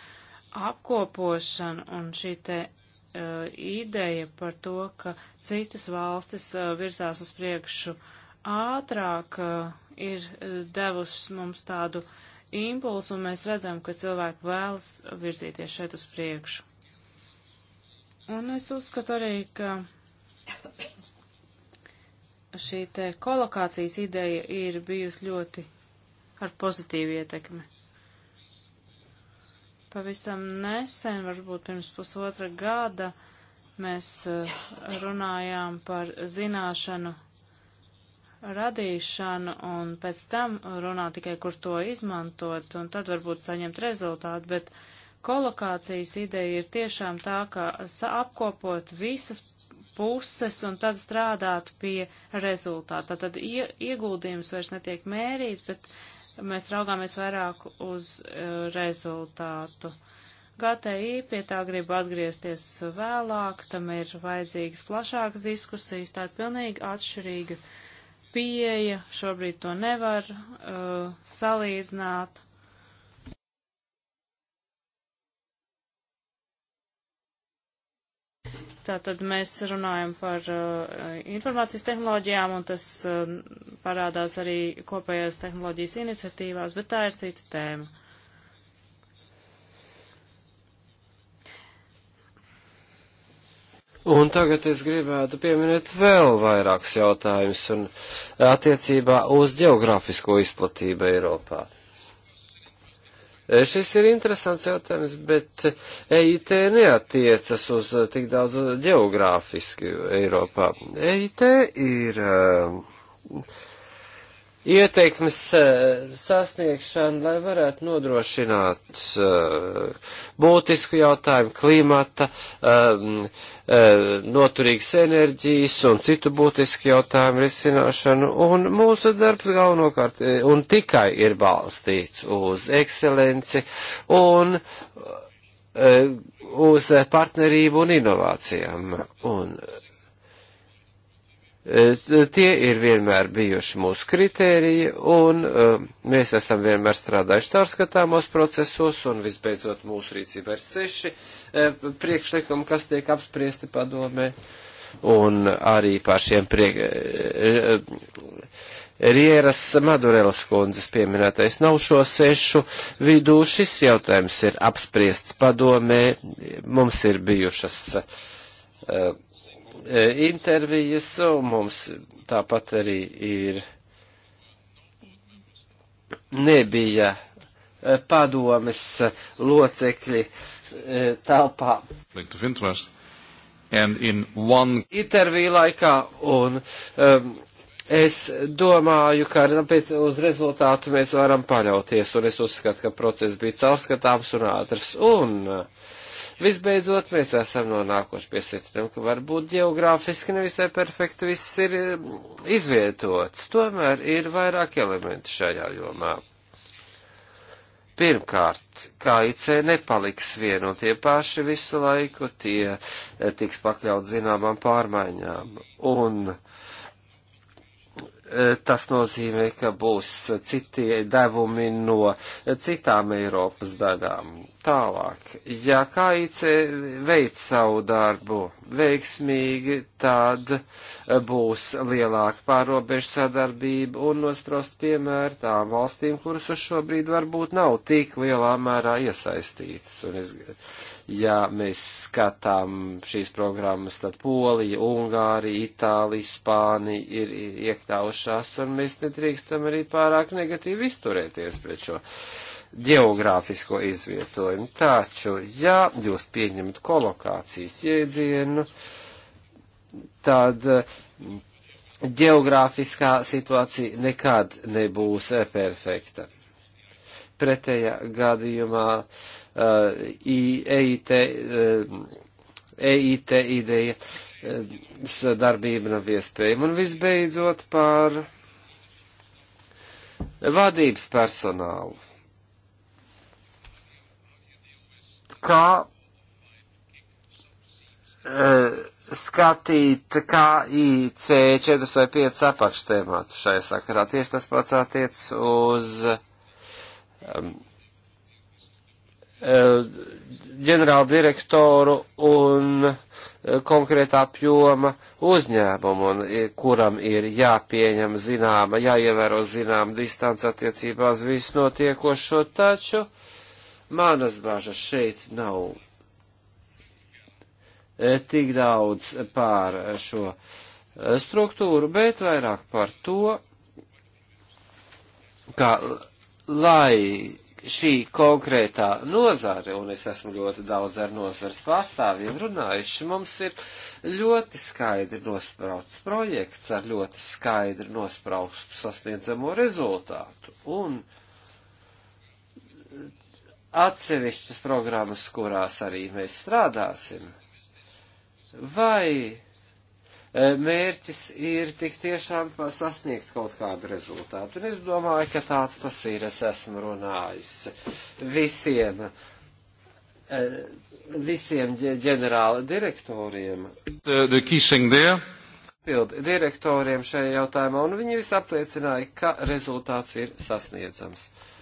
apkopošana un šī te uh, ideja par to, ka citas valstis uh, virzās uz priekšu ātrāk, uh, ir devusi mums tādu impulsu, un mēs redzam, ka cilvēki vēlas virzīties šeit uz priekšu. Un es uzskatu arī, ka šī te kolokācijas ideja ir bijusi ļoti ar pozitīvu ietekmi. Pavisam nesen, varbūt pirms pusotra gada, mēs eh, runājām par zināšanu radīšanu un pēc tam runā tikai, kur to izmantot, un tad varbūt saņemt rezultātu, bet kolokācijas ideja ir tiešām tā, ka apkopot visas puses un tad strādāt pie rezultāta. Tad ie, ieguldījums vairs netiek mērīts, bet mēs raugāmies vairāk uz uh, rezultātu. GTI pie tā grib atgriezties vēlāk, tam ir vajadzīgas plašākas diskusijas, tā ir pilnīgi atšķirīga pieeja, šobrīd to nevar uh, salīdzināt. Tātad mēs runājam par uh, informācijas tehnoloģijām, un tas uh, parādās arī kopējās tehnoloģijas iniciatīvās, bet tā ir cita tēma. Un tagad es gribētu pieminēt vēl vairākus jautājumus un uh, attiecībā uz geogrāfisko izplatību Eiropā. E, šis ir interesants jautājums, bet EIT neatiecas uz e, tik daudz geogrāfiski Eiropā. EIT ir e, ieteikmes eh, sasniegšanu, lai varētu nodrošināt eh, būtisku jautājumu klimata, eh, noturīgas enerģijas un citu būtisku jautājumu risināšanu. Un mūsu darbs galvenokārt un tikai ir balstīts uz ekscelenci un uz partnerību un inovācijām. Un Tie ir vienmēr bijuši mūsu kritēriji, un eh, mēs esam vienmēr strādājuši caurskatāmos procesos, un visbeidzot mūsu rīcība ir seši eh, priekšlikumi, kas tiek apspriesti padomē, un arī par šiem priek... Eh, Rieras Madurelas kundzes pieminētais nav šo sešu vidū. Šis jautājums ir apspriests padomē. Mums ir bijušas uh, E, intervijas, un mums tāpat arī ir nebija e, padomes locekļi e, telpā. One... Interviju laikā, un um, es domāju, ka pēc uz rezultātu mēs varam paļauties, un es uzskatu, ka process bija caurskatāms un ātrs, un uh, Visbeidzot, mēs esam nonākuši pie secinājuma, ka varbūt geogrāfiski nevisai perfekti viss ir eh, izvietots. Tomēr ir vairāk elementi šajā jomā. Pirmkārt, KIC nepaliks vien un tie paši visu laiku, tie eh, tiks pakļaut zināmām pārmaiņām. Un uh, E, tas nozīmē, ka būs citi devumi no citām Eiropas daļām. Tālāk, ja kaice veic savu darbu veiksmīgi, tad būs lielāka pārobežu sadarbība un nosprost piemēri tām valstīm, kuras uz šobrīd varbūt nav tik lielā mērā iesaistītas. Un es ja mēs skatām šīs programmas, tad Polija, Ungārija, Itālija, Spānija ir iekļaušās, un mēs nedrīkstam arī pārāk negatīvi izturēties pret šo geogrāfisko izvietojumu. Taču, ja jūs pieņemat kolokācijas jēdzienu, tad mm, geogrāfiskā situācija nekad nebūs eh, perfekta. Pretējā gadījumā uh, EIT, uh, EIT ideja uh, darbība nav iespējama. Un visbeidzot par vadības personālu. Kā uh, skatīt KIC 4 vai 5 apakštēmātu šai sakarā. Tieši tas pats attiec uz uh, Um, uh, ģenerāla direktoru un uh, konkrēta apjoma uzņēmumu, un, kuram ir jāpieņem zināma, jāievēro zināma distance attiecībā uz visu notiekošo, taču manas bažas šeit nav e, tik daudz pār šo e, struktūru, bet vairāk par to, kā lai šī konkrētā nozare, un es esmu ļoti daudz ar nozares pārstāvjiem runājuši, mums ir ļoti skaidri nosprauts projekts ar ļoti skaidri nospraustu sasniedzamo rezultātu. Un atsevišķas programmas, kurās arī mēs strādāsim, vai Eh, mērķis ir tik tiešām sasniegt kaut kādu rezultātu. Un es domāju, ka tāds tas ir. Es esmu runājis visiem, eh, visiem ģenerāla direktoriem. The, the Pildu direktoriem šajā jautājumā, un viņi visi apliecināja, ka rezultāts ir sasniedzams. Uh,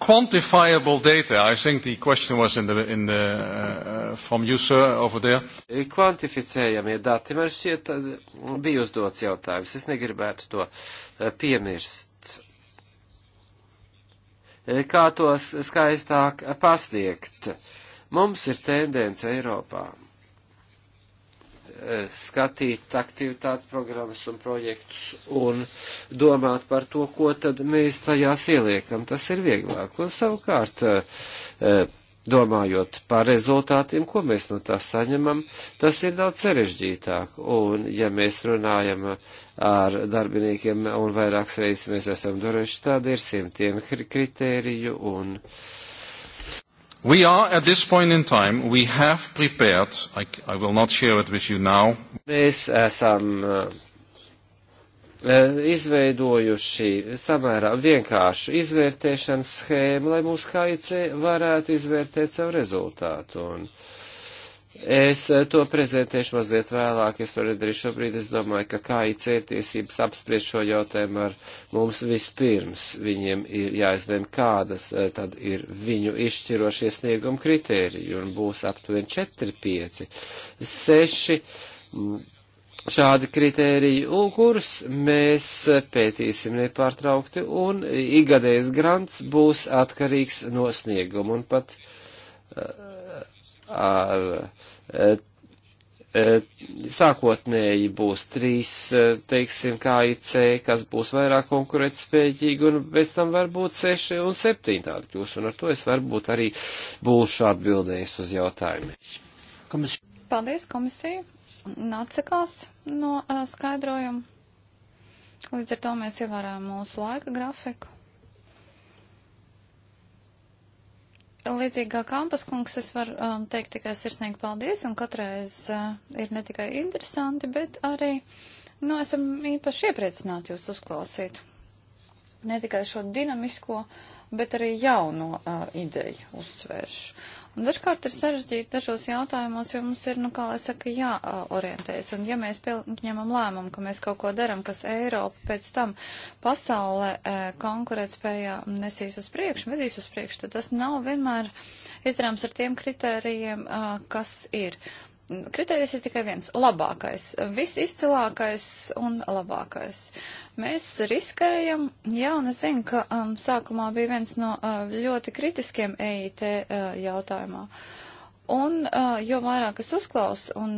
quantifiable data? I think the question was in the, in the, uh, uh from you, sir, over there. Kvantificējamie eh, dati, man šķiet, eh, bija uzdots jautājums. Es negribētu to eh, piemirst. Kā tos skaistāk pasniegt? Mums ir tendence Eiropā skatīt aktivitātes programmas un projektus un domāt par to, ko tad mēs tajās ieliekam. Tas ir vieglāk. Un savukārt, eh, domājot par rezultātiem, ko mēs no tā saņemam, tas ir daudz sarežģītāk. Un, ja mēs runājam ar darbiniekiem un vairākas reizes mēs esam darījuši, tad ir simtiem kritēriju un. Uh, We are at this point in time, we have prepared, I, I will not share it with you now. Mēs esam uh, izveidojuši samērā vienkāršu izvērtēšanas schēmu, lai mūsu KIC varētu izvērtēt savu rezultātu. Un, uh, Es eh, to prezentēšu mazliet vēlāk, es to nedarīšu šobrīd. Es domāju, ka KIC tiesības apspriest šo jautājumu ar mums vispirms. Viņiem ir jāizlem, kādas eh, tad ir viņu izšķirošie snieguma kritēriji, un būs aptuveni 4, 5, 6 šādi kritēriji, un kurus mēs pētīsim nepārtraukti, un igadējas grants būs atkarīgs no snieguma, un pat uh, ar e, e, sākotnēji būs trīs, e, teiksim, KIC, kas būs vairāk konkurētspējīgi, un pēc tam varbūt seši un septiņi tādi kļūs, un ar to es varbūt arī būšu atbildējis uz jautājumu. Komis... Paldies, komisija. Nācekās no uh, skaidrojuma. Līdz ar to mēs ievērām mūsu laika grafiku. Līdzīgā kampas kungs es varu um, teikt tikai sirsnīgi paldies, un katreiz uh, ir ne tikai interesanti, bet arī, nu, esam īpaši iepriecināti jūs uzklausīt. Ne tikai šo dinamisko, bet arī jauno uh, ideju uzsvēršu. Un dažkārt ir sarežģīti dažos jautājumos, jo mums ir, nu, kā lai saka, jāorientējas. Un ja mēs pieņemam lēmumu, ka mēs kaut ko daram, kas Eiropa pēc tam pasaulē e, konkurētspējā nesīs uz priekšu, vedīs uz priekšu, tad tas nav vienmēr izdarāms ar tiem kritērijiem, a, e, kas ir. Kriterijs ir tikai viens - labākais, visizcilākais un labākais. Mēs riskējam, jā, un es zinu, ka um, sākumā bija viens no uh, ļoti kritiskiem EIT uh, jautājumā. Uh, Un uh, jo vairāk es uzklausu, un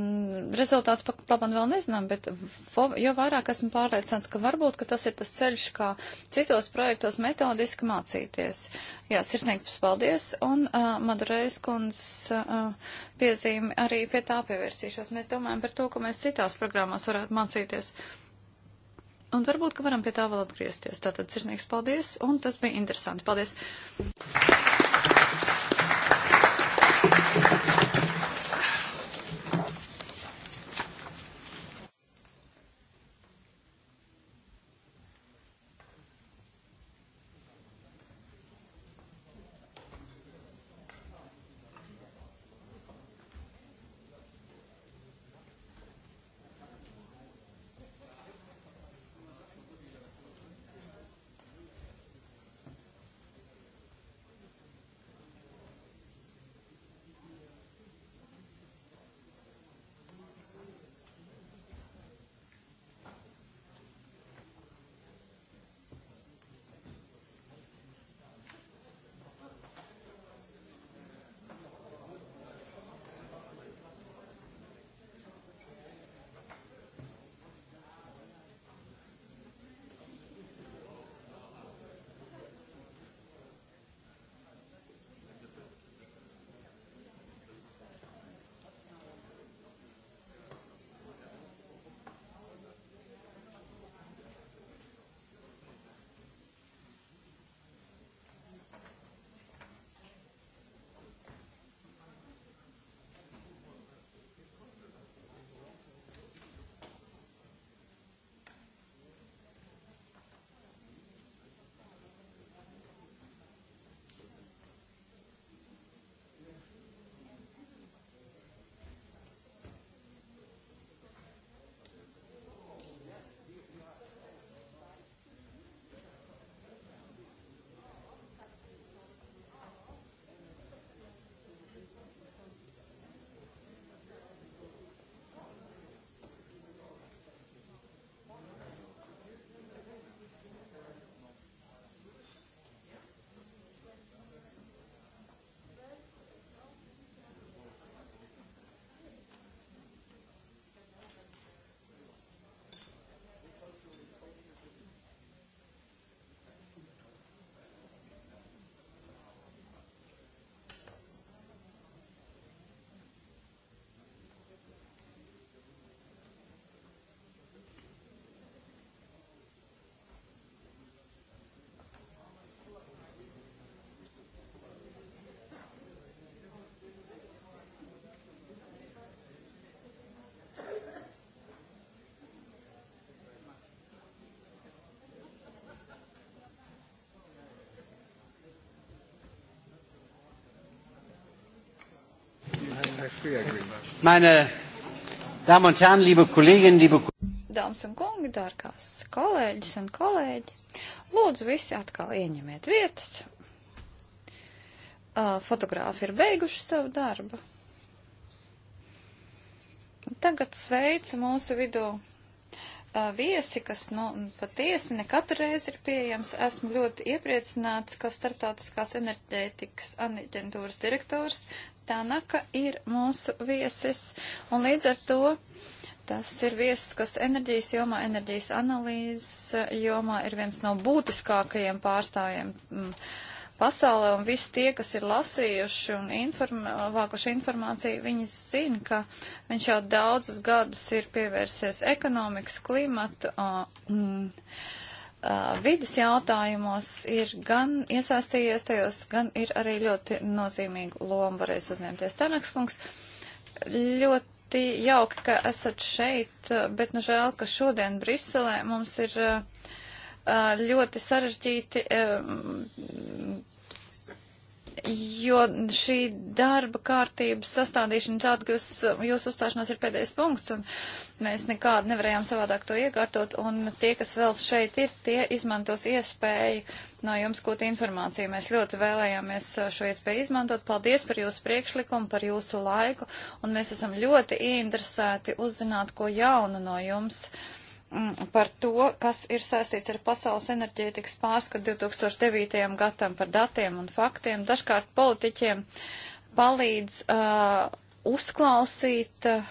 rezultāts pat labam vēl nezinām, bet jo vairāk esmu pārliecināts, ka varbūt, ka tas ir tas ceļš, kā citos projektos metodiski mācīties. Jā, sirsnīgs paldies, un uh, Madureiras kundzes uh, piezīme arī pie tā pievērsīšos. Mēs domājam par to, ko mēs citās programmās varētu mācīties. Un varbūt, ka varam pie tā vēl atgriezties. Tātad sirsnīgs paldies, un tas bija interesanti. Paldies! Meine Damen un Herren, liebe Kolleginnen, liebe Dāmas un kungi, dārgās kolēģis un kolēģi, lūdzu visi atkal ieņemiet vietas. Fotogrāfi ir beiguši savu darbu. Tagad sveicu mūsu vidū viesi, kas nu, patiesi ne katru reizi ir pieejams. Esmu ļoti iepriecināts, ka Startautiskās enerģētikas aģentūras direktors Tanaka ir mūsu viesis, un līdz ar to tas ir viesis, kas enerģijas jomā, enerģijas analīzes jomā ir viens no būtiskākajiem pārstāvjiem. Mm pasaulē, un visi tie, kas ir lasījuši un inform vākuši informāciju, viņi zina, ka viņš jau daudzus gadus ir pievērsies ekonomikas, klimata, mm, vidas jautājumos, ir gan iesaistījies tajos, gan ir arī ļoti nozīmīgu lomu varēs uzņemties Tanakskungs. Ļoti ļoti jauki, ka esat šeit, bet nu žēl, ka šodien Briselē mums ir ļoti sarežģīti jo šī darba kārtības sastādīšana tāda, ka jūs, jūs uzstāšanās ir pēdējais punkts, un mēs nekādu nevarējām savādāk to iekārtot, un tie, kas vēl šeit ir, tie izmantos iespēju no jums kūt informāciju. Mēs ļoti vēlējāmies uh, šo iespēju izmantot. Paldies par jūsu priekšlikumu, par jūsu laiku, un mēs esam ļoti ieinteresēti uzzināt, ko jaunu no jums. Uh, Mm, par to, kas ir saistīts ar pasaules enerģētikas pārskatu 2009. gadam par datiem un faktiem. Dažkārt politiķiem palīdz uh, uzklausīt uh,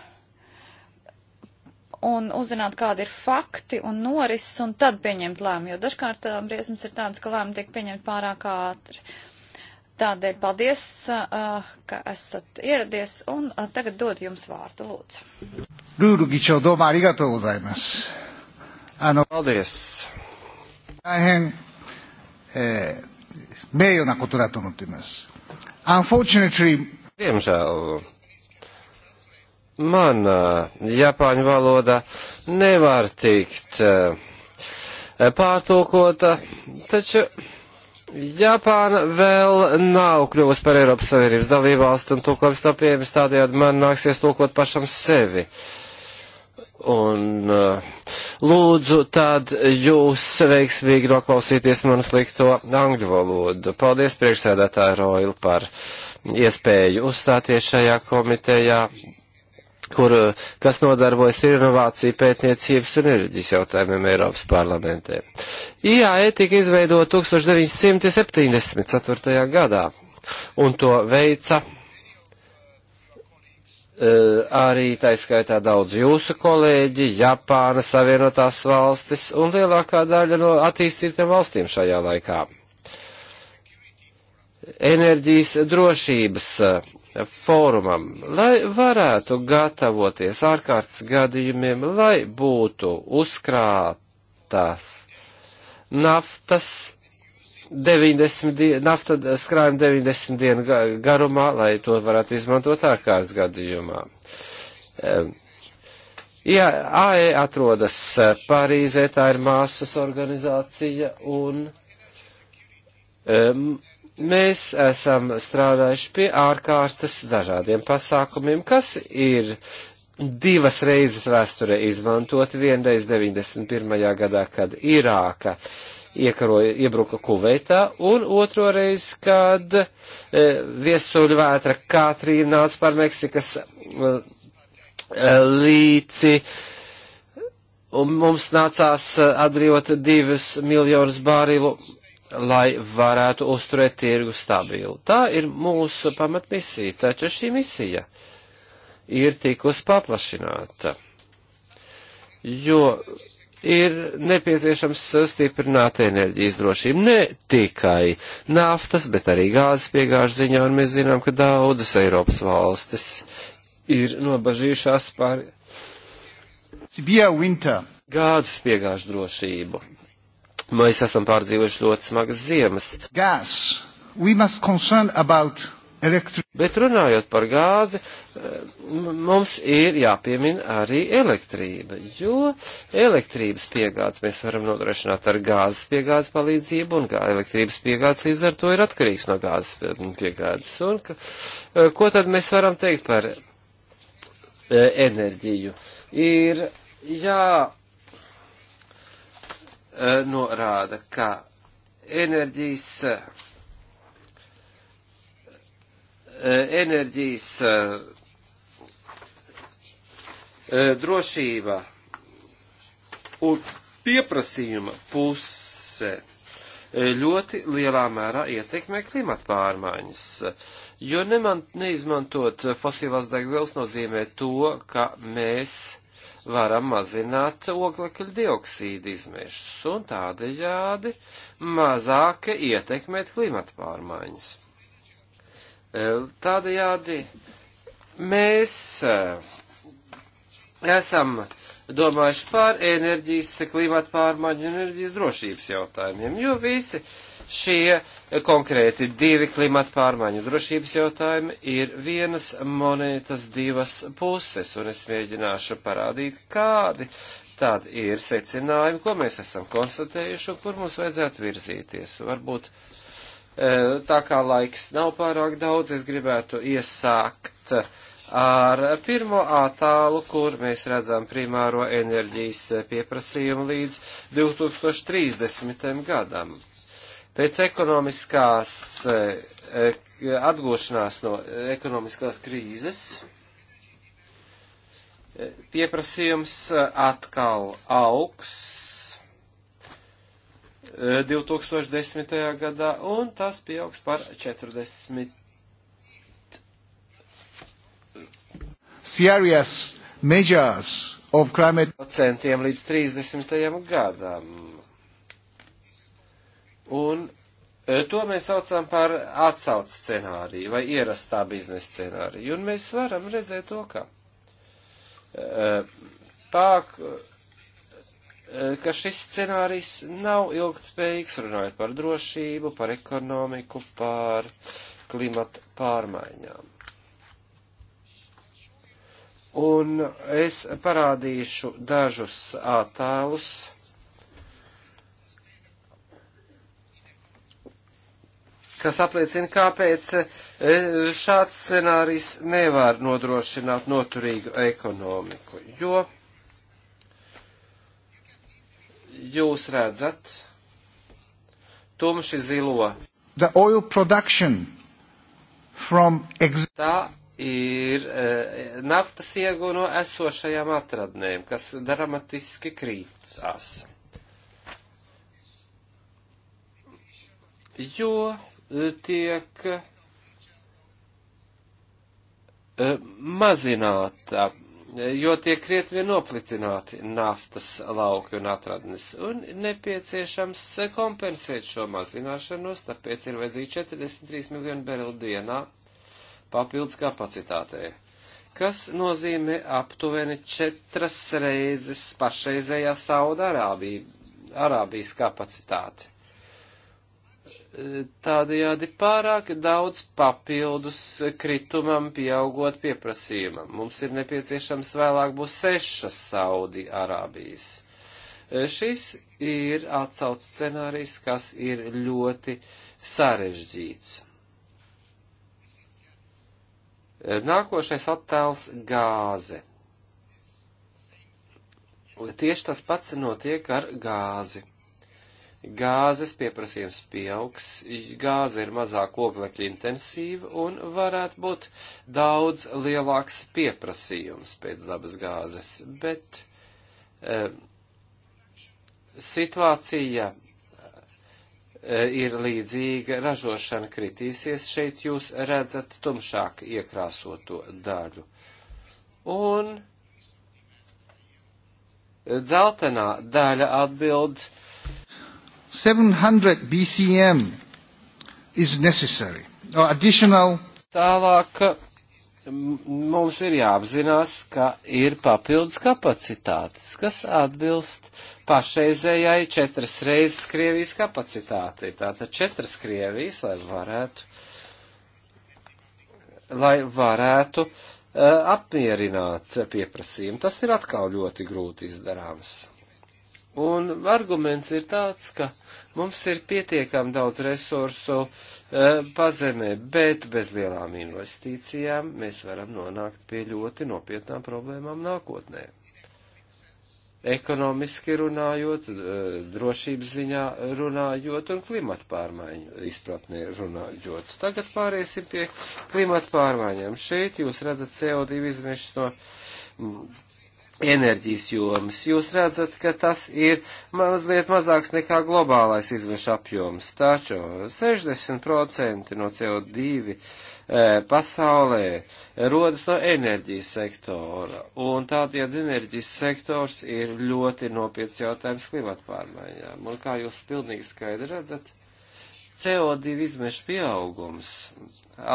un uzzināt, kādi ir fakti un norises, un tad pieņemt lēmumu, jo dažkārt uh, briesmas ir tādas, ka lēmumi tiek pieņemti pārāk ātri. Tādēļ paldies, uh, ka esat ieradies, un uh, tagad dod jums vārdu, lūdzu. ルール議長どうもありがとうございます。Ano, Paldies! Daien, eh, mēju na kotu da to notimas. Unfortunately, Diemžēl mana eh, japāņu valoda nevar tikt eh, pārtulkota, taču Japāna vēl nav kļuvusi par Eiropas Savienības dalībvalstu un tulkojums tā pieejams tādējādi man nāksies tulkot pašam sevi. Uh, Un uh, lūdzu, tad jūs veiksmīgi noklausieties manas likto angļu valodu. Paldies priekšsēdētāju Roilu par iespēju uzstāties šajā komitejā, kur, uh, kas nodarbojas inovāciju pētniecības un enerģijas jautājumiem Eiropas parlamentē. IAE tika izveidota 1974. gadā, un to veica E, arī taiskaitā daudz jūsu kolēģi, Japāna, Savienotās valstis un lielākā daļa no attīstītiem valstīm šajā laikā. Enerģijas drošības e, fórumam, lai varētu gatavoties ārkārtas gadījumiem, lai būtu uzkrātās naftas 90 dienu, nafta skrājuma 90 dienu garumā, lai to varētu izmantot ārkārtas gadījumā. Jā, AE atrodas eh, Parīzē, tā ir māsas organizācija, un um, mēs esam strādājuši pie ārkārtas dažādiem pasākumiem, kas ir divas reizes vēsturē izmantot, vienreiz 91. gadā, kad Irāka uh, iekaroja, iebruka Kuveitā, un otro reizi, kad e, viesuļu vētra Katrīna nāca par Meksikas e, e, līci, un mums nācās e, atbrīvot divus miljonus bārilu, lai varētu uzturēt tirgu stabilu. Tā ir mūsu pamatmisija, taču šī misija ir tikus paplašināta. Jo ir nepieciešams stiprināt enerģijas drošību. Ne tikai naftas, bet arī gāzes piegāžu ziņā, un mēs zinām, ka daudzas Eiropas valstis ir nobažījušās par gāzes piegāžu drošību. Mēs esam pārdzīvojuši ļoti smagas ziemas. Gas. We must concern about Elektri... Bet runājot par gāzi, mums ir jāpiemina arī elektrība, jo elektrības piegādes mēs varam nodrošināt ar gāzes piegādes palīdzību, un gā, elektrības piegādes līdz ar to ir atkarīgs no gāzes piegādes. Un ka, e, ko tad mēs varam teikt par e, enerģiju? Ir jānorāda, e, ka enerģijas Eh, enerģijas eh, eh, drošība un pieprasījuma puse ļoti lielā mērā ietekmē klimata pārmaiņas, jo neman, neizmantot fosilās degvielas nozīmē to, ka mēs varam mazināt oglekļa dioksīdu izmešus un tādējādi mazāk ietekmēt klimata pārmaiņas. E, Tādējādi mēs e, esam domājuši par enerģijas, klimata pārmaiņu un enerģijas drošības jautājumiem, jo visi šie konkrēti divi klimata pārmaiņu drošības jautājumi ir vienas monētas divas puses, un es mēģināšu parādīt, kādi tad ir secinājumi, ko mēs esam konstatējuši un kur mums vajadzētu virzīties. Varbūt uh, Tā kā laiks nav pārāk daudz, es gribētu iesākt ar pirmo attēlu, kur mēs redzam primāro enerģijas pieprasījumu līdz 2030. gadam. Pēc ekonomiskās atgošanās no ekonomiskās krīzes pieprasījums atkal augs 2010. gadā, un tas pieaugs par 40. Serious measures of climate procentiem līdz 30. gadam. Un e, to mēs saucam par atsauc scenāriju vai ierastā biznesa scenāriju, un mēs varam redzēt to, ka pāk, e, Eh, ka šis scenārijs nav ilgtspējīgs, runājot par drošību, par ekonomiku, par klimata pārmaiņām. Un es parādīšu dažus attēlus. kas apliecina, kāpēc eh, šāds scenārijs nevar nodrošināt noturīgu ekonomiku, jo jūs redzat tumši zilo. Tā ir e, naftas iegūta no esošajām atradnēm, kas dramatiski krītās. Jo e, tiek e, mazināta jo tiek krietni noplicināti naftas lauki un atradnes, un nepieciešams kompensēt šo mazināšanos, tāpēc ir vajadzīgi 43 miljoni barelu dienā papildus kapacitātei, kas nozīmē aptuveni četras reizes pašreizējā Sauda Arābija, Arābijas kapacitāti tādajādi pārāk daudz papildus kritumam pieaugot pieprasījumam. Mums ir nepieciešams vēlāk būs sešas Saudi Arābijas. E, šis ir atsauc scenārijs, kas ir ļoti sarežģīts. E, nākošais attēls - gāze. Tieši tas pats notiek ar gāzi gāzes pieprasījums pieaugs, gāze ir mazāk oglekļa intensīva un varētu būt daudz lielāks pieprasījums pēc dabas gāzes, bet e, situācija eh, ir līdzīga, ražošana kritīsies, šeit jūs redzat tumšāk iekrāsoto daļu. Un eh, dzeltenā daļa atbilds 700 BCM is necessary. Or additional. Tālāk mums ir jāapzinās, ka ir papildus kapacitātes, kas atbilst pašreizējai četras reizes Krievijas kapacitātei. Tātad četras Krievijas, lai varētu, lai varētu uh, apmierināt pieprasījumu. Tas ir atkal ļoti grūti izdarāms. Un arguments ir tāds, ka mums ir pietiekami daudz resursu e, pazemē, bet bez lielām investīcijām mēs varam nonākt pie ļoti nopietnām problēmām nākotnē. Ekonomiski runājot, e, drošības ziņā runājot un klimata pārmaiņu izpratnē runājot. Tagad pāriesim pie klimata pārmaiņām. Šeit jūs redzat CO2 izmešas no enerģijas jomas. Jūs redzat, ka tas ir mazliet mazāks nekā globālais izmešu apjoms, taču 60% no CO2 eh, pasaulē rodas no enerģijas sektora, un tādēļ enerģijas sektors ir ļoti nopietns jautājums klimata pārmaiņām. Un kā jūs pilnīgi skaidri redzat, CO2 izmešu pieaugums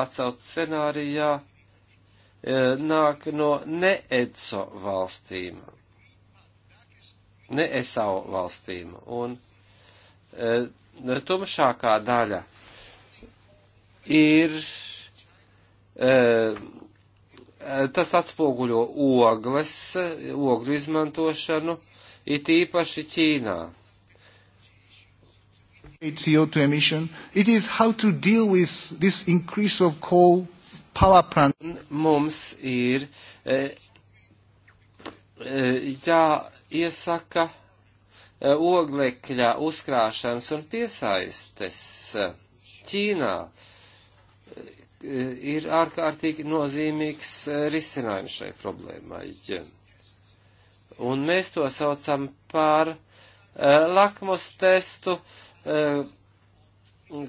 atcelt scenārijā Eh, nāk no ne ECO valstīm, ne ESO valstīm. Un eh, tumšākā daļa ir eh, tas atspoguļo ogles, ogļu izmantošanu, it īpaši Ķīnā. CO2 emission. It is how to deal with this increase of coal powerplant. Mums ir e, e, jāiesaka e, oglekļa uzkrāšanas un piesaistes e, Ķīnā. E, ir ārkārtīgi nozīmīgs e, risinājums šai problēmai. Un mēs to saucam par uh, lakmus testu uh,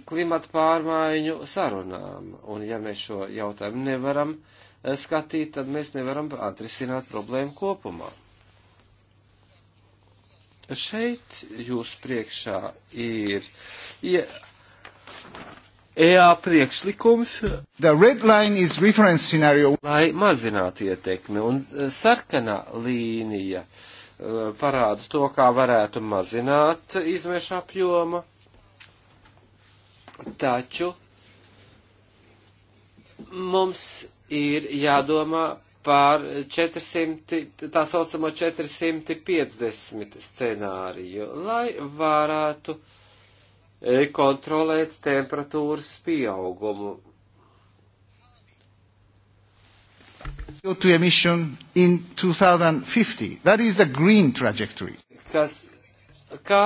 klimata pārmaiņu sarunām. Un ja mēs šo jautājumu nevaram eh, skatīt, tad mēs nevaram atrisināt problēmu kopumā. Šeit jūs priekšā ir ja, e EA priekšlikums, lai mazinātu ietekmi, un eh, sarkanā līnija eh, parāda to, kā varētu mazināt izmešu apjoma Taču mums ir jādomā par 400, tā saucamo 450 scenāriju, lai varētu e, kontrolēt temperatūras pieaugumu. CO2 emission in 2050. That is the green trajectory. Kas, kā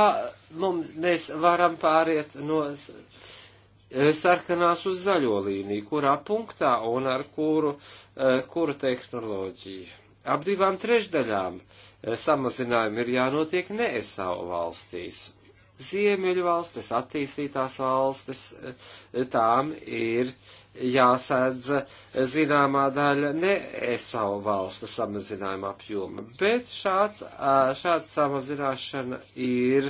mums, mēs varam pāriet no Eh, sarkanās uz zaļo līniju, kurā punktā un ar kuru, eh, kuru tehnoloģiju. Ap divām trešdaļām eh, samazinājumi ir jānotiek ne SAO valstīs. Ziemeļu valstis, attīstītās valstis, tām ir jāsēdz zināmā daļa ne SAO valstu samazinājuma apjoma, bet šāds, šāds samazināšana ir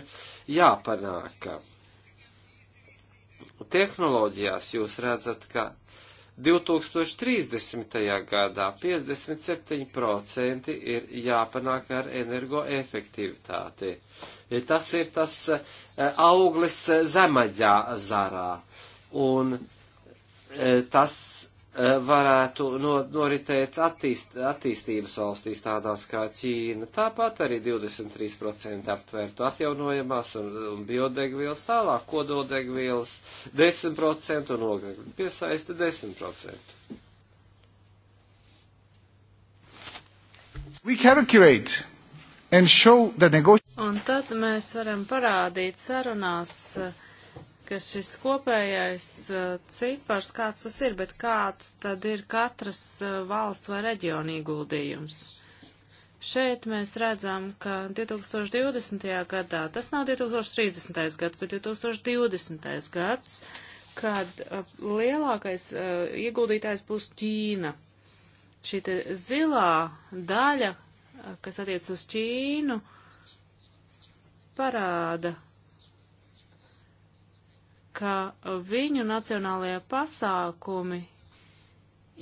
jāpanākam tehnoloģijās jūs redzat, ka 2030. gadā 57% ir jāpanāk ar energoefektivitāti. Tas ir tas eh, auglis zemaļā zarā. Un eh, tas Eh, varētu no, noritēt attīst, attīstības valstīs tādās kā Ķīna. Tāpat arī 23% aptvērtu atjaunojamās un, un biodegvielas, tālāk kododegvielas 10% un ogļu piesaiste 10%. Un tad mēs varam parādīt sarunās uh, ka šis kopējais uh, cipars, kāds tas ir, bet kāds tad ir katras uh, valsts vai reģiona ieguldījums. Šeit mēs redzam, ka 2020. gadā, tas nav 2030. gads, bet 2020. gads, kad uh, lielākais uh, ieguldītājs būs Ķīna. Šī zilā daļa, kas attiec uz Ķīnu, parāda ka viņu nacionālajie pasākumi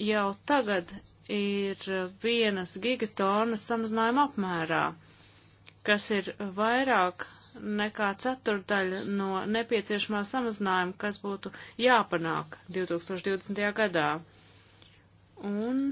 jau tagad ir vienas gigatonas samazinājuma apmērā, kas ir vairāk nekā ceturdaļa no nepieciešamā samazinājuma, kas būtu jāpanāk 2020. gadā. Un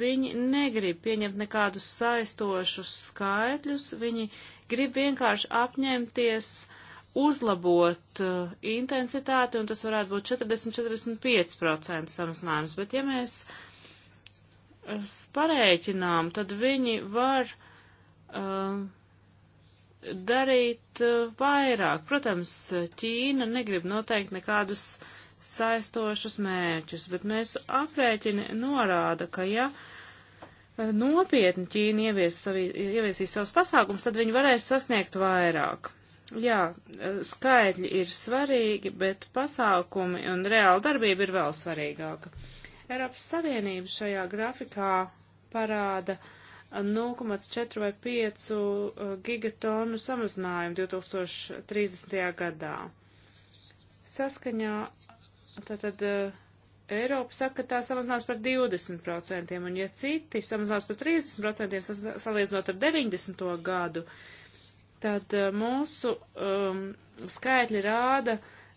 viņi negrib pieņemt nekādus saistošus skaitļus, viņi grib vienkārši apņemties uh, uzlabot uh, intensitāti, un tas varētu būt 40-45% samazinājums. Bet ja mēs uh, parēķinām, tad viņi var uh, darīt uh, vairāk. Protams, Ķīna negrib noteikt nekādus saistošus mērķus, bet mēs aprēķini norāda, ka ja uh, nopietni Ķīna ievies savi, ieviesīs savus pasākums, tad viņi varēs sasniegt vairāk. Jā, skaitļi ir svarīgi, bet pasākumi un reāla darbība ir vēl svarīgāka. Eiropas Savienība šajā grafikā parāda 0,4 vai 5 uh, gigatonu samazinājumu 2030. gadā. Saskaņā tātad uh, Eiropa saka, ka tā samazinās par 20%, un ja citi samazinās par 30%, salīdzinot ar 90. gadu, uh, tad eh, mūsu um, skaitļi rāda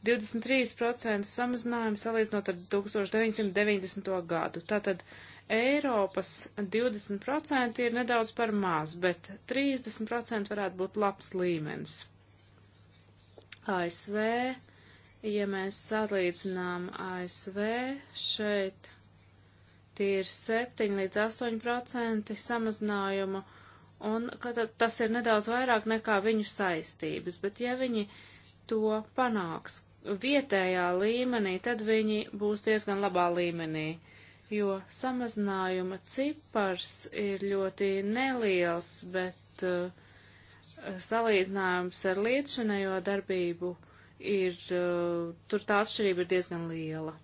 23% samazinājumu salīdzinot ar 1990. gadu. Tātad Eiropas 20% ir nedaudz par maz, bet 30% varētu būt labs līmenis. ASV, ja mēs salīdzinām ASV, šeit tie ir 7 līdz 8% samazinājumu un ka tas ir nedaudz vairāk nekā viņu saistības, bet ja viņi to panāks vietējā līmenī, tad viņi būs diezgan labā līmenī, jo samazinājuma cipars ir ļoti neliels, bet uh, salīdzinājums ar līdzšanējo darbību ir, uh, tur tā atšķirība ir diezgan liela.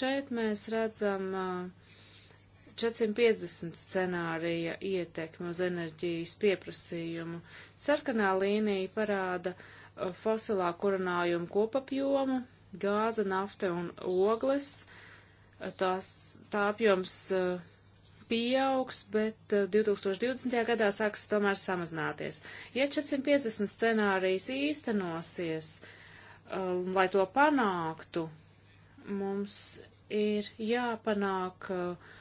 Šeit mēs redzam uh, 450 scenārija ietekme uz enerģijas pieprasījumu. Sarkanā līnija parāda uh, fosilā kurinājumu kopapjomu, gāze, nafta un ogles. Uh, tās, tā apjoms uh, pieaugs, bet 2020. gadā sāks tomēr samazināties. Ja 450 scenārijas īstenosies, lai to panāktu, mums ir jāpanāk uh,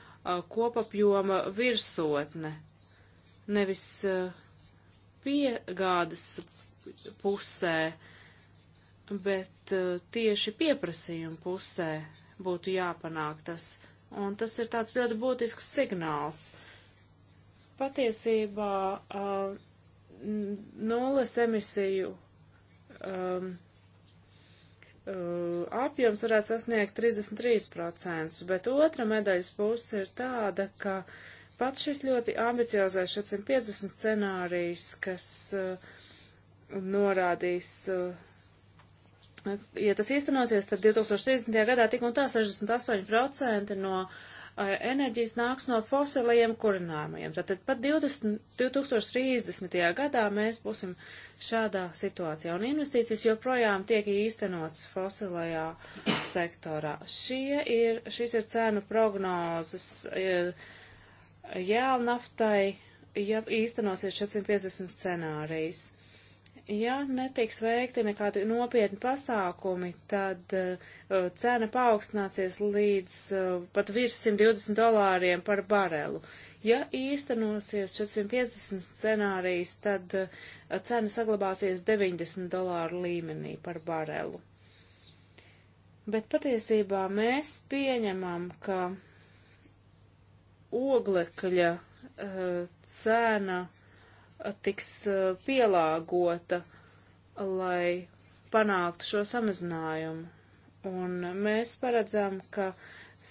kopapjoma virsotne, nevis piegādes pusē, bet tieši pieprasījuma pusē būtu jāpanāk tas. Un tas ir tāds ļoti būtisks signāls. Patiesībā nulles emisiju um, Uh, apjoms varētu sasniegt 33%, bet otra medaļas puse ir tāda, ka pat šis ļoti ambiciozais 450 scenārijs, kas uh, norādīs, uh, ja tas īstenosies, tad 2030. gadā tik un tā 68% no uh, enerģijas nāks no fosilajiem kurinājumiem. Tātad pat 20, 2030. gadā mēs būsim šādā situācijā, un investīcijas joprojām tiek īstenots fosilajā sektorā. Šie ir, šis ir cēnu prognozes jēlnaftai, ja īstenosies 450 scenārijas ja netiks veikti nekādi nopietni pasākumi, tad uh, cena paaugstināsies līdz uh, pat virs 120 dolāriem par barelu. Ja īstenosies 450 scenārijs, tad uh, cena saglabāsies 90 dolāru līmenī par barelu. Bet patiesībā mēs pieņemam, ka oglekļa uh, cena uh, tiks eh, pielāgota, lai panāktu šo samazinājumu. Un mēs paredzam, ka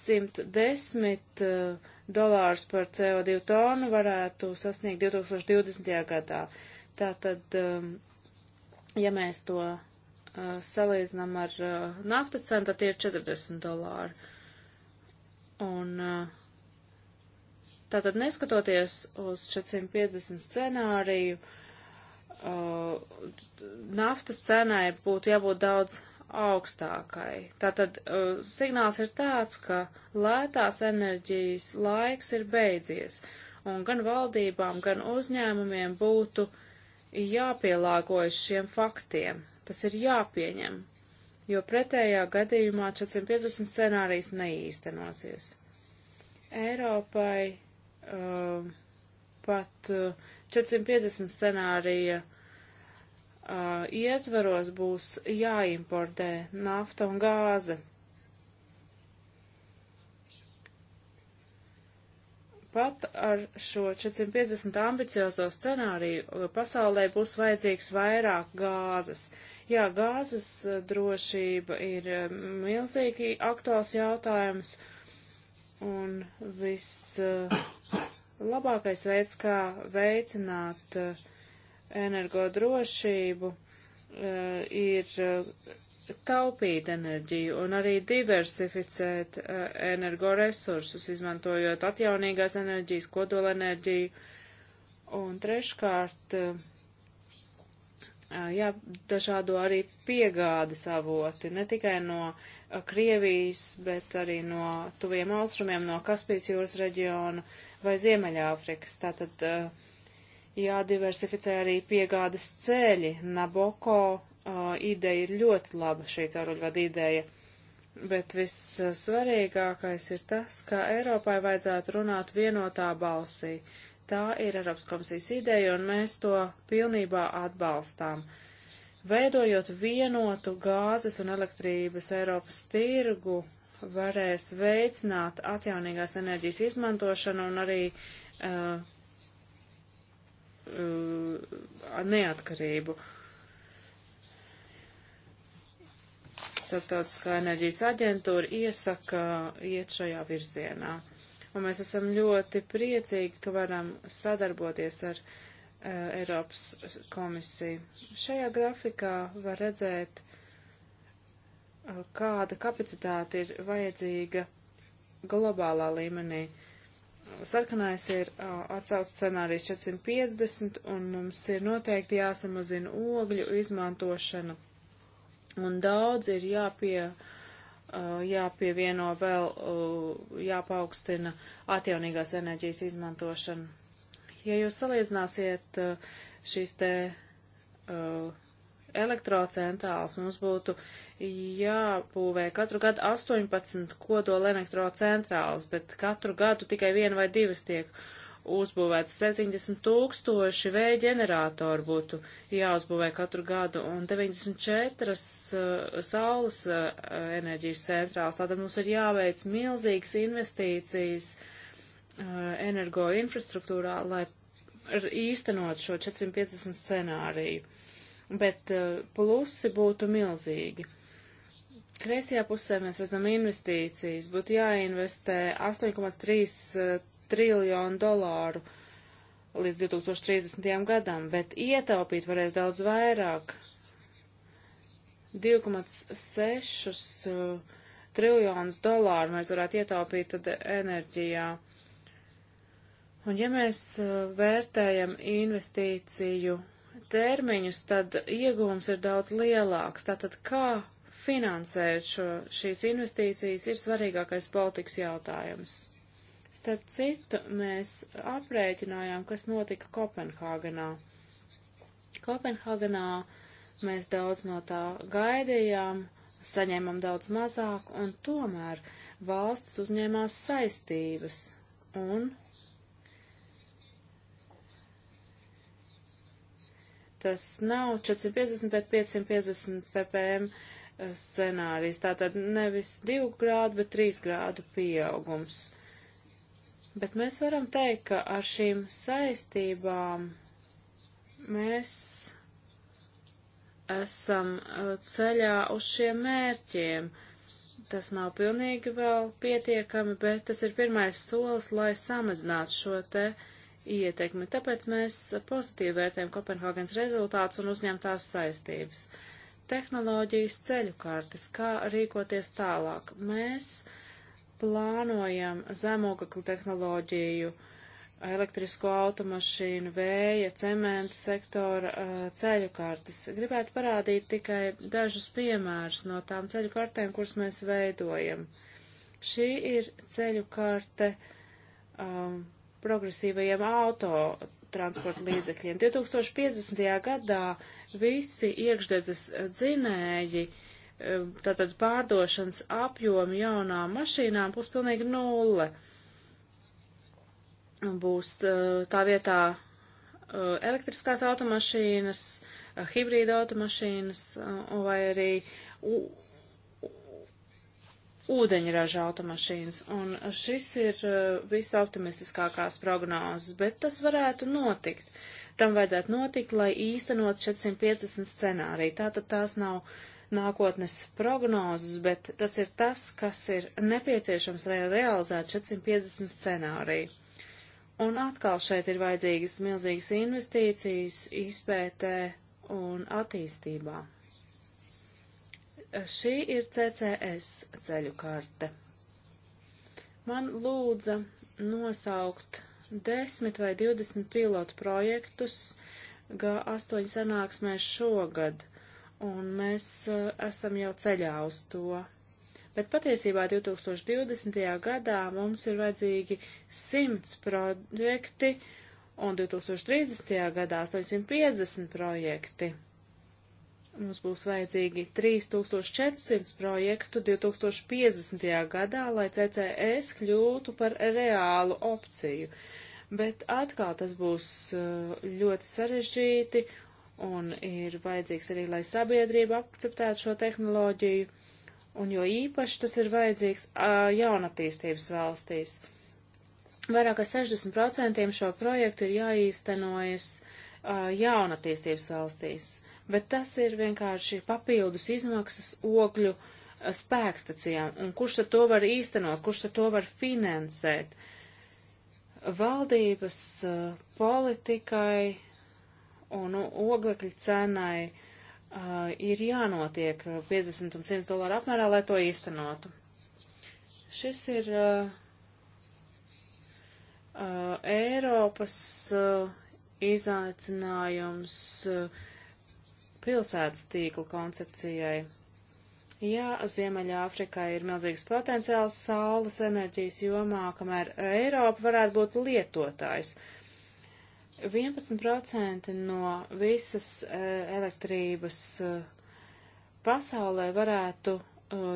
110 eh, dolārus par CO2 tonu varētu sasniegt 2020. gadā. Tātad, eh, ja mēs to salīdzinām ar naftas cenu, tad tie ir 40 dolāri. Un uh, Tātad, neskatoties uz 450 scenāriju, uh, naftas cenai būtu jābūt daudz augstākai. Tātad uh, signāls ir tāds, ka lētās enerģijas laiks ir beidzies, un gan valdībām, gan uzņēmumiem būtu jāpielāgojas šiem faktiem. Tas ir jāpieņem, jo pretējā gadījumā 450 scenārijs neīstenosies. Eiropai uh, pat uh, 450 scenārija uh, ietvaros būs jāimportē nafta un gāze. pat ar šo 450 ambiciozo scenāriju pasaulē būs vajadzīgs vairāk gāzes. Jā, gāzes uh, drošība ir uh, milzīgi aktuāls jautājums, Un vislabākais veids, kā veicināt eh, energodrošību, eh, ir eh, taupīt enerģiju un arī diversificēt energoresursus, izmantojot atjaunīgās enerģijas, kodolenerģiju. Un treškārt, jā, dažādo arī piegādes avoti, ne tikai no uh, Krievijas, bet arī no tuviem austrumiem, no Kaspijas jūras reģiona vai Ziemeļāfrikas. Tātad eh, jādiversificē arī piegādes ceļi. Naboko uh, ideja ir ļoti laba, šī cauruļvada ideja. Bet vissvarīgākais ir tas, ka Eiropai vajadzētu runāt vienotā balsī. Tā ir Eiropas komisijas ideja, un mēs to pilnībā atbalstām. Uh, Veidojot vienotu gāzes un elektrības Eiropas tirgu, varēs veicināt atjaunīgās enerģijas izmantošanu un arī uh, uh, neatkarību. Startautiskā enerģijas aģentūra iesaka iet šajā virzienā. Un mēs esam ļoti priecīgi, ka varam sadarboties ar uh, Eiropas komisiju. Šajā grafikā var redzēt, kāda kapacitāte ir vajadzīga globālā līmenī. Sarkanais ir atsaucu scenārijs 450, un mums ir noteikti jāsamazina ogļu izmantošana, un daudz ir jāpie, jāpievieno vēl, jāpaukstina atjaunīgās enerģijas izmantošana. Ja jūs salīdzināsiet uh, šīs te uh, elektrocentāls, mums būtu jābūvē katru gadu 18 kodola elektrocentrāls, bet katru gadu tikai viena vai divas tiek uzbūvēts 70 tūkstoši vēja ģeneratoru būtu jāuzbūvē katru gadu un 94 uh, saules uh, enerģijas centrāls. Tātad mums ir jāveic milzīgas investīcijas uh, energo infrastruktūrā, lai īstenot šo 450 scenāriju, bet eh, plusi būtu milzīgi. Kreisajā pusē mēs redzam investīcijas, būtu jāinvestē 8,3 eh, triljonu dolāru līdz 2030. gadam, bet ietaupīt varēs daudz vairāk. 2,6 eh, triljonus dolāru mēs varētu ietaupīt tad enerģijā. Uh, Un ja mēs eh, vērtējam investīciju termiņus, tad iegūms ir daudz lielāks. Tātad kā finansēt šo, šīs investīcijas ir svarīgākais politikas jautājums. Starp citu, mēs aprēķinājām, kas notika Kopenhāganā. Kopenhāganā mēs daudz no tā gaidījām, saņēmām daudz mazāk, un tomēr valsts uzņēmās saistības, un Tas nav 450, bet 550 ppm eh, scenārijs. Tātad nevis 2 grādu, bet 3 grādu pieaugums. Bet mēs varam teikt, ka ar šīm saistībām mēs esam eh, ceļā uz šiem mērķiem. Tas nav pilnīgi vēl pietiekami, bet tas ir pirmais solis, lai samazinātu šo te uh, ietekmi. Tāpēc mēs pozitīvi vērtējam Kopenhāgens rezultātus un uzņemtās saistības. Tehnoloģijas ceļu kartes, kā rīkoties tālāk. Mēs plānojam zemogakli tehnoloģiju, elektrisko automašīnu, vēja, cementa sektora uh, ceļu kartes. Gribētu parādīt tikai dažus piemērus no tām ceļu kartēm, kuras mēs veidojam. Šī ir ceļu karte. Um, progresīvajiem autotransporta līdzekļiem. 2050. gadā visi iekšdedzes dzinēji, eh, tātad pārdošanas apjomi jaunām mašīnām būs pilnīgi nulle. Būs eh, tā vietā eh, elektriskās automašīnas, hibrīda automašīnas vai arī ūdeņraža automašīnas, un šis ir e, visoptimistiskākās prognozes, bet tas varētu notikt. Tam vajadzētu notikt, lai īstenot 450 scenāriju. Tātad tās nav nākotnes prognozes, bet tas ir tas, kas ir nepieciešams, lai realizētu 450 scenāriju. Un atkal šeit ir vajadzīgas milzīgas investīcijas izpētē un attīstībā šī ir CCS ceļu karte. Man lūdza nosaukt 10 vai 20 pilotu projektus G8 sanāksmē šogad, un mēs uh, esam jau ceļā uz to. Bet patiesībā 2020. gadā mums ir vajadzīgi 100 projekti, un 2030. gadā 850 projekti mums būs vajadzīgi 3400 projektu 2050. gadā, lai CCS kļūtu par reālu opciju. Bet atkal tas būs uh, ļoti sarežģīti un ir vajadzīgs arī, lai sabiedrība akceptētu šo tehnoloģiju. Un jo īpaši tas ir vajadzīgs uh, jaunatīstības valstīs. Vairāk kā 60% šo projektu ir jāīstenojas uh, jaunatīstības valstīs bet tas ir vienkārši papildus izmaksas ogļu eh, spēkstacijām, un kurš tad to var īstenot, kurš tad to var finansēt. Valdības uh, politikai un oglekļa cenai uh, ir jānotiek 50 un 100 dolāru apmērā, lai to īstenotu. Šis ir uh, uh, Eiropas uh, izaicinājums. Uh, pilsētas tīklu koncepcijai. Jā, Ziemeļāfrikā ir milzīgs potenciāls saules enerģijas jomā, kamēr Eiropa varētu būt lietotājs. 11% no visas e, elektrības e, pasaulē varētu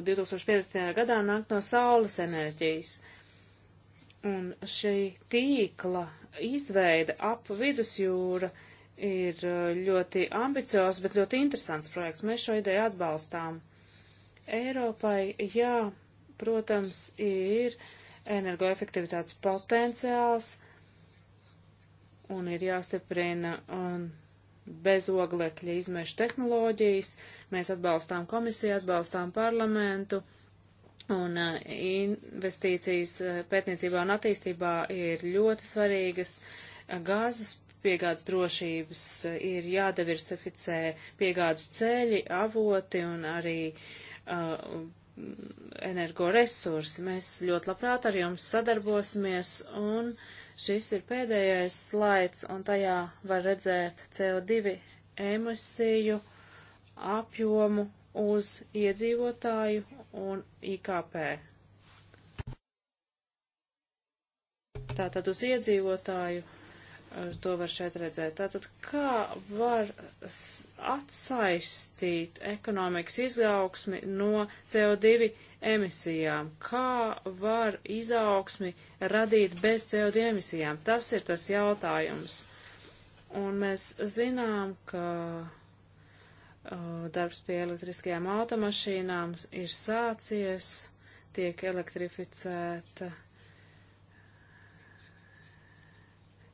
2050. E, gadā nākt no saules enerģijas. Un šī tīkla izveida ap vidusjūra uh, ir uh, ļoti ambiciozs, bet ļoti interesants projekts. Mēs šo ideju atbalstām. Eiropai, jā, protams, ir energoefektivitātes potenciāls un ir jāstiprina un um, bezoglekļa izmešu tehnoloģijas. Mēs atbalstām komisiju, atbalstām parlamentu un uh, investīcijas uh, pētniecībā un attīstībā ir ļoti svarīgas. Gāzes piegādes drošības, ir jādiversificē piegādes ceļi, avoti un arī uh, energoresursi. Mēs ļoti labprāt ar jums sadarbosimies un šis ir pēdējais slaids un tajā var redzēt CO2 emisiju apjomu uz iedzīvotāju un IKP. Tātad uz iedzīvotāju to var šeit redzēt. Tātad, kā var atsaistīt ekonomikas izaugsmi no CO2 emisijām? Kā var izaugsmi radīt bez CO2 emisijām? Tas ir tas jautājums. Un mēs zinām, ka uh, darbs pie elektriskajām automašīnām ir sācies, tiek elektrificēta. Uh,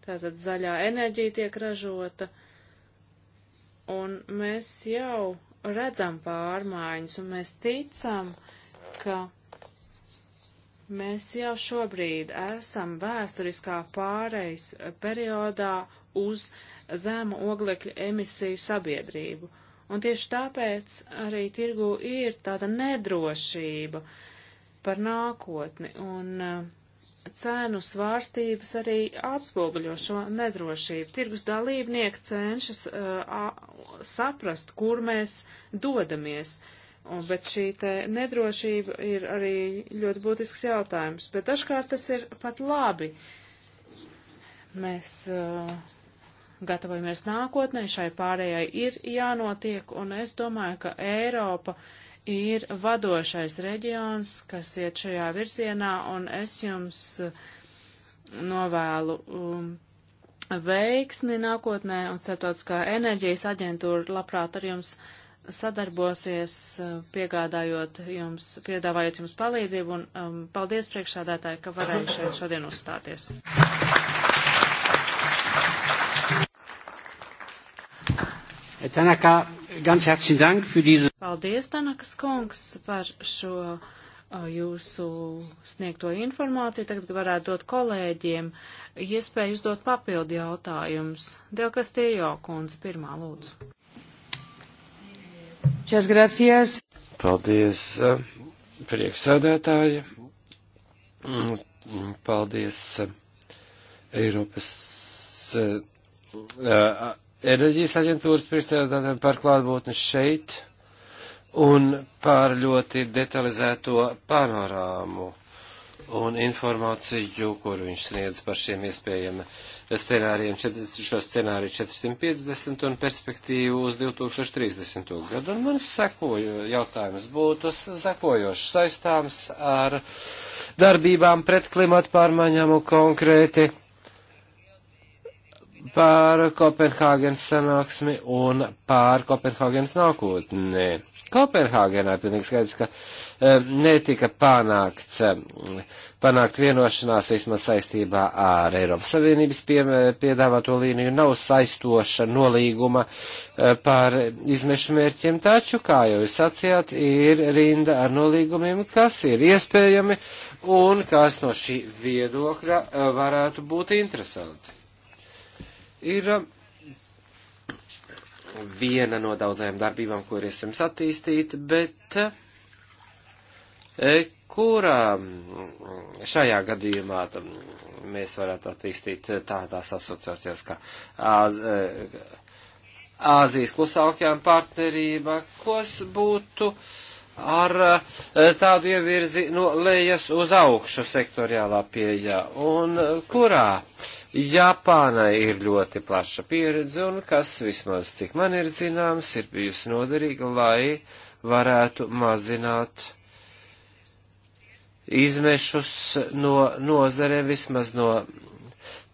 Tātad zaļā enerģija tiek ražota, un mēs jau redzam pārmaiņas, un mēs ticam, ka mēs jau šobrīd esam vēsturiskā pārejas periodā uz zēmu oglekļa emisiju sabiedrību. Un tieši tāpēc arī tirgu ir tāda nedrošība par nākotni, un uh, cēnu svārstības arī atspoguļo šo nedrošību. Tirgus dalībnieki cenšas uh, saprast, kur mēs dodamies. Un, bet šī te nedrošība ir arī ļoti būtisks jautājums. Bet dažkārt tas ir pat labi. Mēs uh, gatavojamies nākotnē, šai pārējai ir jānotiek, un es domāju, ka Eiropa uh, ir vadošais reģions, kas iet šajā virzienā, un es jums uh, novēlu um, veiksmi nākotnē, un starptautiskā enerģijas aģentūra labprāt ar jums sadarbosies, uh, piegādājot jums, piedāvājot jums palīdzību, un um, paldies priekšsādātāji, ka varēju šeit šodien uzstāties. Tanaka, Ganz herzlichen Dank für diese. Paldies, Tanakas kungs, par šo uh, jūsu sniegto informāciju. Tagad varētu dot kolēģiem iespēju uzdot papildu jautājumus. Dēl Kastījo kundze pirmā lūdzu. Čas grafijas. Paldies, uh, priekšsēdētāji. Mm, paldies, uh, Eiropas enerģijas aģentūras priekšstādātājiem par klātbūtni šeit un par ļoti detalizēto panorāmu un informāciju, kur viņš sniedz par šiem iespējami scenārijiem, šo scenāriju 450 un perspektīvu uz 2030. gadu. Un man sekoju jautājums būtu sekojošs saistāms ar darbībām pret klimatu pārmaiņām un konkrēti par Kopenhāgenes sanāksmi un par Kopenhāgenes nākotni. Kopenhāgenā ir pilnīgi skaidrs, ka e, netika panākts, e, panākt vienošanās vismaz saistībā ar Eiropas Savienības pie, piedāvāto līniju, nav saistoša nolīguma e, par izmešu mērķiem, taču, kā jau jūs sacījāt, ir rinda ar nolīgumiem, kas ir iespējami un kas no šī viedokļa varētu būt interesanti ir viena no daudzajām darbībām, ko ir iespējams attīstīt, bet e, kurā šajā gadījumā mēs varētu attīstīt tādās asociācijās kā Āz, e, Āzijas klusā okeāna partnerība, kas būtu ar e, tādu ievirzi no lejas uz augšu sektoriālā pieeja un kurā uh, Japānai ir ļoti plaša pieredze un kas, vismaz cik man ir zināms, ir bijusi noderīga, lai varētu mazināt izmešus no nozarēm, vismaz no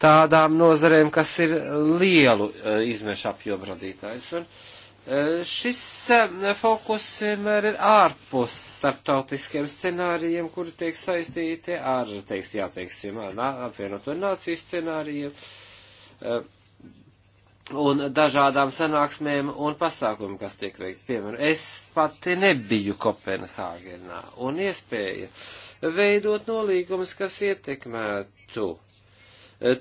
tādām nozarēm, kas ir lielu eh, izmešu apjomu radītājs. Un, uh, Eh, šis eh, fokus vienmēr ir ārpus starptautiskiem scenārijiem, kuri tiek saistīti ar, teiks, jā, teiksim, apvienoto nāciju scenārijiem eh, un dažādām sanāksmēm un pasākumiem, kas tiek veikti. Piemēram, es pati nebiju Kopenhāgenā un iespēja veidot nolīgumus, kas ietekmētu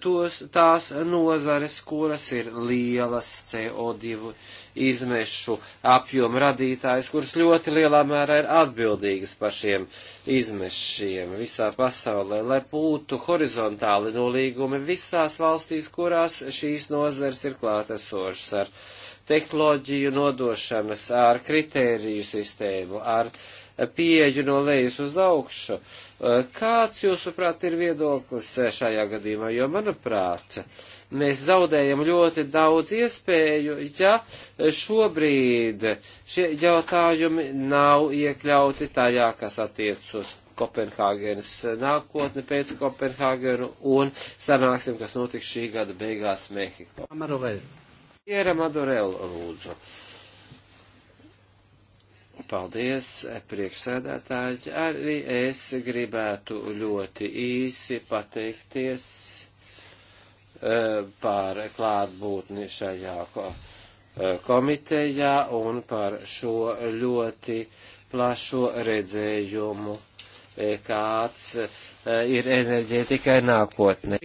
tos, tās nozares, kuras ir lielas CO2 izmešu apjomu radītājus, kuras ļoti lielā mērā ir atbildīgas par šiem izmešiem visā pasaulē, lai būtu horizontāli nolīgumi visās valstīs, kurās šīs nozars ir klātesošas ar tehnoloģiju nodošanas, ar kritēriju sistēmu, ar pieeju no lejas uz augšu. Uh, Kāds, jūsuprāt, ir viedoklis šajā gadījumā? Jo, manuprāt, mēs zaudējam ļoti daudz iespēju, ja šobrīd šie jautājumi nav iekļauti tajā, kas attiec uz Kopenhāgenes nākotni pēc Kopenhāgenu un sanāksim, kas notiks šī gada beigās Mehiko. Iera Madurel, lūdzu. Paldies, priekšsēdētāji. Arī es gribētu ļoti īsi pateikties eh, par klātbūtni šajā eh, komitejā un par šo ļoti plašo redzējumu E, kāds e, ir enerģētikai nākotne.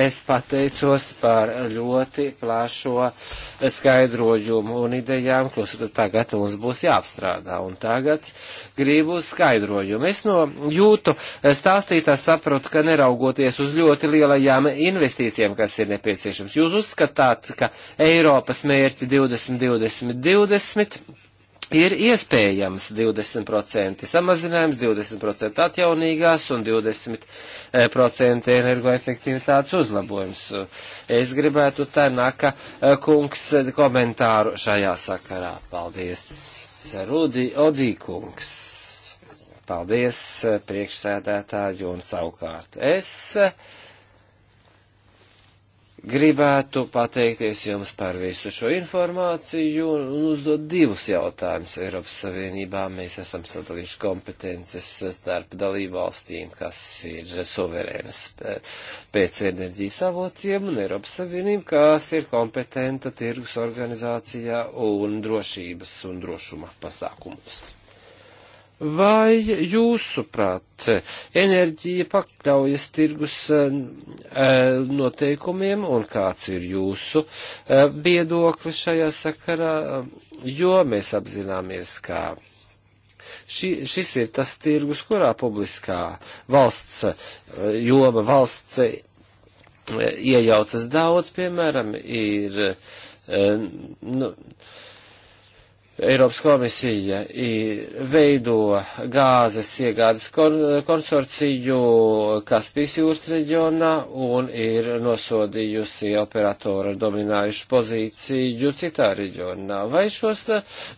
Es pateicos par ļoti plašo skaidrojumu un idejām, kuras tagad mums būs jāapstrādā. Un tagad gribu skaidrojumu. Es no jūtu stāstītā saprotu, ka neraugoties uz ļoti lielajām investīcijām, kas ir nepieciešams, jūs uzskatāt, ka Eiropas mērķi 2020 20, 20 ir iespējams 20% samazinājums, 20% atjaunīgās un 20% eh, energoefektivitātes uzlabojums. Es gribētu tā naka eh, kungs komentāru šajā sakarā. Paldies, Rudi Odī kungs. Paldies, eh, priekšsēdētāji un savukārt es. Uh, Gribētu pateikties jums par visu šo informāciju un uzdot divus jautājumus. Eiropas Savienībā mēs esam sadalījuši kompetences starp dalībvalstīm, kas ir suverēnas pēc enerģijas avotiem, un Eiropas Savienība, kas ir kompetenta tirgus organizācijā un drošības un drošuma pasākumus. Vai jūsuprāt, eh, enerģija pakļaujas tirgus eh, eh, noteikumiem un kāds ir jūsu viedoklis šajā sakarā, jo mēs apzināmies, ka ši, šis ir tas tirgus, kurā publiskā valsts joma, valsts iejaucas daudz, piemēram, ir. Nu, Eiropas komisija veido gāzes iegādes kor, konsorciju Kaspijas jūras reģionā un ir nosodījusi operatora dominējušu pozīciju citā reģionā. Vai šos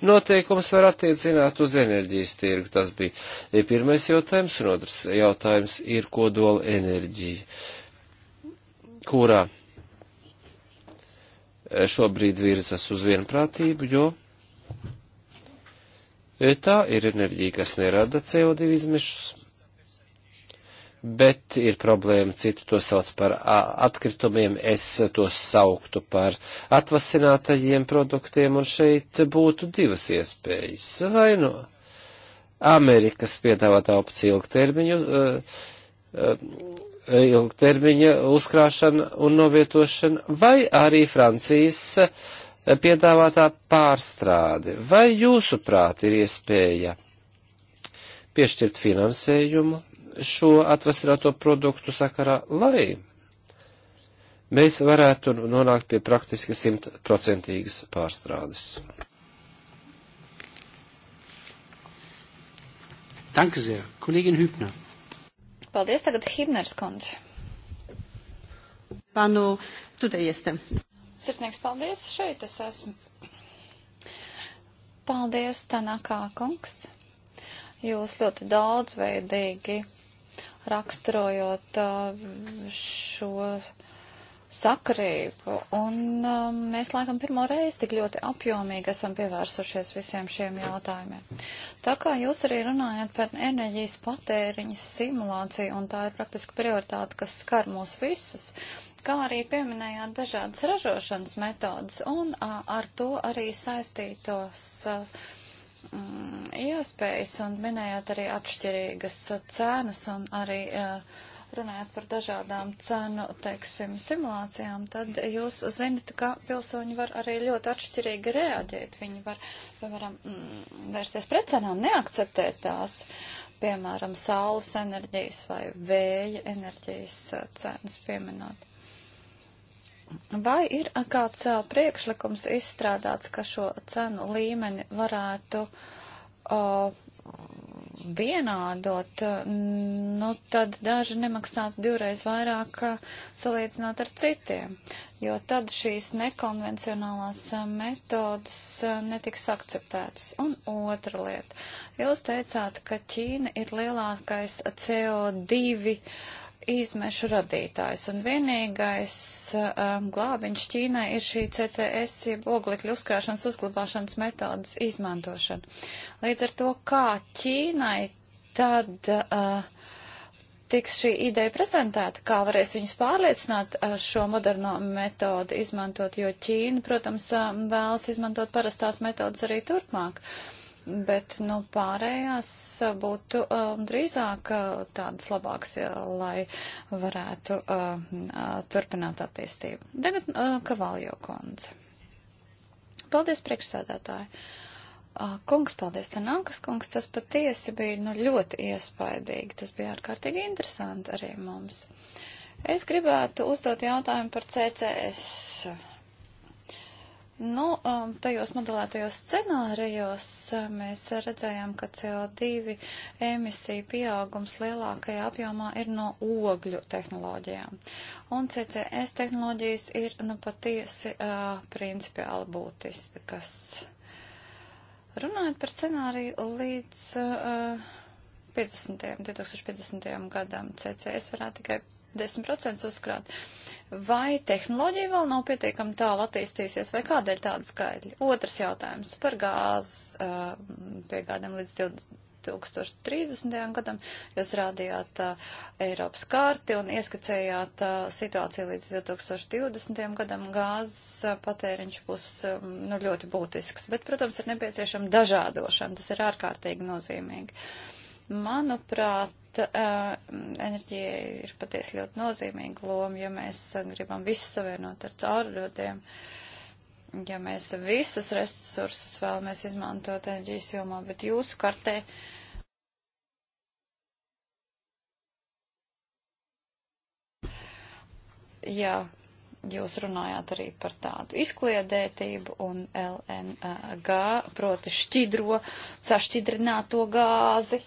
noteikumus var attiecināt uz enerģijas tirgu? Tas bija pirmais jautājums, un otrs jautājums ir kodola enerģija. Kurā šobrīd virzas uz vienprātību, jo E, tā ir enerģija, kas nerada CO2 izmešus, bet ir problēma, citu to sauc par atkritumiem, es tos sauktu par atvasinātajiem produktiem, un šeit būtu divas iespējas. Vai nu no Amerikas piedāvātā opcija ilgtermiņu, e, e, ilgtermiņa uzkrāšana un novietošana, vai arī Francijas piedāvātā pārstrāde. Vai jūsuprāt ir iespēja piešķirt finansējumu šo atvasināto produktu sakarā, lai mēs varētu nonākt pie praktiski simtprocentīgas pārstrādes? Danke sehr, Kollegin Hübner. Paldies, tagad Hibners kundze. Panu, tu te jestem. Sirsnieks, paldies, šeit es esmu. Paldies, Tanakā kungs. Jūs ļoti daudzveidīgi raksturojot uh, šo sakarību, un um, mēs laikam pirmo reizi tik ļoti apjomīgi esam pievērsušies visiem šiem jautājumiem. Tā kā jūs arī runājat par enerģijas patēriņas simulāciju, un tā ir praktiski prioritāte, kas skar mūs visus, kā arī pieminējāt dažādas ražošanas metodas un a, ar to arī saistītos a, m, mm, iespējas un minējāt arī atšķirīgas cenas un arī a, runājot par dažādām cenu, teiksim, simulācijām, tad jūs zinat, ka pilsoņi var arī ļoti atšķirīgi reaģēt. Viņi var, piemēram, mm, vērsties pret cenām, neakceptēt tās, piemēram, saules enerģijas vai vēja enerģijas cenas pieminot. Vai ir kāds priekšlikums izstrādāts, ka šo cenu līmeni varētu uh, vienādot, nu tad daži nemaksātu divreiz vairāk salīdzinot ar citiem, jo tad šīs nekonvencionālās metodas netiks akceptētas. Un otra lieta. Jūs teicāt, ka Ķīna ir lielākais CO2 uh, izmešu radītājs. Un vienīgais um, glābiņš Ķīnai ir šī CCS, jeb oglekļu uzkrāšanas uzglabāšanas metodas izmantošana. Līdz ar to, kā Ķīnai tad uh, tiks šī ideja prezentēta, kā varēs viņus pārliecināt uh, šo moderno metodu izmantot, jo Ķīna, protams, uh, vēlas izmantot parastās metodas arī turpmāk. Uh, bet nu, pārējās būtu um, drīzāk uh, tādas labākas, lai varētu um, uh, turpināt attīstību. Tagad uh, Kavaljo kundze. Paldies, priekšsēdētāji. Uh, kungs, paldies, Tanankas kungs, tas patiesi bija nu, ļoti iespaidīgi, tas bija ārkārtīgi interesanti arī mums. Es gribētu uzdot jautājumu par CCS Nu, um, tajos modelētajos scenārijos um, mēs redzējām, ka CO2 emisija pieaugums lielākajā apjomā ir no ogļu tehnoloģijām. Un CCS tehnoloģijas ir nu, patiesi uh, principiāli būtiskas. Runājot par scenāriju līdz uh, 50. Uh, 2050. gadam, CCS varētu tikai 10% uzkrāt. Vai tehnoloģija vēl nav pietiekami tālu attīstījusies, vai kādēļ tāda skaidļa? Otrs jautājums par gāzes uh, piegādēm līdz 2030. gadam. Jūs rādījāt uh, Eiropas karti un ieskicējāt uh, situāciju līdz 2020. gadam. Gāzes uh, patēriņš būs um, nu, ļoti būtisks, bet, protams, ir nepieciešama dažādošana. Tas ir ārkārtīgi nozīmīgi. Manuprāt, uh, enerģijai ir patiesi ļoti nozīmīga loma, ja mēs gribam visu savienot ar caurrodiem. Ja mēs visus resursus vēlamies izmantot enerģijas jomā, bet jūsu kartē jā, jūs runājāt arī par tādu izkliedētību un LNG, proti šķidro, sašķidrināto gāzi.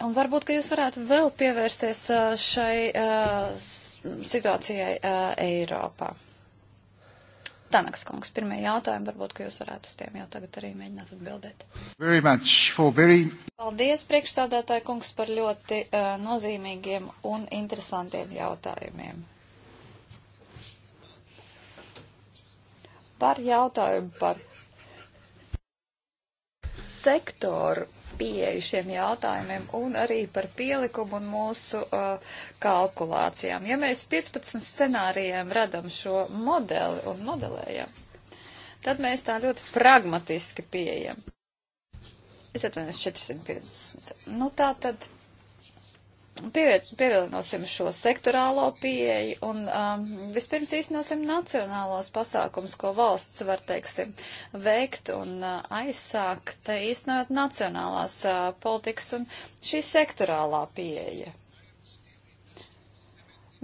Un varbūt, ka jūs varētu vēl pievērsties šai uh, situācijai uh, Eiropā. Tanaks kungs, pirmie jautājumi, varbūt, ka jūs varētu uz tiem jau tagad arī mēģināt atbildēt. Very much for very... Paldies, priekšstādātāji kungs, par ļoti uh, nozīmīgiem un interesantiem jautājumiem. Par jautājumu par sektoru pieeju šiem jautājumiem un arī par pielikumu un mūsu uh, kalkulācijām. Ja mēs 15 scenārijiem radam šo modeli un modelējam, tad mēs tā ļoti pragmatiski pieejam. Es atvainojos 450. Nu tā tad pievienosim šo sektorālo pieeju un um, vispirms īstenosim nacionālos pasākums, ko valsts var, teiksim, veikt un uh, aizsākt, īstenojot nacionālās uh, politikas un šī sektorālā pieeja.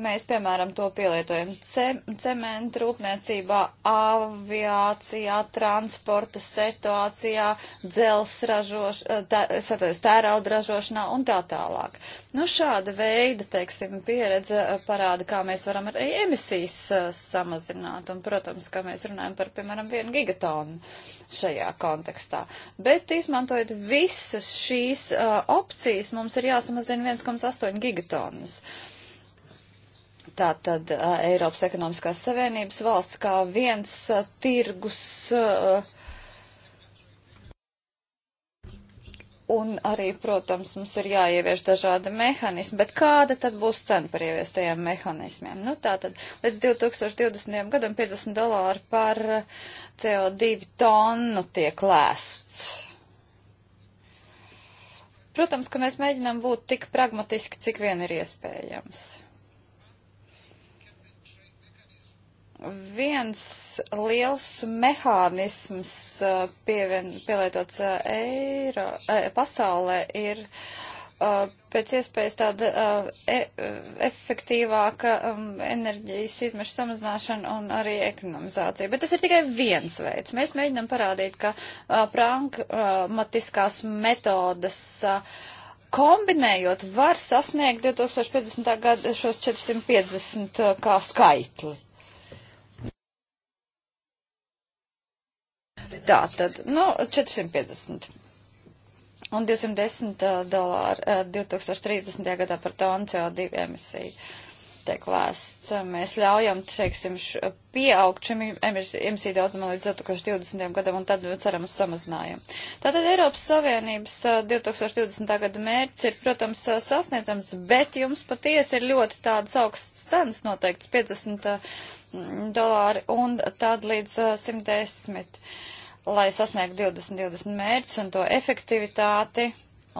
Mēs, piemēram, to pielietojam ce cementu rūpniecībā, aviācijā, transporta situācijā, dzels ražoš, eh, tērauda ražošanā un tā tālāk. Nu, šāda veida, teiksim, pieredze eh, parāda, kā mēs varam arī emisijas uh, samazināt. Un, protams, ka mēs runājam par, piemēram, vienu gigatonu šajā kontekstā. Bet, izmantojot visas šīs uh, opcijas, mums ir jāsamazina 1,8 gigatonas. Uh, Tātad Eiropas ekonomiskās savienības valsts kā viens tirgus Un arī, protams, mums ir jāievieš dažādi mehānismi, bet kāda tad būs cena par ieviestajiem mehānismiem? Nu, tā tad līdz 2020. gadam 50 dolāri par CO2 tonnu tiek lēsts. Protams, ka mēs mēģinām būt tik pragmatiski, cik vien ir iespējams. viens liels mehānisms uh, pievien, pielietots uh, eiro, e, pasaulē ir pēc iespējas tāda e, efektīvāka um, enerģijas izmeša samazināšana un arī ekonomizācija. Bet tas ir tikai viens veids. Mēs mēģinam parādīt, ka pragmatiskās metodas kombinējot var sasniegt 2050. gada šos 450 kā skaitli. Tā tad, nu, 450 un 210 uh, dolāri 2030. Uh, gadā par tonu CO2 emisiju. Tiek lēsts, mēs ļaujam, teiksim, pieaugt šim emisiju daudzumam līdz 2020. gadam, un tad ceram uz samazinājumu. Tātad Eiropas Savienības 2020. Uh, gada mērķis ir, protams, sasniedzams, bet jums patiesi ir ļoti tādas augstas cenas noteikts - 50 dolāri un tad līdz 110. Uh, lai sasniegtu 2020 mērķus un to efektivitāti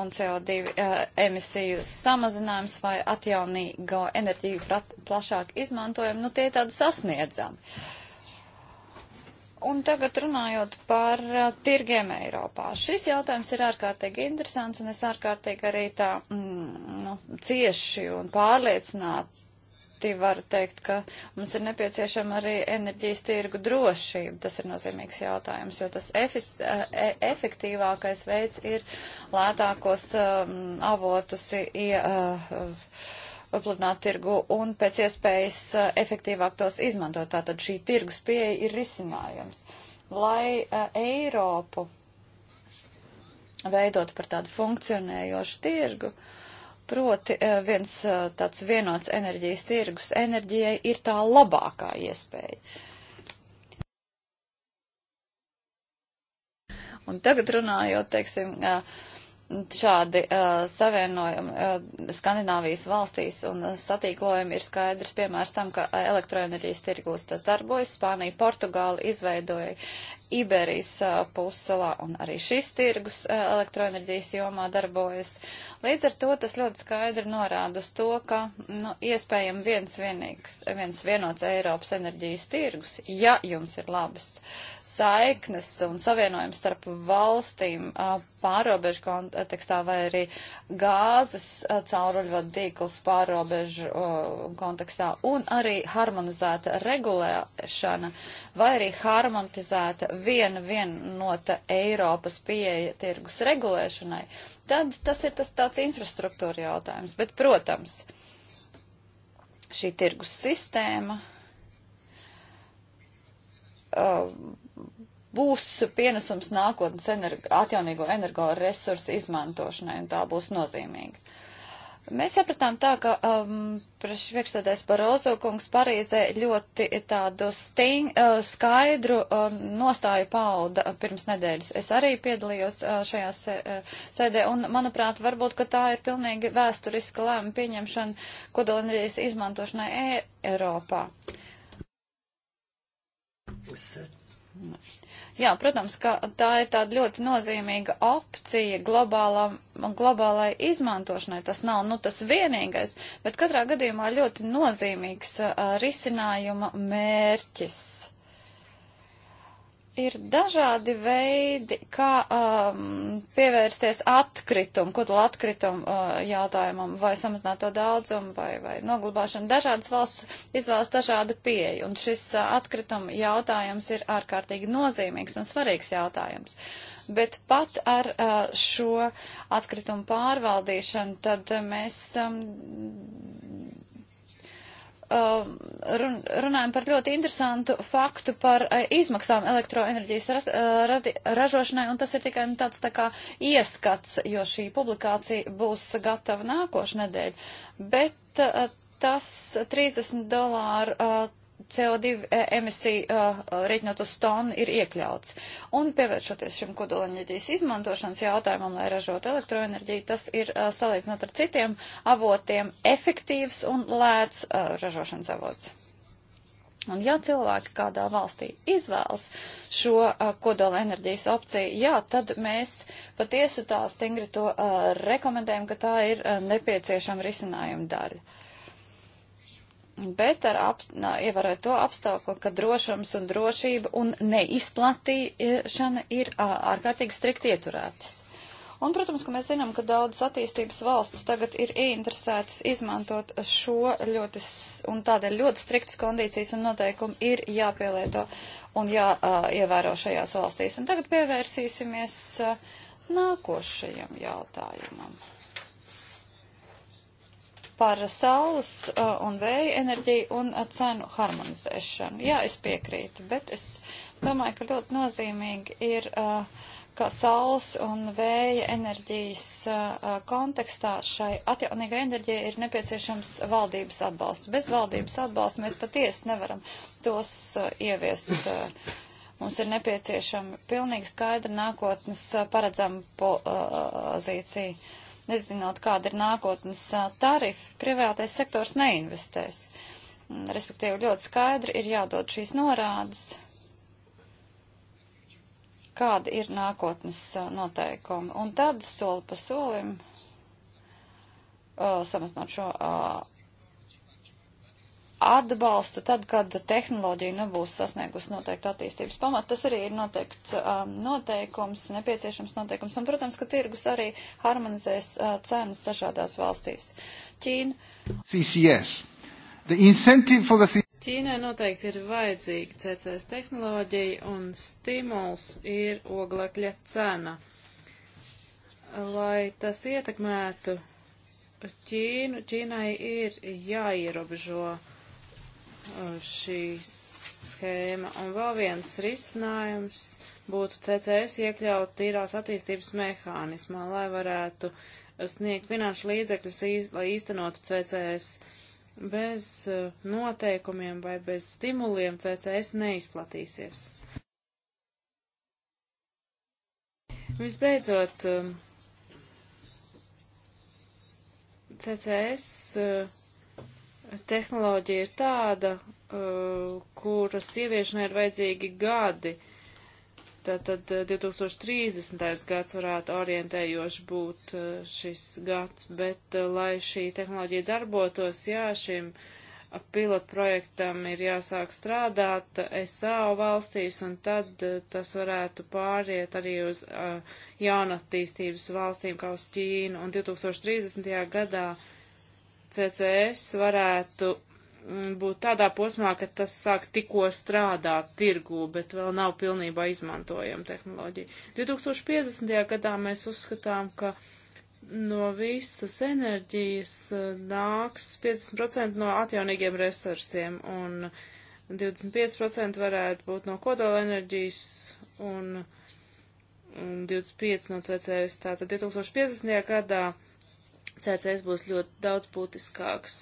un CO2 uh, eh, emisiju samazinājums vai atjaunīgo enerģiju plašāk izmantojumu, nu tie tādi sasniedzami. Un tagad runājot par uh, tirgiem Eiropā. Šis jautājums ir ārkārtīgi interesants un es ārkārtīgi arī tā mm, nu, cieši un pārliecināti pretī varu teikt, ka mums ir nepieciešama arī enerģijas tirgu drošība. Tas ir nozīmīgs jautājums, jo tas efic, e, e efektīvākais veids ir lētākos um, avotus iepludināt uh, tirgu un pēc iespējas uh, efektīvāk tos izmantot. Tātad šī tirgus pieeja ir risinājums. Lai uh, Eiropu veidot par tādu funkcionējošu tirgu, uh, Proti eh, viens eh, tāds vienots enerģijas tirgus enerģijai ir tā labākā iespēja. Un tagad runājot, teiksim, eh, šādi savienojumi Skandināvijas valstīs un satīklojumi ir skaidrs piemērs tam, ka elektroenerģijas tirgūs tas darbojas. Spānija, Portugāla izveidoja Iberijas pussalā, un arī šis tirgus elektroenerģijas jomā darbojas. Līdz ar to tas ļoti skaidri norāda uz to, ka nu, iespējams viens, vienīgs, viens vienots Eiropas enerģijas tirgus, ja jums ir labas saiknes un savienojums starp valstīm pārobežu kontekstā vai arī gāzes cauruļvadu tīkls pārobežu kontekstā un arī harmonizēta regulēšana vai arī harmonizēta viena vienota Eiropas pieeja tirgus regulēšanai, tad tas ir tas tāds infrastruktūra jautājums. Bet, protams, šī tirgus sistēma uh, būs pienesums nākotnes energo, atjaunīgo energoresursu izmantošanai, un tā būs nozīmīga. Mēs sapratām tā, ka um, priekšstādājs Barozo kungs Parīzē ļoti tādu sting, uh, skaidru uh, nostāju pauda pirms nedēļas. Es arī piedalījos uh, šajā se, uh, sēdē un, manuprāt, varbūt, ka tā ir pilnīgi vēsturiska lēma pieņemšana kodolenerģijas izmantošanai e Eiropā. Es... Jā, protams, ka tā ir tāda ļoti nozīmīga opcija globālā, globālai izmantošanai. Tas nav, nu, tas vienīgais, bet katrā gadījumā ļoti nozīmīgs uh, risinājuma mērķis ir dažādi veidi, kā um, pievērsties atkritumu, kodolu atkritumu uh, jautājumam, vai samazināt to daudzumu, vai, vai noglabāšanu. Dažādas valsts izvēlas dažādu pieeju, un šis uh, atkritumu jautājums ir ārkārtīgi nozīmīgs un svarīgs jautājums. Bet pat ar uh, šo atkritumu pārvaldīšanu, tad uh, mēs um, Uh, run, runājam par ļoti interesantu faktu par uh, izmaksām elektroenerģijas ra, uh, radi, ražošanai, un tas ir tikai nu, tāds tā kā ieskats, jo šī publikācija būs gatava nākošu nedēļu. Bet tas 30 dolāru CO2 e, emisiju uh, rēķinot uz tonu ir iekļauts. Un pievēršoties šim kodolenerģijas izmantošanas jautājumam, lai ražot elektroenerģiju, tas ir uh, salīdzinot ar citiem avotiem efektīvs un lēts uh, ražošanas avots. Un ja cilvēki kādā valstī izvēlas šo uh, kodola enerģijas opciju, jā, tad mēs patiesi tā stingri to uh, rekomendējam, ka tā ir uh, nepieciešama risinājuma daļa bet ar ap, ievērot to apstākli, ka drošums un drošība un neizplatīšana ir ārkārtīgi strikt ieturētas. Un, protams, ka mēs zinām, ka daudzas attīstības valstis tagad ir ieinteresētas izmantot šo ļoti, un tādēļ ļoti striktas kondīcijas un noteikumi ir jāpielieto un jāievēro šajās valstīs. Un tagad pievērsīsimies nākošajam jautājumam par saules un vēja enerģiju un cenu harmonizēšanu. Jā, es piekrītu, bet es domāju, ka ļoti nozīmīgi ir, ka saules un vēja enerģijas kontekstā šai atjaunīgai enerģijai ir nepieciešams valdības atbalsts. Bez valdības atbalsta mēs patiesi nevaram tos ieviest mums ir nepieciešama pilnīgi skaidra nākotnes paredzama pozīcija. Uh, nezinot, kāda ir nākotnes tarifa, privātais sektors neinvestēs. Respektīvi, ļoti skaidri ir jādod šīs norādes, kāda ir nākotnes noteikumi. Un tad soli pa solim uh, samazinot šo uh, atbalstu tad, kad tehnoloģija nebūs sasniegusi noteiktu attīstības pamatu. Tas arī ir noteikts um, noteikums, nepieciešams noteikums. Un, protams, ka tirgus arī harmonizēs uh, cenas dažādās valstīs. Ķīna. CCS. The... Ķīnai noteikti ir vajadzīga CCS tehnoloģija un stimuls ir oglekļa cena. Lai tas ietekmētu Ķīnu, Ķīnai ir jāierobežo uh, šī schēma. Un vēl viens risinājums būtu CCS iekļaut tīrās attīstības mehānismā, lai varētu sniegt finanšu līdzekļus, īst, lai īstenotu CCS. Bez uh, noteikumiem vai bez stimuliem CCS neizplatīsies. Visbeidzot, um, CCS uh, tehnoloģija ir tāda, uh, kuras ieviešanai ir vajadzīgi gadi. Tātad 2030. Uh, gads varētu orientējoši būt uh, šis gads, bet uh, lai šī tehnoloģija darbotos, jā, šim pilotprojektam ir jāsāk strādāt SAO valstīs, un tad uh, tas varētu pāriet arī uz uh, jaunatīstības valstīm, kā uz Ķīnu, un 2030. gadā CCS varētu mm, būt tādā posmā, ka tas sāk tikko strādāt tirgū, bet vēl nav pilnībā izmantojama tehnoloģija. 2050. gadā mēs uzskatām, ka no visas enerģijas eh, nāks 50% no atjaunīgiem resursiem un 25% varētu būt no kodola enerģijas un 25% no CCS. Tātad 2050. gadā CCS būs ļoti daudz būtiskāks.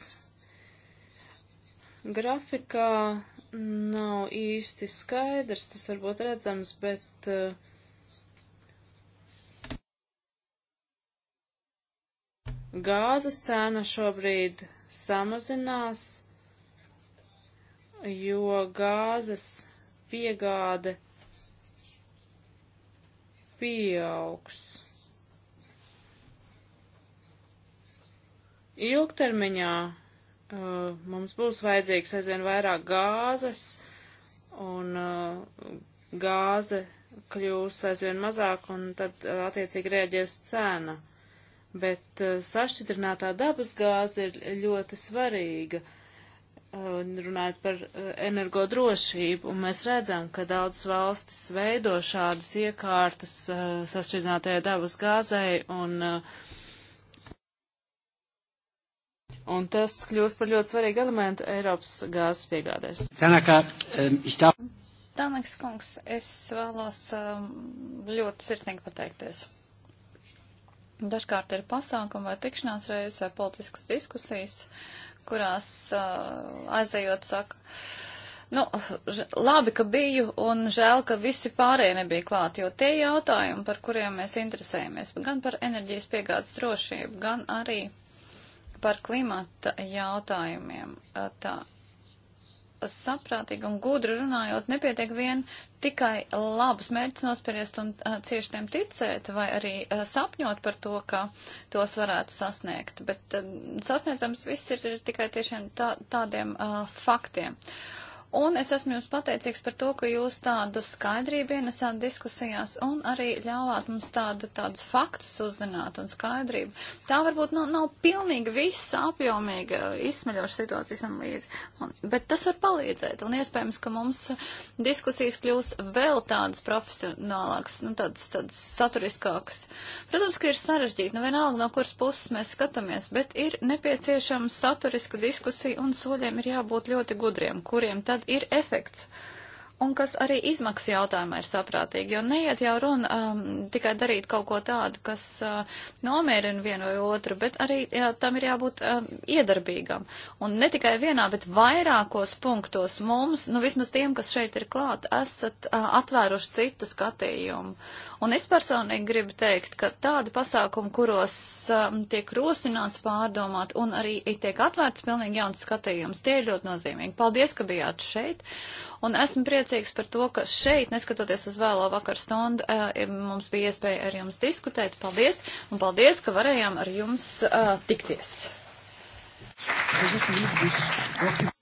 Grafikā nav īsti skaidrs, tas varbūt redzams, bet uh, gāzes cena šobrīd samazinās, jo gāzes piegāde pieaugs. Ilgtermiņā uh, mums būs vajadzīgs aizvien vairāk gāzes, un uh, gāze kļūs aizvien mazāk, un tad uh, attiecīgi rēģēs cena. Bet uh, sašķidrinātā dabas gāze ir ļoti svarīga, uh, runājot par uh, energodrošību, un mēs redzam, ka daudz valstis veido šādas iekārtas uh, sašķidrinātajai dabas gāzei, un uh, Un tas kļūst par ļoti svarīgu elementu Eiropas gāzes piegādēs. Tanaka, um, tā... Tanaks kungs, es vēlos um, ļoti sirsnīgi pateikties. Dažkārt ir pasākumi vai tikšanās reizes vai politiskas diskusijas, kurās uh, aizējot saka, nu, labi, ka biju un žēl, ka visi pārējie nebija klāti, jo tie jautājumi, par kuriem mēs interesējamies, gan par enerģijas piegādes drošību, gan arī par klimata jautājumiem. Tā saprātīgi un gudri runājot, nepietiek vien tikai labus mērķus nospēriest un a, cieši tiem ticēt, vai arī a, sapņot par to, ka tos varētu sasniegt. Bet a, sasniedzams viss ir, ir tikai tiešām tā, tādiem faktiem. Uh, Un es esmu jums pateicīgs par to, ka jūs tādu skaidrību ienesāt diskusijās un arī ļāvāt mums tādu, tādus faktus uzzināt un skaidrību. Tā varbūt nav, nav pilnīgi viss apjomīga izsmeļoša situācijas analīze, un, bet tas var palīdzēt. Un iespējams, ka mums diskusijas kļūs vēl tādas profesionālākas, nu tādas, tādas saturiskākas. Protams, ka ir sarežģīti, nu vienalga no kuras puses mēs skatāmies, bet ir nepieciešama saturiska diskusija un soļiem ir jābūt ļoti gudriem, kuriem tad tad ir efekts. Un kas arī izmaksas jautājumā ir saprātīgi, jo neiet jau runa um, tikai darīt kaut ko tādu, kas uh, nomierina vienu vai otru, bet arī jā, tam ir jābūt um, iedarbīgam. Un ne tikai vienā, bet vairākos punktos mums, nu vismaz tiem, kas šeit ir klāt, esat uh, atvēruši citu skatījumu. Un es personīgi gribu teikt, ka tādi pasākumi, kuros um, tiek rosināts pārdomāt un arī tiek atvērts pilnīgi jauns skatījums, tie ir ļoti nozīmīgi. Paldies, ka bijāt šeit. Un esmu priecīgs par to, ka šeit, neskatoties uz vēlo vakaru stundu, eh, mums bija iespēja ar jums diskutēt. Paldies! Un paldies, ka varējām ar jums uh, tikties! Thank you.